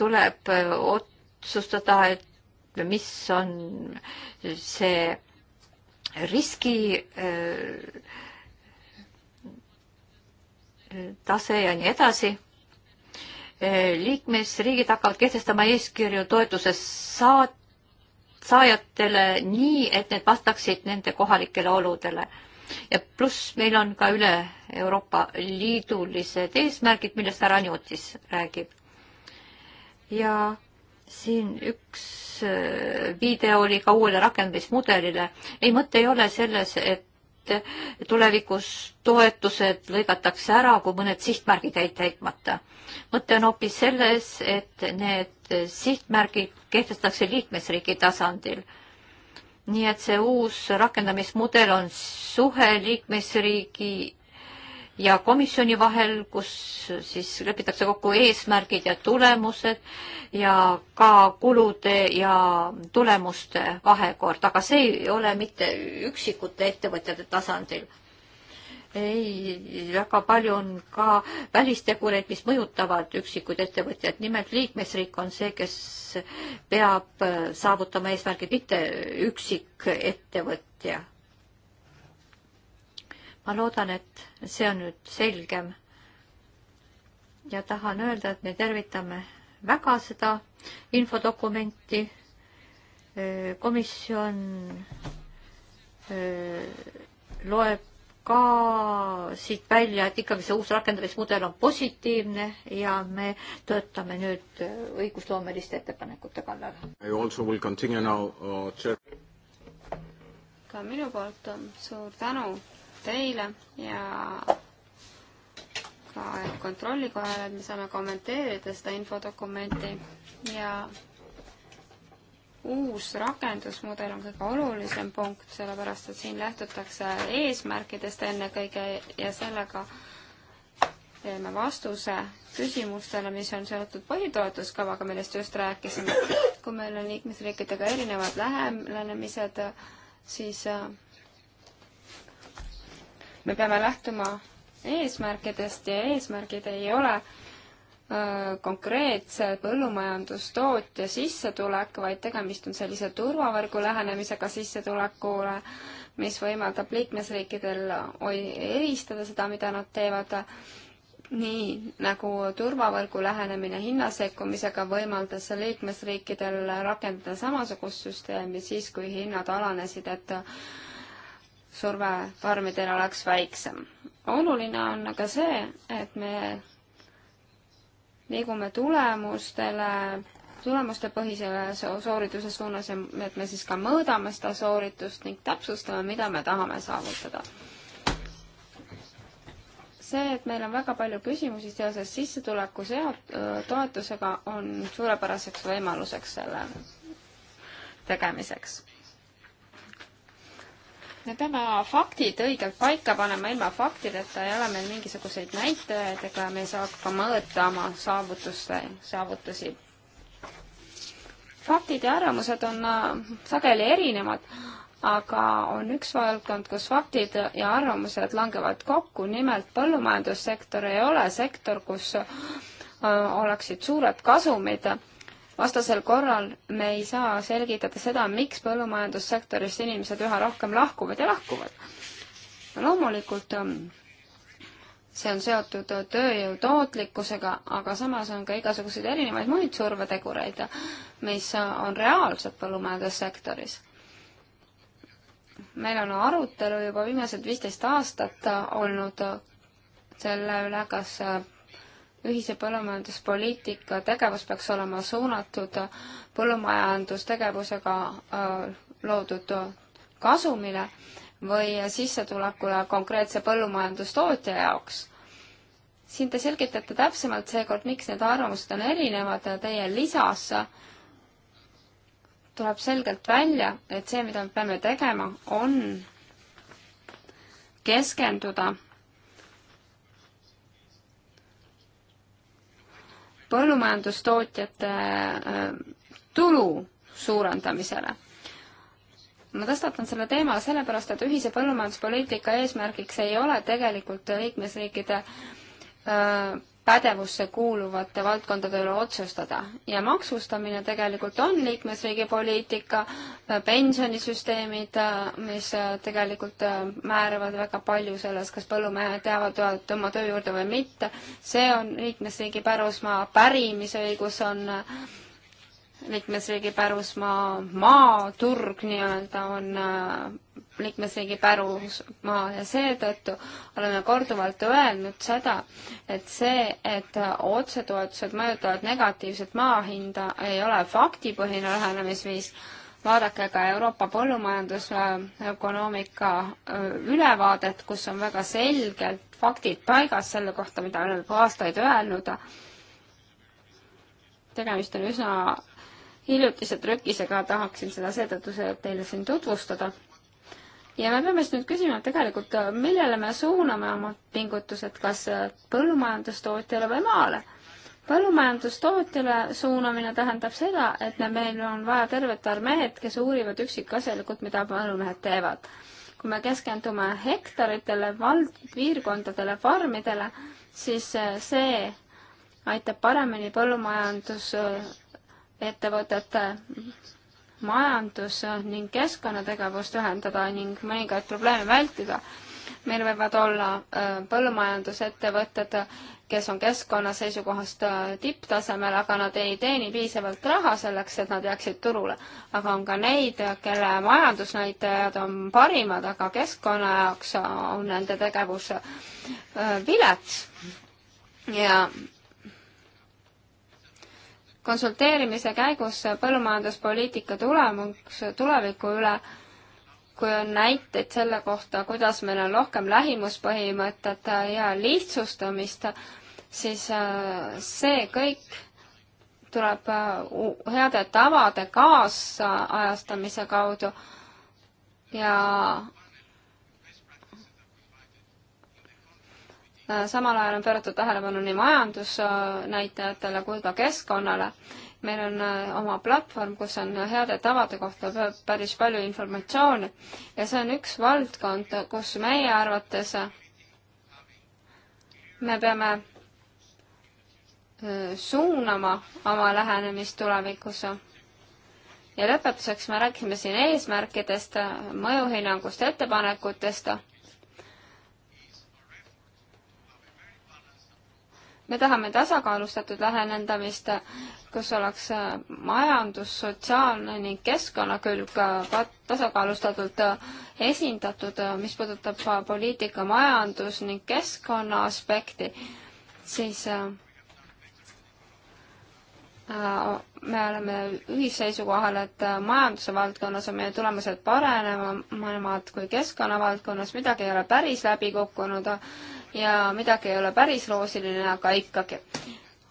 tuleb otsustada, et mis on see riski tase ja nii edasi liikmesriigid hakkavad kehtestama eeskirju toetuse saat-, saajatele nii, et need vastaksid nende kohalikele oludele. ja pluss meil on ka üle Euroopa Liidulised eesmärgid, millest härra Anjutis räägib. ja siin üks äh, viide oli ka uuele rakendamismudelile. ei, mõte ei ole selles, et et tulevikus toetused lõigatakse ära, kui mõned sihtmärgid jäid täitmata. mõte on hoopis selles, et need sihtmärgid kehtestatakse liikmesriigi tasandil. nii et see uus rakendamismudel on suhe liikmesriigi ja komisjoni vahel, kus siis lepitakse kokku eesmärgid ja tulemused ja ka kulude ja tulemuste vahekord, aga see ei ole mitte üksikute ettevõtjate tasandil. ei, väga palju on ka välistegureid, mis mõjutavad üksikuid ettevõtjaid, nimelt liikmesriik on see, kes peab saavutama eesmärgid, mitte üksik ettevõtja ma loodan, et see on nüüd selgem. ja tahan öelda, et me tervitame väga seda infodokumenti. Äh, komisjon äh, loeb ka siit välja, et ikkagi see uus rakendamismudel on positiivne ja me töötame nüüd äh, õigusloomeliste ettepanekute kallal. Uh, ka minu poolt on suur tänu teile ja ka kontrollikojale, et me saame kommenteerida seda infodokumenti ja uus rakendusmudel on kõige olulisem punkt, sellepärast et siin lähtutakse eesmärkidest ennekõike ja sellega teeme vastuse küsimustele, mis on seotud põhitoetuskavaga, millest just rääkisime. kui meil on liikmesriikidega erinevad lähenemised, siis äh, me peame lähtuma eesmärkidest ja eesmärgid ei ole öö, äh, konkreetse põllumajandustootja sissetulek, vaid tegemist on sellise turvavõrgu lähenemisega sissetulekule, mis võimaldab liikmesriikidel eristada seda, mida nad teevad, nii nagu turvavõrgu lähenemine hinnasekkumisega võimaldas liikmesriikidel rakendada samasugust süsteemi siis, kui hinnad alanesid, et surve farmidel oleks väiksem. oluline on aga see, et me liigume tulemustele, tulemustepõhisele soorituse suunas ja et me siis ka mõõdame seda sooritust ning täpsustame, mida me tahame saavutada. see, et meil on väga palju küsimusi seoses sissetuleku seot-, toetusega, on suurepäraseks võimaluseks selle tegemiseks me peame faktid õigelt paika panema, ilma faktideta ei ole meil mingisuguseid näitajaid, ega me ei saa ka mõõta oma saavutuste, saavutusi. faktid ja arvamused on äh, sageli erinevad, aga on üks valdkond, kus faktid ja arvamused langevad kokku, nimelt põllumajandussektor ei ole sektor, kus äh, oleksid suured kasumid vastasel korral me ei saa selgitada seda, miks põllumajandussektorist inimesed üha rohkem lahkuvad ja lahkuvad. loomulikult ähm, see on seotud äh, tööjõu tootlikkusega, aga samas on ka igasuguseid erinevaid muid survetegureid, mis äh, on reaalsed põllumajandussektoris. meil on arutelu juba viimased viisteist aastat äh, olnud selle üle, kas ühise põllumajanduspoliitika tegevus peaks olema suunatud põllumajandustegevusega äh, loodud kasumile või sissetulekule konkreetse põllumajandustootja jaoks. siin te selgitate täpsemalt seekord, miks need arvamused on erinevad, teie lisas tuleb selgelt välja, et see, mida me peame tegema, on keskenduda põllumajandustootjate äh, tulu suurendamisele. ma tõstatan selle teema sellepärast, et ühise põllumajanduspoliitika eesmärgiks ei ole tegelikult liikmesriikide äh, pädevusse kuuluvate valdkondade üle otsustada. ja maksustamine tegelikult on liikmesriigi poliitika, äh, pensionisüsteemid, äh, mis äh, tegelikult määravad väga palju selles, kas põllumehed jäävad oma töö juurde või mitte, see on liikmesriigi pärusmaa, pärimisõigus on liikmesriigi pärusmaa, maaturg nii-öelda on liikmesriigi pärusmaa ja seetõttu oleme korduvalt öelnud seda, et see, et otsetoetused mõjutavad negatiivselt maa hinda, ei ole faktipõhine lähenemisviis. vaadake ka Euroopa põllumajandusökonoomika äh, ülevaadet, kus on väga selgelt faktid paigas selle kohta, mida oleme juba aastaid öelnud. tegemist on üsna hiljutise trükisega tahaksin seda seetõttu teile siin tutvustada ja me peame siis nüüd küsima tegelikult, millele me suuname oma pingutused, kas põllumajandustootjale või maale põllumajandustootjale suunamine tähendab seda, et meil on vaja tervet armeed, kes uurivad üksikasjalikult, mida põllumehed teevad. kui me keskendume hektaritele, vald, piirkondadele, farmidele, siis eh, see aitab paremini põllumajandusettevõtete majandus- ning keskkonnategevust ühendada ning mõningaid probleeme vältida. meil võivad olla äh, põllumajandusettevõtted, kes on keskkonna seisukohast äh, tipptasemel, aga nad ei teeni piisavalt raha selleks, et nad jääksid turule. aga on ka neid, kelle majandusnäitajad on parimad, aga keskkonna jaoks on nende tegevus äh, vilets ja konsulteerimise käigus põllumajanduspoliitika tulemus, tuleviku üle, kui on näiteid selle kohta, kuidas meil on rohkem lähimuspõhimõtet ja lihtsustamist, siis äh, see kõik tuleb äh, heade tavade kaasaajastamise kaudu ja samal ajal on pööratud tähelepanu nii majandusnäitajatele kui ka keskkonnale. meil on äh, oma platvorm, kus on heade tavade kohta päris palju informatsiooni ja see on üks valdkond, kus meie arvates äh, me peame äh, suunama oma lähenemist tulevikus. ja lõpetuseks me räägime siin eesmärkidest, mõjuhinnangust, ettepanekutest me tahame tasakaalustatud lähenemist, kus oleks äh, majandus, sotsiaalne ning keskkonnakülg äh, tasakaalustatult äh, esindatud, mis puudutab poliitika majandus ning keskkonna aspekti, siis me oleme ühisseisukohal, et majanduse valdkonnas on meie tulemused paremad kui keskkonna valdkonnas, midagi ei ole päris läbi kukkunud ja midagi ei ole päris roosiline, aga ikkagi.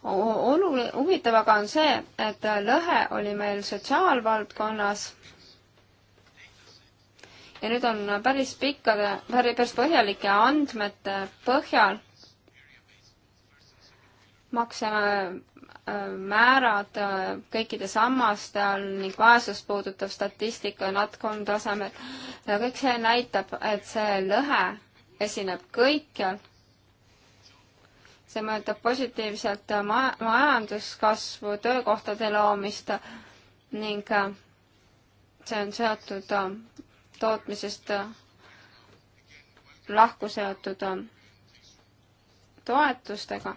oluline, huvitav aga on see, et lõhe oli meil sotsiaalvaldkonnas ja nüüd on päris pikkade, päris põhjalike andmete põhjal maksemäärad äh, äh, kõikide sammaste all ning vaesust puudutav statistika natkond tasemel. kõik see näitab, et see lõhe esineb kõikjal see mõjutab positiivselt maja, majanduskasvu, töökohtade loomist ning äh, see on seotud äh, tootmisest äh, lahku seotud toetustega.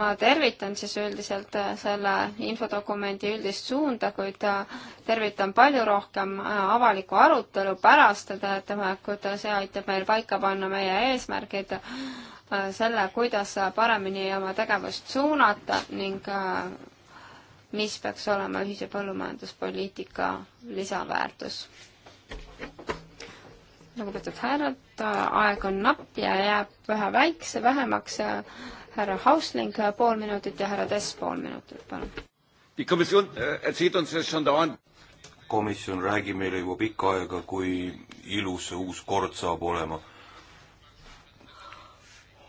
ma tervitan siis üldiselt selle infodokumendi üldist suunda, kuid tervitan palju rohkem avalikku arutelu pärast seda ettepanekut, see aitab meil paika panna meie eesmärgid Äh, selle, kuidas paremini oma tegevust suunata ning äh, mis peaks olema ühise põllumajanduspoliitika lisaväärtus. lugupeetud härrad, äh, aeg on napp ja jääb ühe väikse vähemaks. härra Hausling pool minutit ja härra Tess pool minutit, palun. komisjon räägib meile juba pikka aega, kui ilus see uus kord saab olema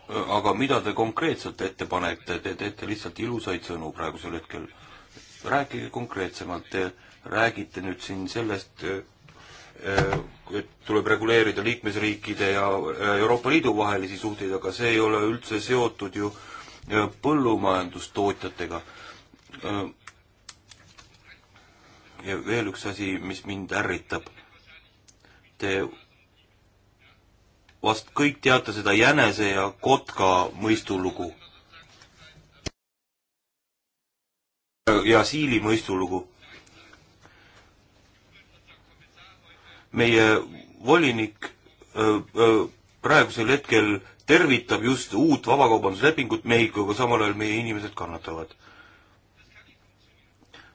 aga mida te konkreetselt ette panete, te teete lihtsalt ilusaid sõnu praegusel hetkel. rääkige konkreetsemalt, te räägite nüüd siin sellest, eh, et tuleb reguleerida liikmesriikide ja eh, Euroopa Liidu vahelisi suhteid, aga see ei ole üldse seotud ju eh, põllumajandustootjatega. ja veel üks asi, mis mind ärritab. Te vast kõik teate seda jänese ja kotka mõistulugu. ja siili mõistulugu. meie volinik öö, äh, öö, äh, praegusel hetkel tervitab just uut vabakaubanduslepingut Mehhikoga, samal ajal meie inimesed kannatavad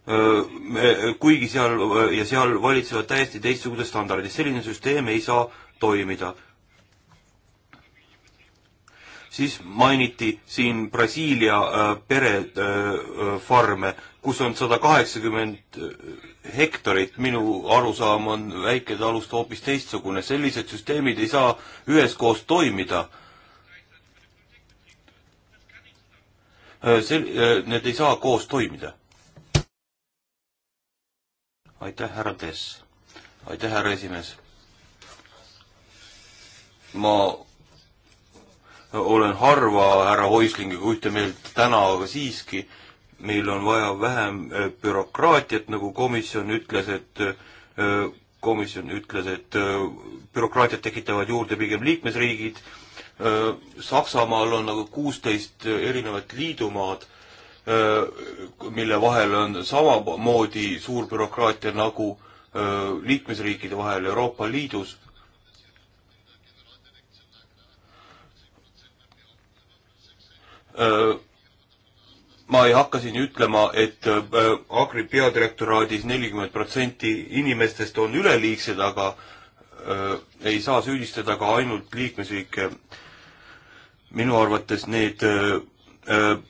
äh, kuigi seal ja seal valitsevad täiesti teistsugused standardid, selline süsteem ei saa toimida siis mainiti siin Brasiilia äh, perefarme, äh, äh, kus on sada kaheksakümmend hektarit, minu arusaam on väiketalust hoopis teistsugune, sellised süsteemid ei saa üheskoos toimida sel-, need ei saa koos toimida. aitäh, härra Tess. aitäh, härra esimees. ma olen harva härra Oislingiga ühte meelt täna, aga siiski meil on vaja vähem äh, bürokraatiat, nagu komisjon ütles, et äh, komisjon ütles, et äh, bürokraatiat tekitavad juurde pigem liikmesriigid. Saksamaal on aga kuusteist erinevat liidumaad, mille vahel on samamoodi suur bürokraatia nagu liikmesriikide vahel Euroopa Liidus Äh, ma ei hakka siin ütlema, et äh, Agri peadirektoraadis nelikümmend protsenti inimestest on üleliigsed, aga äh, ei saa süüdistada ka ainult liikmesriike. minu arvates need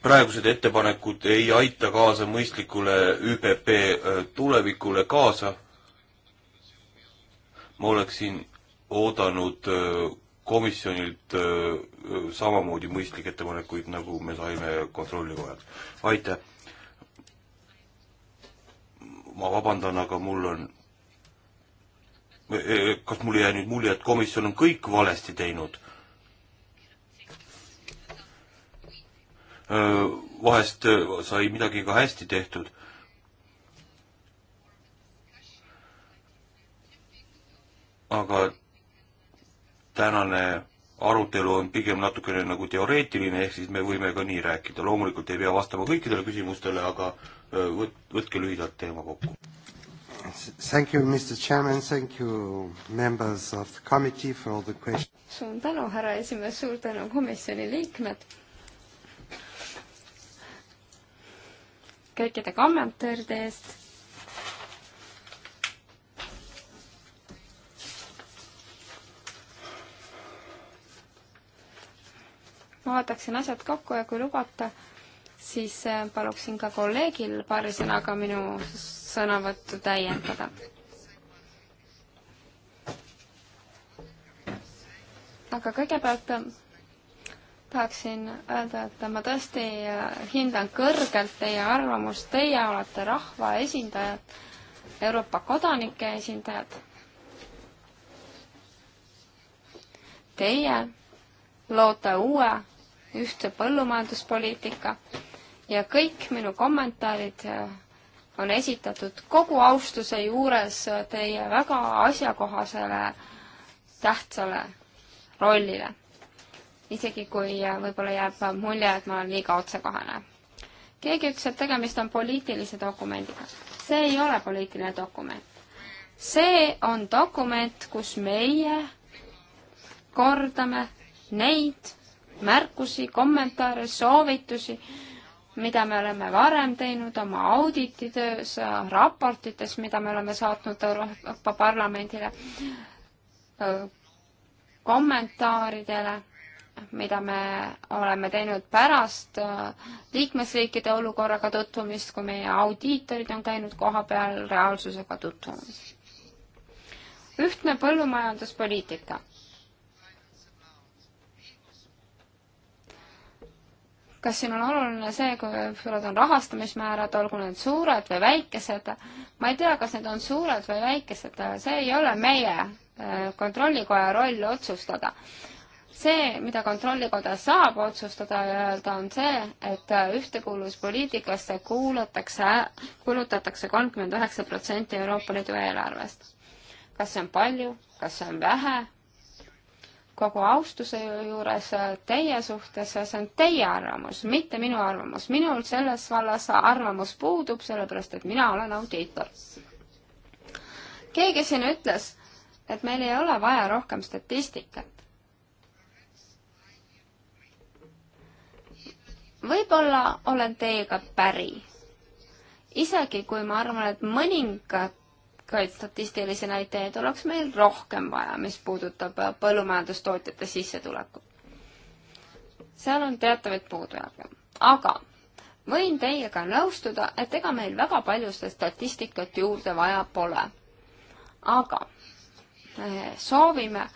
praegused ettepanekud ei aita kaasa mõistlikule ÜPP tulevikule kaasa. ma oleksin oodanud komisjonilt samamoodi mõistlikke ettepanekuid, nagu me saime kontrollikojalt. aitäh! ma vabandan, aga mul on e, e, kas mul ei jää nüüd mulje, et komisjon on kõik valesti teinud? vahest sai midagi ka hästi tehtud. aga tänane arutelu on pigem natukene nagu teoreetiline, ehk siis me võime ka nii rääkida. loomulikult ei pea vastama kõikidele küsimustele, aga võt-, võtke lühidalt teema kokku. Thank you, Mr Chairman, thank you members of the committee for all the questions. suur tänu, härra esimees, suur tänu, komisjoni liikmed. kõikide kommentaaride eest ma võtaksin asjad kokku ja kui lubate, siis äh, paluksin ka kolleegil paari sõnaga minu sõnavõttu täiendada. aga kõigepealt äh, tahaksin öelda, et ma tõesti äh, hindan kõrgelt teie arvamust, teie olete rahva esindajad, Euroopa kodanike esindajad. Teie loota uue ühtse põllumajanduspoliitika ja kõik minu kommentaarid äh, on esitatud kogu austuse juures äh, teie väga asjakohasele tähtsale rollile. isegi kui äh, võib-olla jääb mulje, et ma olen liiga otsekohane. keegi ütles, et tegemist on poliitilise dokumendiga. see ei ole poliitiline dokument. see on dokument, kus meie kordame neid märkusi, kommentaare, soovitusi, mida me oleme varem teinud oma audititöös, raportites, mida me oleme saatnud Euroopa Parlamendile, kommentaaridele, mida me oleme teinud pärast äh, liikmesriikide olukorraga tutvumist, kui meie audiitorid on käinud kohapeal reaalsusega tutvumas. ühtne põllumajanduspoliitika kas siin on oluline see, kui suured on rahastamismäärad, olgu need suured või väikesed, ma ei tea, kas need on suured või väikesed, see ei ole meie äh, kontrollikoja roll otsustada. see, mida kontrollikoda saab otsustada ja öelda, on see, et äh, ühtekuuluvuspoliitikasse kuulatakse, kulutatakse kolmkümmend üheksa protsenti Euroopa Liidu eelarvest. kas see on palju, kas see on vähe, kogu austuse juures teie suhtes, see on teie arvamus, mitte minu arvamus. minul selles vallas arvamus puudub, sellepärast et mina olen audiitor. keegi siin ütles, et meil ei ole vaja rohkem statistikat. võib-olla olen teiega päri. isegi kui ma arvan, et mõningad mõõdikuid, statistilisi näitajaid oleks meil rohkem vaja, mis puudutab äh, põllumajandustootjate sissetulekut. seal on teatavaid puudujääke, aga võin teiega nõustuda, et ega meil väga palju seda statistikat juurde vaja pole. aga äh, soovime,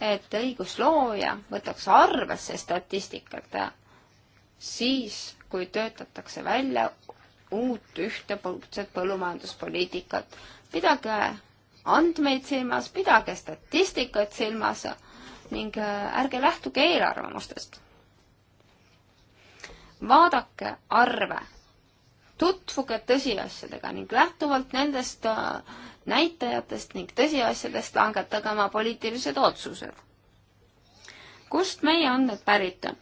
et õiguslooja võtaks arvesse statistikat, äh, siis kui töötatakse välja uut ühtepõldset põllumajanduspoliitikat pidage andmeid silmas, pidage statistikat silmas ning äh, ärge lähtuge eelarvamustest. vaadake arve, tutvuge tõsiasjadega ning lähtuvalt nendest äh, näitajatest ning tõsiasjadest langetage oma poliitilised otsused. kust meie andmed pärit on?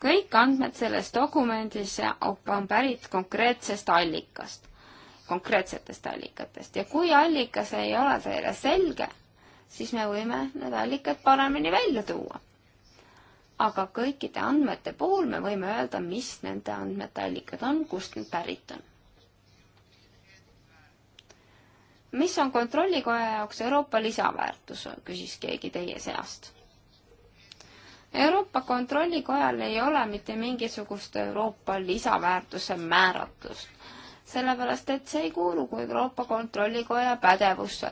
kõik andmed selles dokumendis on pärit konkreetsest allikast konkreetsetest allikatest ja kui allikas ei ole teile selge, siis me võime need allikad paremini välja tuua. aga kõikide andmete puhul me võime öelda, mis nende andmete allikad on, kust need pärit on. mis on Kontrollikoja jaoks Euroopa lisaväärtus, küsis keegi teie seast Euroopa Kontrollikojal ei ole mitte mingisugust Euroopa lisaväärtuse määratlust sellepärast et see ei kuulu Euroopa Kontrollikoja pädevusse.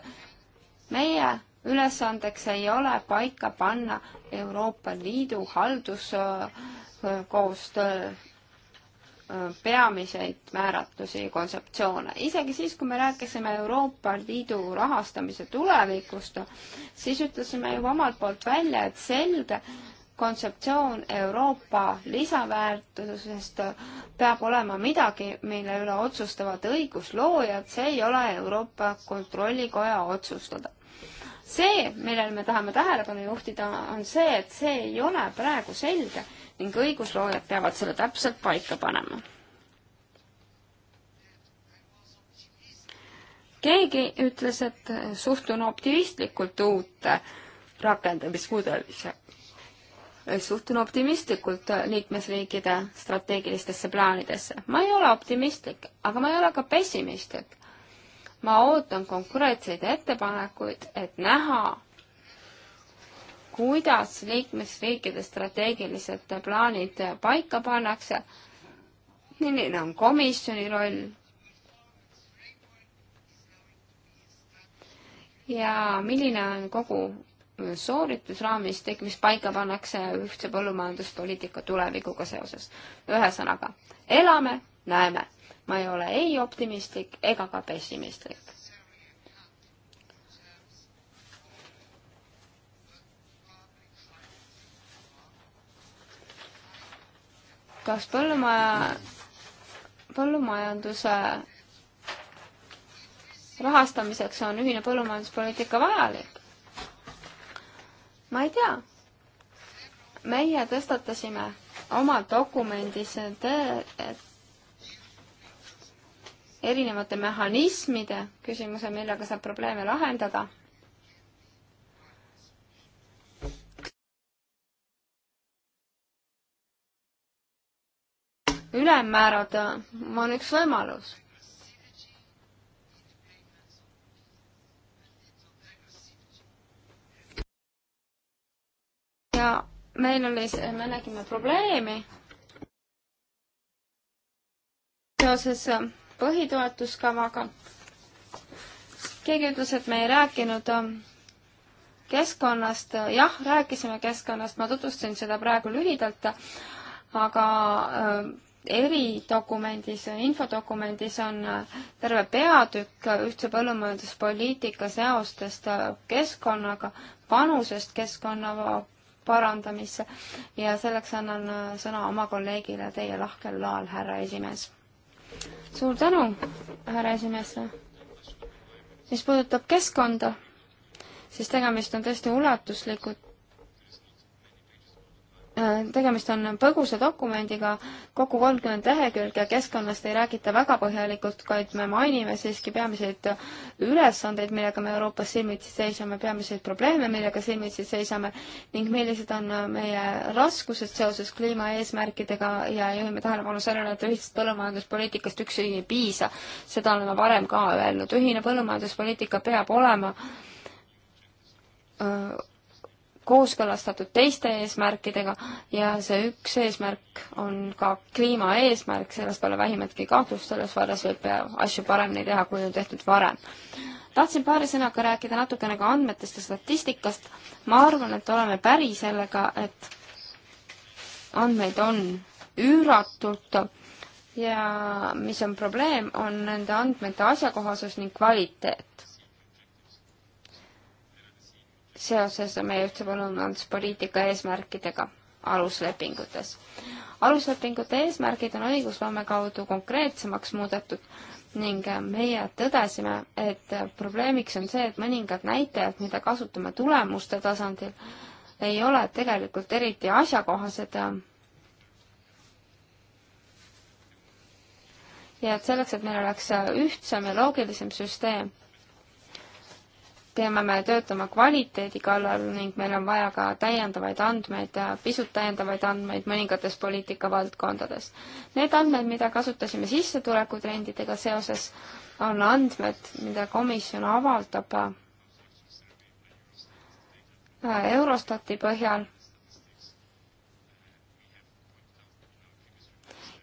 meie ülesandeks ei ole paika panna Euroopa Liidu halduskoostöö peamiseid määratlusi ja kontseptsioone. isegi siis, kui me rääkisime Euroopa Liidu rahastamise tulevikust, siis ütlesime juba omalt poolt välja, et selge kontseptsioon Euroopa lisaväärtusest peab olema midagi, mille üle otsustavad õigusloojad, see ei ole Euroopa Kontrollikoja otsustada. see, millele me tahame tähelepanu juhtida, on see, et see ei ole praegu selge ning õigusloojad peavad selle täpselt paika panema. keegi ütles, et suhtun optimistlikult uute rakendamismudelisse suhtun optimistlikult liikmesriikide strateegilistesse plaanidesse. ma ei ole optimistlik, aga ma ei ole ka pessimistlik. ma ootan konkreetseid ettepanekuid, et näha, kuidas liikmesriikide strateegilised plaanid paika pannakse, milline on komisjoni roll ja milline on kogu sooritusraamistik, mis paika pannakse ühtse põllumajanduspoliitika tulevikuga seoses. ühesõnaga, elame, näeme. ma ei ole ei optimistlik ega ka pessimistlik. kas põllumaja, põllumajanduse rahastamiseks on ühine põllumajanduspoliitika vajalik? ma ei tea. meie tõstatasime oma dokumendis te-, erinevate mehhanismide küsimuse, millega saab probleeme lahendada. ülemmäärad on üks võimalus ja meil oli, me nägime probleemi seoses äh, põhitoetuskavaga. keegi ütles, et me ei rääkinud äh, keskkonnast, jah, rääkisime keskkonnast, ma tutvustasin seda praegu lühidalt, aga äh, eridokumendis, infodokumendis on terve peatükk ühtse põllumajanduspoliitika seostest keskkonnaga, panusest keskkonna parandamisse ja selleks annan äh, sõna oma kolleegile teie lahkel loal, härra esimees. suur tänu, härra esimees. mis puudutab keskkonda, siis tegemist on tõesti ulatuslikult Äh, tegemist on põgusa dokumendiga, kokku kolmkümmend lehekülge, keskkonnast ei räägita väga põhjalikult, vaid me mainime siiski peamiseid ülesandeid, millega me Euroopas silmitsi seisame, peamiseid probleeme, millega silmitsi seisame ning millised on meie raskused seoses kliimaeesmärkidega ja juhime tähelepanu sellele, et ühisest põllumajanduspoliitikast üksi ei piisa. seda olen ma varem ka öelnud, ühine põllumajanduspoliitika peab olema öö, äh, kooskõlastatud teiste eesmärkidega ja see üks eesmärk on ka kliimaeesmärk, selles pole vähimatki kahtlust, selles vallas võib asju paremini teha, kui on tehtud varem. tahtsin paari sõnaga rääkida natukene ka andmetest ja statistikast. ma arvan, et oleme päri sellega, et andmeid on üüratult ja mis on probleem, on nende andmete asjakohasus ning kvaliteet seoses meie ühtse põllumajanduspoliitika eesmärkidega aluslepingutes. aluslepingute eesmärgid on õigusloome kaudu konkreetsemaks muudetud ning meie tõdesime, et probleemiks on see, et mõningad näitajad, mida kasutame tulemuste tasandil, ei ole tegelikult eriti asjakohased. ja et selleks, et meil oleks ühtsem ja loogilisem süsteem, peame me töötama kvaliteedi kallal ning meil on vaja ka täiendavaid andmeid, pisut täiendavaid andmeid mõningates poliitikavaldkondades. Need andmed, mida kasutasime sissetulekutrendidega seoses, on andmed, mida komisjon avaldab äh, Eurostati põhjal.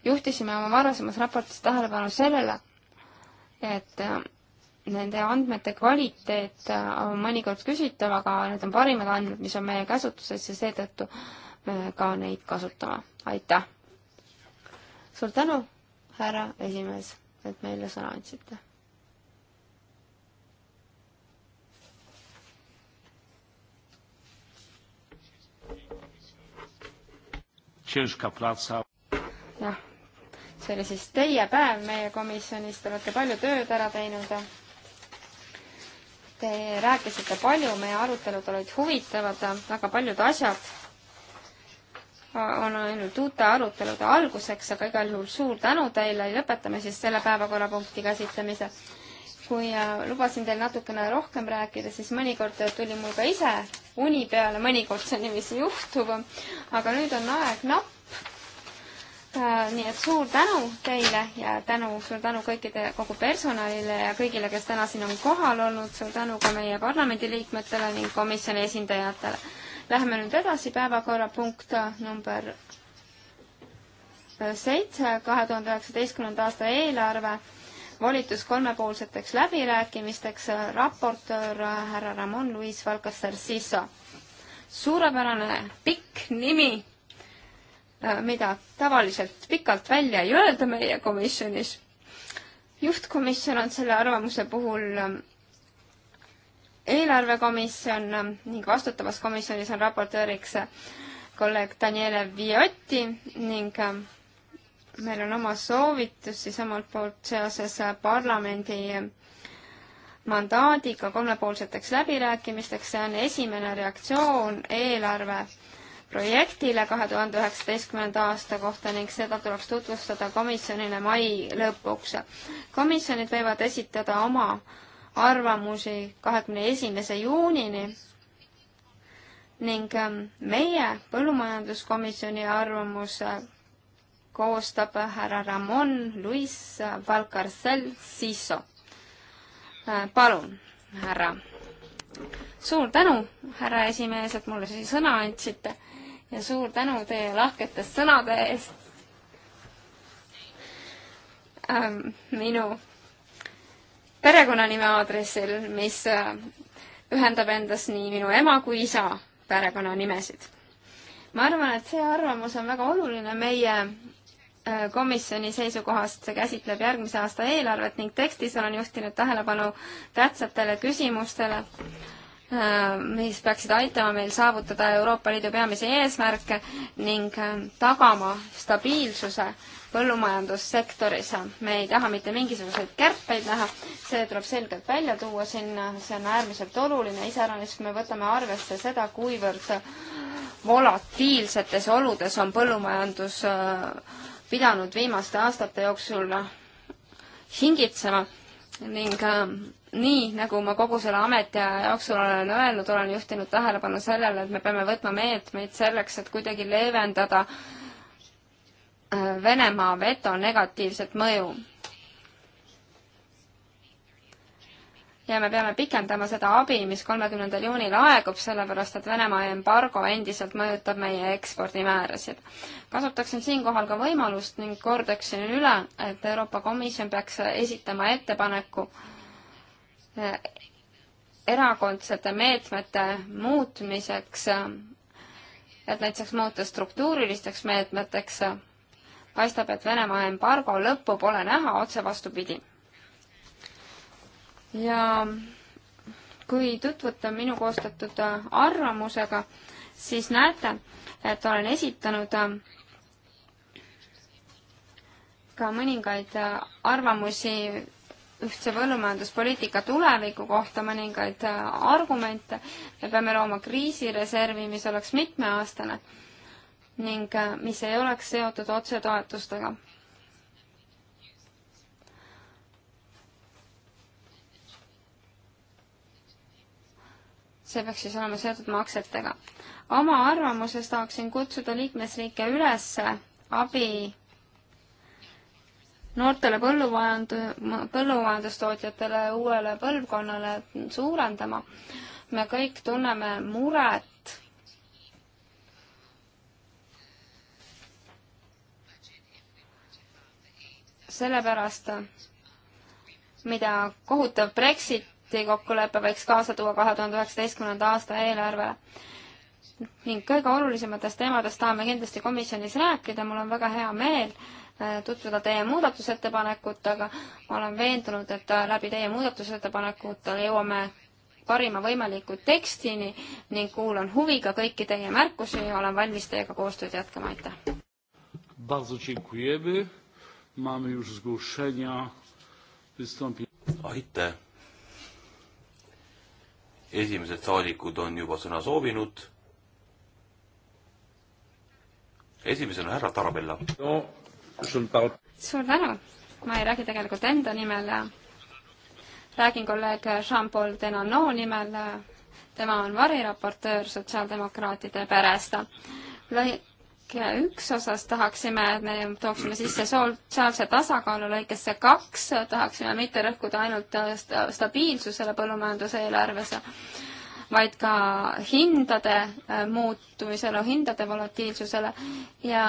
juhtisime oma varasemas raportis tähelepanu sellele, et äh, nende andmete kvaliteet äh, on mõnikord küsitav, aga need on parimad andmed, mis on meie käsutuses ja seetõttu me ka neid kasutame. aitäh! suur tänu, härra esimees, et meile sõna andsite. jah, see oli siis teie päev meie komisjonis, te olete palju tööd ära teinud ja Te rääkisite palju, meie arutelud olid huvitavad, väga paljud asjad on ainult uute arutelude alguseks, aga igal juhul suur tänu teile ja lõpetame siis selle päevakorrapunkti käsitlemise. kui äh, lubasin teil natukene rohkem rääkida, siis mõnikord tuli mul ka ise uni peale, mõnikord see niiviisi juhtub, aga nüüd on aeg napp Äh, nii et suur tänu teile ja tänu, suur tänu kõikide, kogu personalile ja kõigile, kes täna siin on kohal olnud, suur tänu ka meie parlamendiliikmetele ning komisjoni esindajatele. Läheme nüüd edasi, päevakorrapunkt number seitse, kahe tuhande üheksateistkümnenda aasta eelarve, volitus kolmepoolseteks läbirääkimisteks, raportöör härra Ramon Luis Valkasser-Sisso. suurepärane pikk nimi Äh, mida tavaliselt pikalt välja ei öelda meie komisjonis. juhtkomisjon on selle arvamuse puhul ähm, eelarvekomisjon ähm, ning vastutavas komisjonis on raportööriks äh, kolleeg Daniele Viotti ning ähm, meil on oma soovitus siis omalt poolt seoses äh, parlamendi mandaadiga kolmepoolseteks läbirääkimisteks, see on esimene reaktsioon eelarve projektile kahe tuhande üheksateistkümnenda aasta kohta ning seda tuleks tutvustada komisjonile mai lõpuks. komisjonid võivad esitada oma arvamusi kahekümne esimese juunini ning ähm, meie põllumajanduskomisjoni arvamus äh, koostab härra Ramon Luis Valcarcel Siso. Äh, palun, härra. suur tänu, härra esimees, et mulle siia sõna andsite ja suur tänu teie lahkete sõnade eest ähm,. minu perekonnanime aadressil, mis äh, ühendab endas nii minu ema kui isa perekonnanimesid. ma arvan, et see arvamus on väga oluline meie äh, komisjoni seisukohast see käsitleb järgmise aasta eelarvet ning tekstis olen juhtinud tähelepanu tähtsatele küsimustele äh, Äh, mis peaksid aitama meil saavutada Euroopa Liidu peamisi eesmärke ning äh, tagama stabiilsuse põllumajandussektoris. me ei taha mitte mingisuguseid kärpeid näha, see tuleb selgelt välja tuua sinna, see on äärmiselt oluline, iseäranis kui me võtame arvesse seda, kuivõrd volatiilsetes oludes on põllumajandus äh, pidanud viimaste aastate jooksul hingitsema ning äh, nii, nagu ma kogu selle ametiaja jooksul olen öelnud, olen juhtinud tähelepanu sellele, et me peame võtma meetmeid selleks, et kuidagi leevendada äh, Venemaa veto negatiivset mõju. ja me peame pikendama seda abi, mis kolmekümnendal juunil aegub, sellepärast et Venemaa embargo endiselt mõjutab meie ekspordimäärasid. kasutaksin siinkohal ka võimalust ning kordaksin üle, et Euroopa Komisjon peaks esitama ettepaneku eh, erakondsete meetmete muutmiseks, et neid saaks muuta struktuurilisteks meetmeteks, paistab, et Venemaa embargo lõppu pole näha, otse vastupidi ja kui tutvuta minu koostatud äh, arvamusega, siis näete, et olen esitanud äh, ka mõningaid äh, arvamusi ühtse põllumajanduspoliitika tuleviku kohta, mõningaid argumente. me peame looma kriisireservi, mis oleks mitmeaastane ning mis ei oleks seotud otsetoetustega. see peaks siis olema seotud maksetega. oma arvamuses tahaksin kutsuda liikmesriike üles abi noortele põllumajand-, põllumajandustootjatele, uuele põlvkonnale suurendama. me kõik tunneme muret sellepärast, mida kohutav Brexit kokkulepe võiks kaasa tuua kahe tuhande üheksateistkümnenda aasta eelarvele. ning kõige olulisematest teemadest tahame kindlasti komisjonis rääkida, mul on väga hea meel äh, tutvuda teie muudatusettepanekutega, ma olen veendunud, et läbi teie muudatusettepanekute jõuame parima võimaliku tekstini ning kuulan huviga kõiki teie märkusi ja olen valmis teiega koostööd jätkama, aitäh! aitäh! esimesed saadikud on juba sõna soovinud. esimesena härra Tarabella no,. suur tänu, ma ei räägi tegelikult enda nimel, räägin kolleeg Jean-Paul Denanot nimel, tema on variraportöör sotsiaaldemokraatide perest üks osas tahaksime, et me tooksime sisse sotsiaalse tasakaalu lõikesse kaks, tahaksime mitte rõhkuda ainult äh, stabiilsusele põllumajanduse eelarves, vaid ka hindade äh, muutumisele, hindade volatiilsusele ja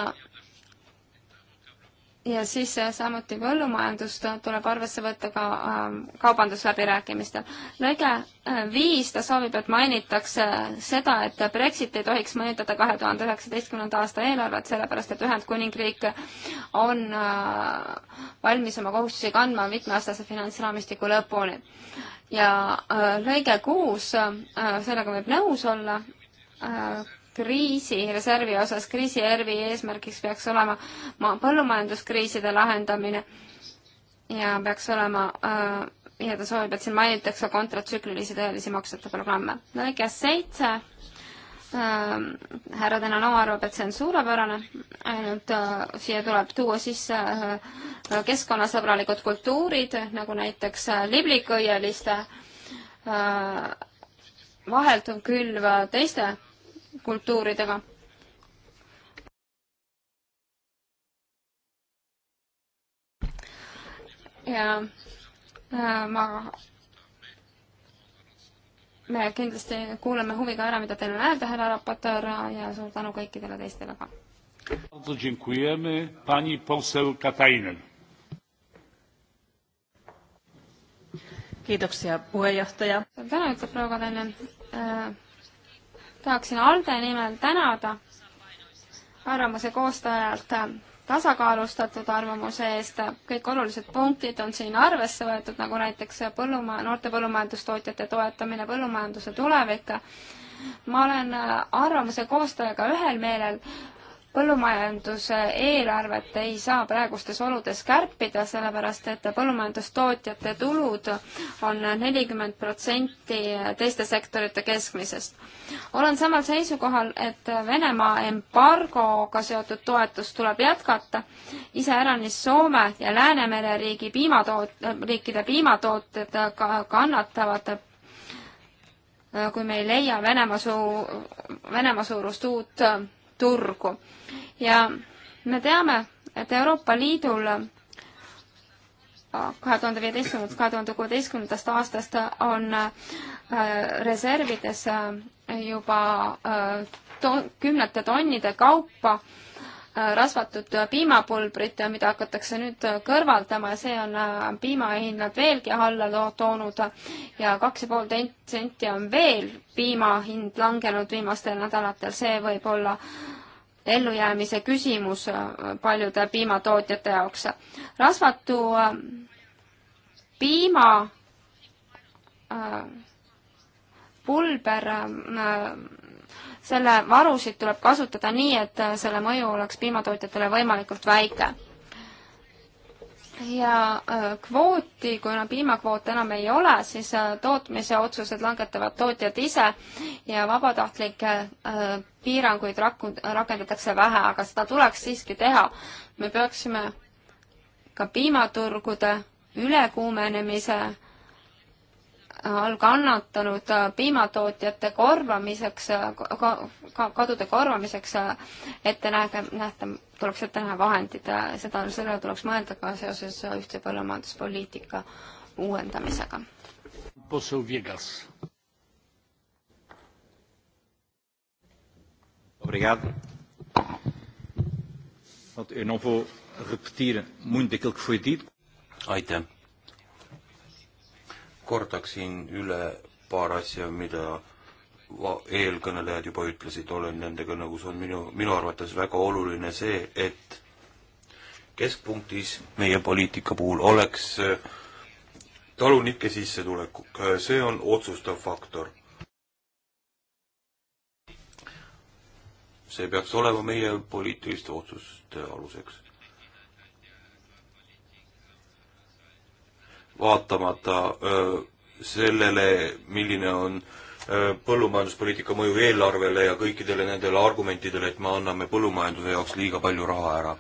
ja siis äh, samuti põllumajandust tuleb arvesse võtta ka ähm, kaubandusläbirääkimistel. lõige äh, viis, ta soovib, et mainitakse äh, seda, et Brexit ei tohiks mõjutada kahe tuhande üheksateistkümnenda aasta eelarvet, sellepärast et Ühendkuningriik on valmis oma kohustusi kandma mitmeaastase finantsraamistiku lõpuni. ja lõige kuus, sellega võib nõus olla kriisireservi osas, kriisijärvi eesmärgiks peaks olema maa, põllumajanduskriiside lahendamine ja peaks olema äh, ja ta soovib, et siin mainitakse kontratsüklilisi tõelisi maksete programme. lõige seitse ähm, härra Tänanov arvab, et see on suurepärane, ainult äh, siia tuleb tuua sisse äh, keskkonnasõbralikud kultuurid, nagu näiteks äh, liblikõieliste äh, vahelduv külv äh, teiste kultuuridega. ja äh, ma, me kindlasti kuulame huviga ära, mida teil on öelda, härra raportöör, ja suur tänu kõikidele teistele ka. kiitoksia, puheenjohtaja. tänan, ütleb proua Katainen äh, tahaksin ALDE nimel tänada arvamuse koostajalt tasakaalustatud arvamuse eest. kõik olulised punktid on siin arvesse võetud, nagu näiteks põlluma-, noorte põllumajandustootjate toetamine, põllumajanduse tulevik. ma olen arvamuse koostajaga ühel meelel, põllumajanduse eelarvet ei saa praegustes oludes kärpida, sellepärast et põllumajandustootjate tulud on nelikümmend protsenti teiste sektorite keskmisest. olen samal seisukohal, et Venemaa embargoga seotud toetust tuleb jätkata, iseäranis Soome ja Läänemere riigi piimatoot-, riikide piimatooted ka kannatavad kui me ei leia Venemaa suu-, Venemaa suurust uut turgu. ja me teame, et Euroopa Liidul kahe tuhande viieteistkümnendast, kahe tuhande kuueteistkümnendast aastast on äh, reservides äh, juba äh, to-, kümnete tonnide kaupa äh, Äh, rasvatud piimapulbrit, mida hakatakse nüüd kõrvaldama ja see on äh, piimahinnad veelgi alla toonud ja kaks ja pool senti on veel piima hind langenud viimastel nädalatel, see võib olla ellujäämise küsimus äh, paljude piimatootjate jaoks. rasvatu piima pulber selle varusid tuleb kasutada nii, et äh, selle mõju oleks piimatootjatele võimalikult väike. ja äh, kvooti, kuna piimakvoot enam ei ole, siis äh, tootmise otsused langetavad tootjad ise ja vabatahtlikke piiranguid raku-, rakendatakse vähe, aga seda tuleks siiski teha. me peaksime ka piimaturgude ülekuumenemise all kannatanud piimatootjate korvamiseks, kadude korvamiseks ette näge-, nähta, tuleks ette näha vahendid, seda, sellele tuleks mõelda ka seoses ühtse põllumajanduspoliitika uuendamisega. Obrigado. Eu não vou repetir muito daquilo que foi dito. Aitäh kordaksin üle paar asja, mida eelkõnelejad juba ütlesid, olen nendega nõus, on minu, minu arvates väga oluline see, et keskpunktis meie poliitika puhul oleks äh, talunike sissetulek, äh, see on otsustav faktor. see peaks olema meie poliitiliste otsuste aluseks vaatamata öö, sellele, milline on öö, põllumajanduspoliitika mõju eelarvele ja kõikidele nendele argumentidele, et me anname põllumajanduse jaoks liiga palju raha ära.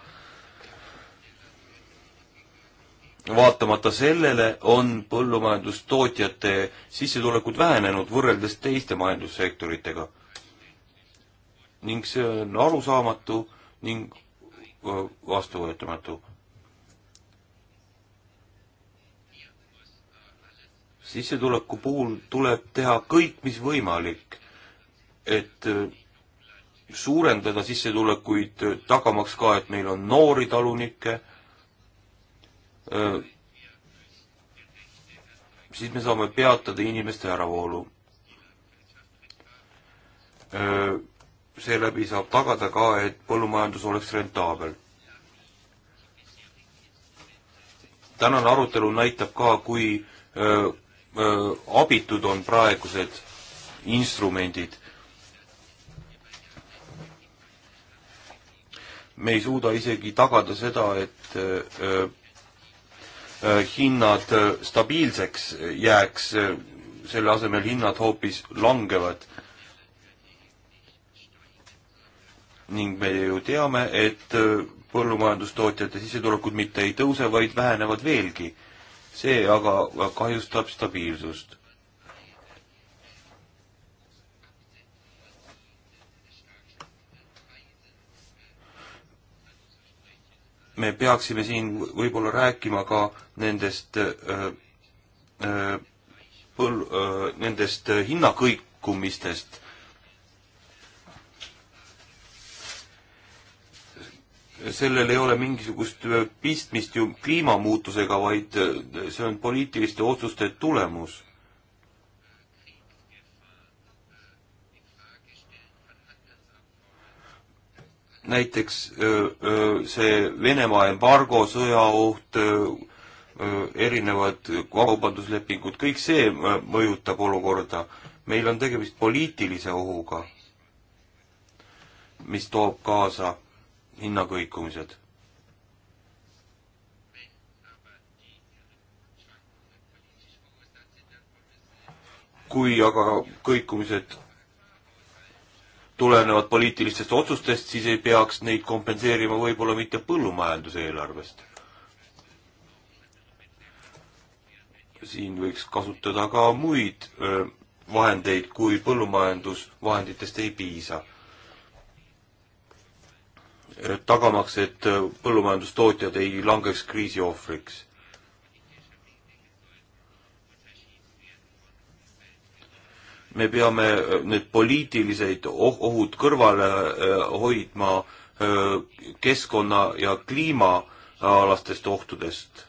vaatamata sellele on põllumajandustootjate sissetulekud vähenenud võrreldes teiste majandussektoritega. ning see on arusaamatu ning vastuvõetamatu sissetuleku puhul tuleb teha kõik, mis võimalik, et äh, suurendada sissetulekuid, äh, tagamaks ka, et meil on noori talunikke, äh, siis me saame peatada inimeste äravoolu. seeläbi saab tagada ka, et põllumajandus oleks rentaabel. tänane arutelu näitab ka, kui abitud on praegused instrumendid. me ei suuda isegi tagada seda, et öö, hinnad stabiilseks jääks, selle asemel hinnad hoopis langevad. ning me ju teame, et põllumajandustootjate sissetulekud mitte ei tõuse, vaid vähenevad veelgi see aga kahjustab stabiilsust. me peaksime siin võib-olla rääkima ka nendest öö, äh, öö, äh, põl-, äh, nendest hinnakõikumistest, sellel ei ole mingisugust pistmist ju kliimamuutusega, vaid eh, see on poliitiliste otsuste tulemus. näiteks eh, eh, see Venemaa embargo, sõjaoht, erinevad kaubanduslepingud, kõik see mõjutab olukorda. meil on tegemist poliitilise ohuga, mis toob kaasa hinnakõikumised. kui aga kõikumised tulenevad poliitilistest otsustest, siis ei peaks neid kompenseerima võib-olla mitte põllumajanduse eelarvest. siin võiks kasutada ka muid öö, äh, vahendeid, kui põllumajandusvahenditest ei piisa tagamaks, et põllumajandustootjad ei langeks kriisi ohvriks. me peame äh, need poliitilised oh-, ohud kõrvale äh, hoidma äh, keskkonna ja kliimaalastest ohtudest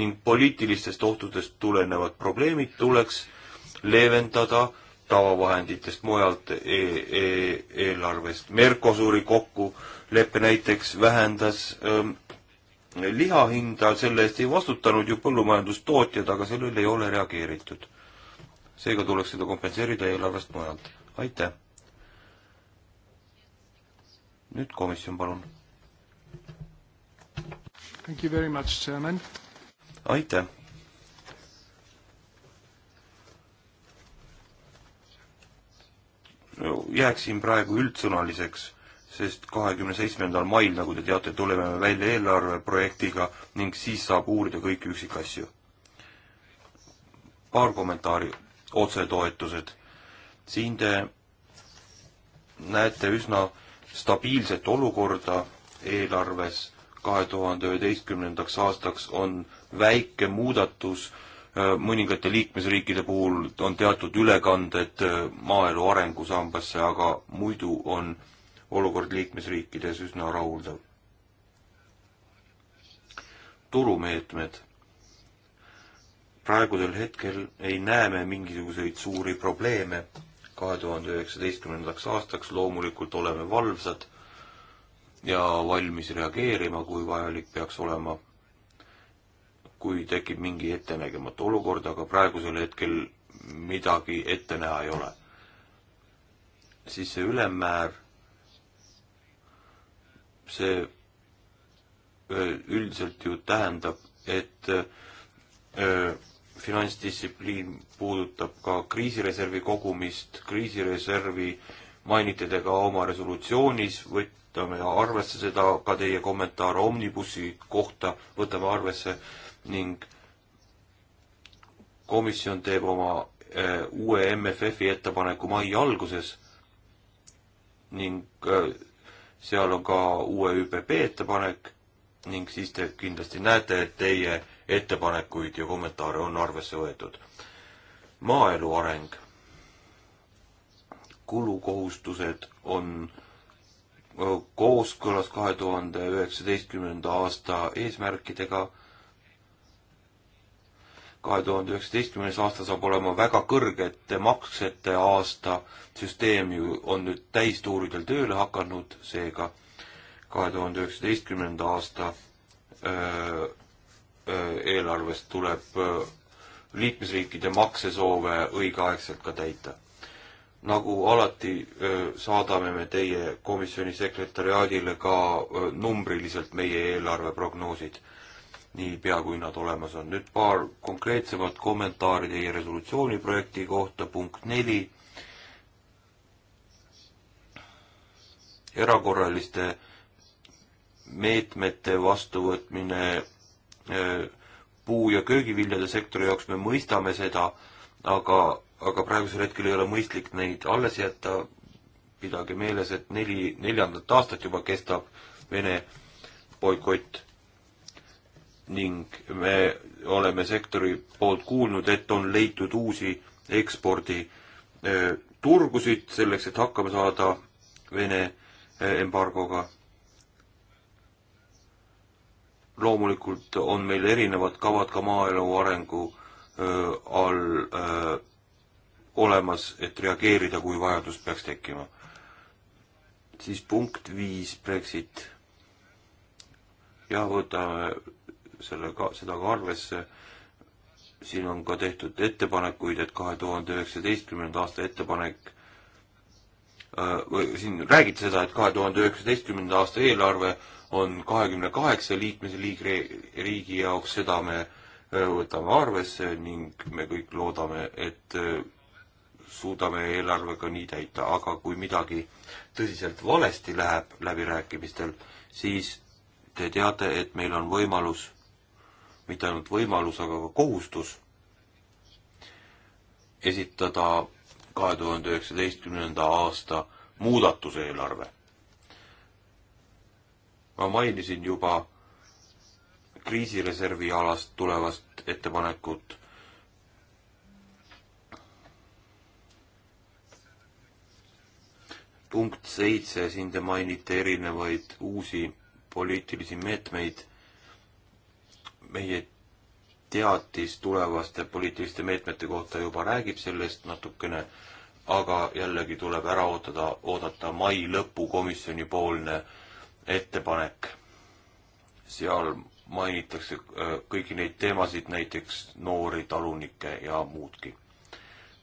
ning poliitilistest ohtudest tulenevad probleemid tuleks leevendada tavavahenditest mujalt e e eelarvest. Mercosuri kokkulepe näiteks vähendas ähm, liha hinda, selle eest ei vastutanud ju põllumajandustootjad, aga sellele ei ole reageeritud. seega tuleks seda kompenseerida eelarvest mujalt. aitäh! nüüd komisjon, palun. aitäh! jääksin praegu üldsõnaliseks, sest kahekümne seitsmendal mail, nagu te teate, tuleme me välja eelarveprojektiga ning siis saab uurida kõiki üksikasju. paar kommentaari, otsetoetused. siin te näete üsna stabiilset olukorda eelarves kahe tuhande üheteistkümnendaks aastaks on väike muudatus äh, Äh, mõningate liikmesriikide puhul on teatud ülekanded äh, maaelu arengusambasse, aga muidu on olukord liikmesriikides üsna rahuldav. turumeetmed. praegusel hetkel ei näe me mingisuguseid suuri probleeme kahe tuhande üheksateistkümnendaks aastaks, loomulikult oleme valvsad ja valmis reageerima, kui vajalik peaks olema kui tekib mingi ettenägematu olukord, aga praegusel hetkel midagi ette näha ei ole. siis see ülemmäär, see üldiselt ju tähendab, et öö, finantsdistsipliin puudutab ka kriisireservi kogumist, kriisireservi mainite te ka oma resolutsioonis, võtame arvesse seda, ka teie kommentaar Omnibussi kohta, võtame arvesse ning komisjon teeb oma äh, uue MFF-i ettepaneku mai alguses ning äh, seal on ka uue ÜPP ettepanek ning siis te kindlasti näete, et teie ettepanekuid ja kommentaare on arvesse võetud. maaelu areng. kulukohustused on äh, kooskõlas kahe tuhande üheksateistkümnenda aasta eesmärkidega kahe tuhande üheksateistkümnes aasta saab olema väga kõrgete maksete aasta, süsteem ju on nüüd täistuuridel tööle hakanud, seega kahe tuhande üheksateistkümnenda aasta öö, öö, eelarvest tuleb öö, liikmesriikide maksesoove õigeaegselt ka täita. nagu alati öö, saadame me teie komisjoni sekretäriaadile ka öö, numbriliselt meie eelarveprognoosid niipea, kui nad olemas on. nüüd paar konkreetsemat kommentaari teie resolutsiooni projekti kohta, punkt neli. erakorraliste meetmete vastuvõtmine äh, puu- ja köögiviljade sektori jaoks, me mõistame seda, aga, aga praegusel hetkel ei ole mõistlik neid alles jätta. pidage meeles, et neli, neljandat aastat juba kestab Vene boikott ning me oleme sektori poolt kuulnud, et on leitud uusi eksporditurgusid selleks, et hakkama saada Vene embargoga. loomulikult on meil erinevad kavad ka maaelu arengu öö, all öö, olemas, et reageerida, kui vajadus peaks tekkima. siis punkt viis, Brexit. jah, võtame selle ka, seda ka arvesse. siin on ka tehtud ettepanekuid, et kahe tuhande üheksateistkümnenda aasta ettepanek äh, või siin räägiti seda, et kahe tuhande üheksateistkümnenda aasta eelarve on kahekümne kaheksa liikmesriigi riigi jaoks, seda me äh, võtame arvesse ning me kõik loodame, et äh, suudame eelarvega nii täita, aga kui midagi tõsiselt valesti läheb läbirääkimistel, siis te teate, et meil on võimalus mitte ainult võimalus, aga ka kohustus esitada kahe tuhande üheksateistkümnenda aasta muudatuseelarve. ma mainisin juba kriisireservi alast tulevast ettepanekut. punkt seitse, siin te mainite erinevaid uusi poliitilisi meetmeid meie teatis tulevaste poliitiliste meetmete kohta juba räägib sellest natukene, aga jällegi tuleb ära ootada, oodata mai lõpu komisjoni poolne ettepanek. seal mainitakse äh, kõiki neid teemasid, näiteks noori talunikke ja muudki,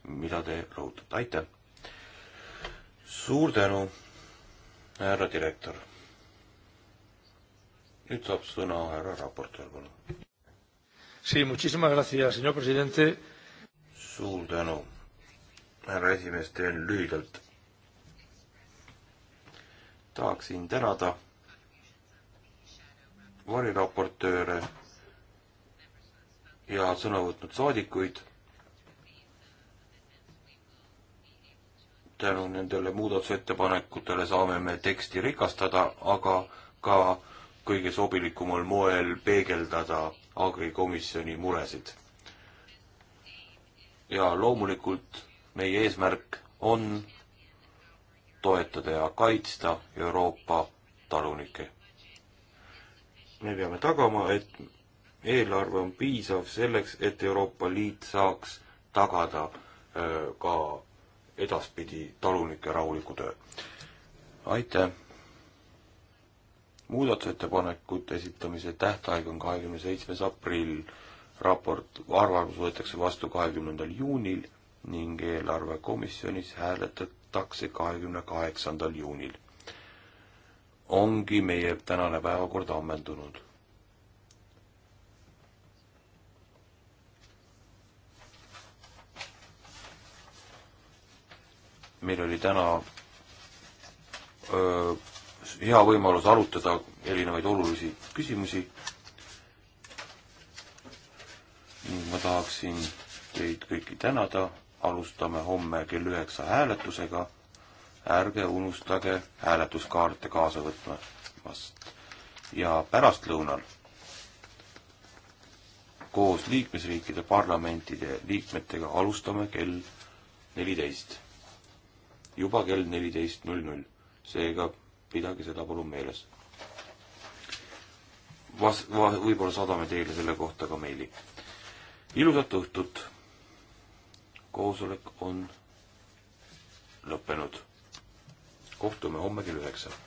mida te rõhutate. aitäh! suur tänu, härra direktor! nüüd saab sõna härra raportöör, palun. Sí, muchísimas gracias, señor presidente. suur tänu, härra esimees, teen lühidalt. tahaksin tänada variraportööre ja sõna võtnud saadikuid. tänu nendele muudatusettepanekutele saame me teksti rikastada, aga ka kõige sobilikumal moel peegeldada agrikomisjoni muresid. ja loomulikult meie eesmärk on toetada ja kaitsta Euroopa talunikke. me peame tagama, et eelarve on piisav selleks, et Euroopa Liit saaks tagada öö, äh, ka edaspidi talunike rahuliku töö. aitäh! muudatusettepanekute esitamise tähtaeg on kahekümne seitsmes aprill, raport, arvamus võetakse vastu kahekümnendal juunil ning eelarvekomisjonis hääletatakse kahekümne kaheksandal juunil. ongi meie tänane päevakord ammendunud meil oli täna öö, hea võimalus arutada erinevaid olulisi küsimusi. ning ma tahaksin teid kõiki tänada, alustame homme kell üheksa hääletusega. ärge unustage hääletuskaarte kaasa võtmast ja pärastlõunal koos liikmesriikide parlamentide liikmetega alustame kell neliteist, juba kell neliteist null null. seega pidage seda palun meeles. Vas-, va-, võib-olla saadame teile selle kohta ka meili. ilusat õhtut! koosolek on lõppenud. kohtume homme kell üheksa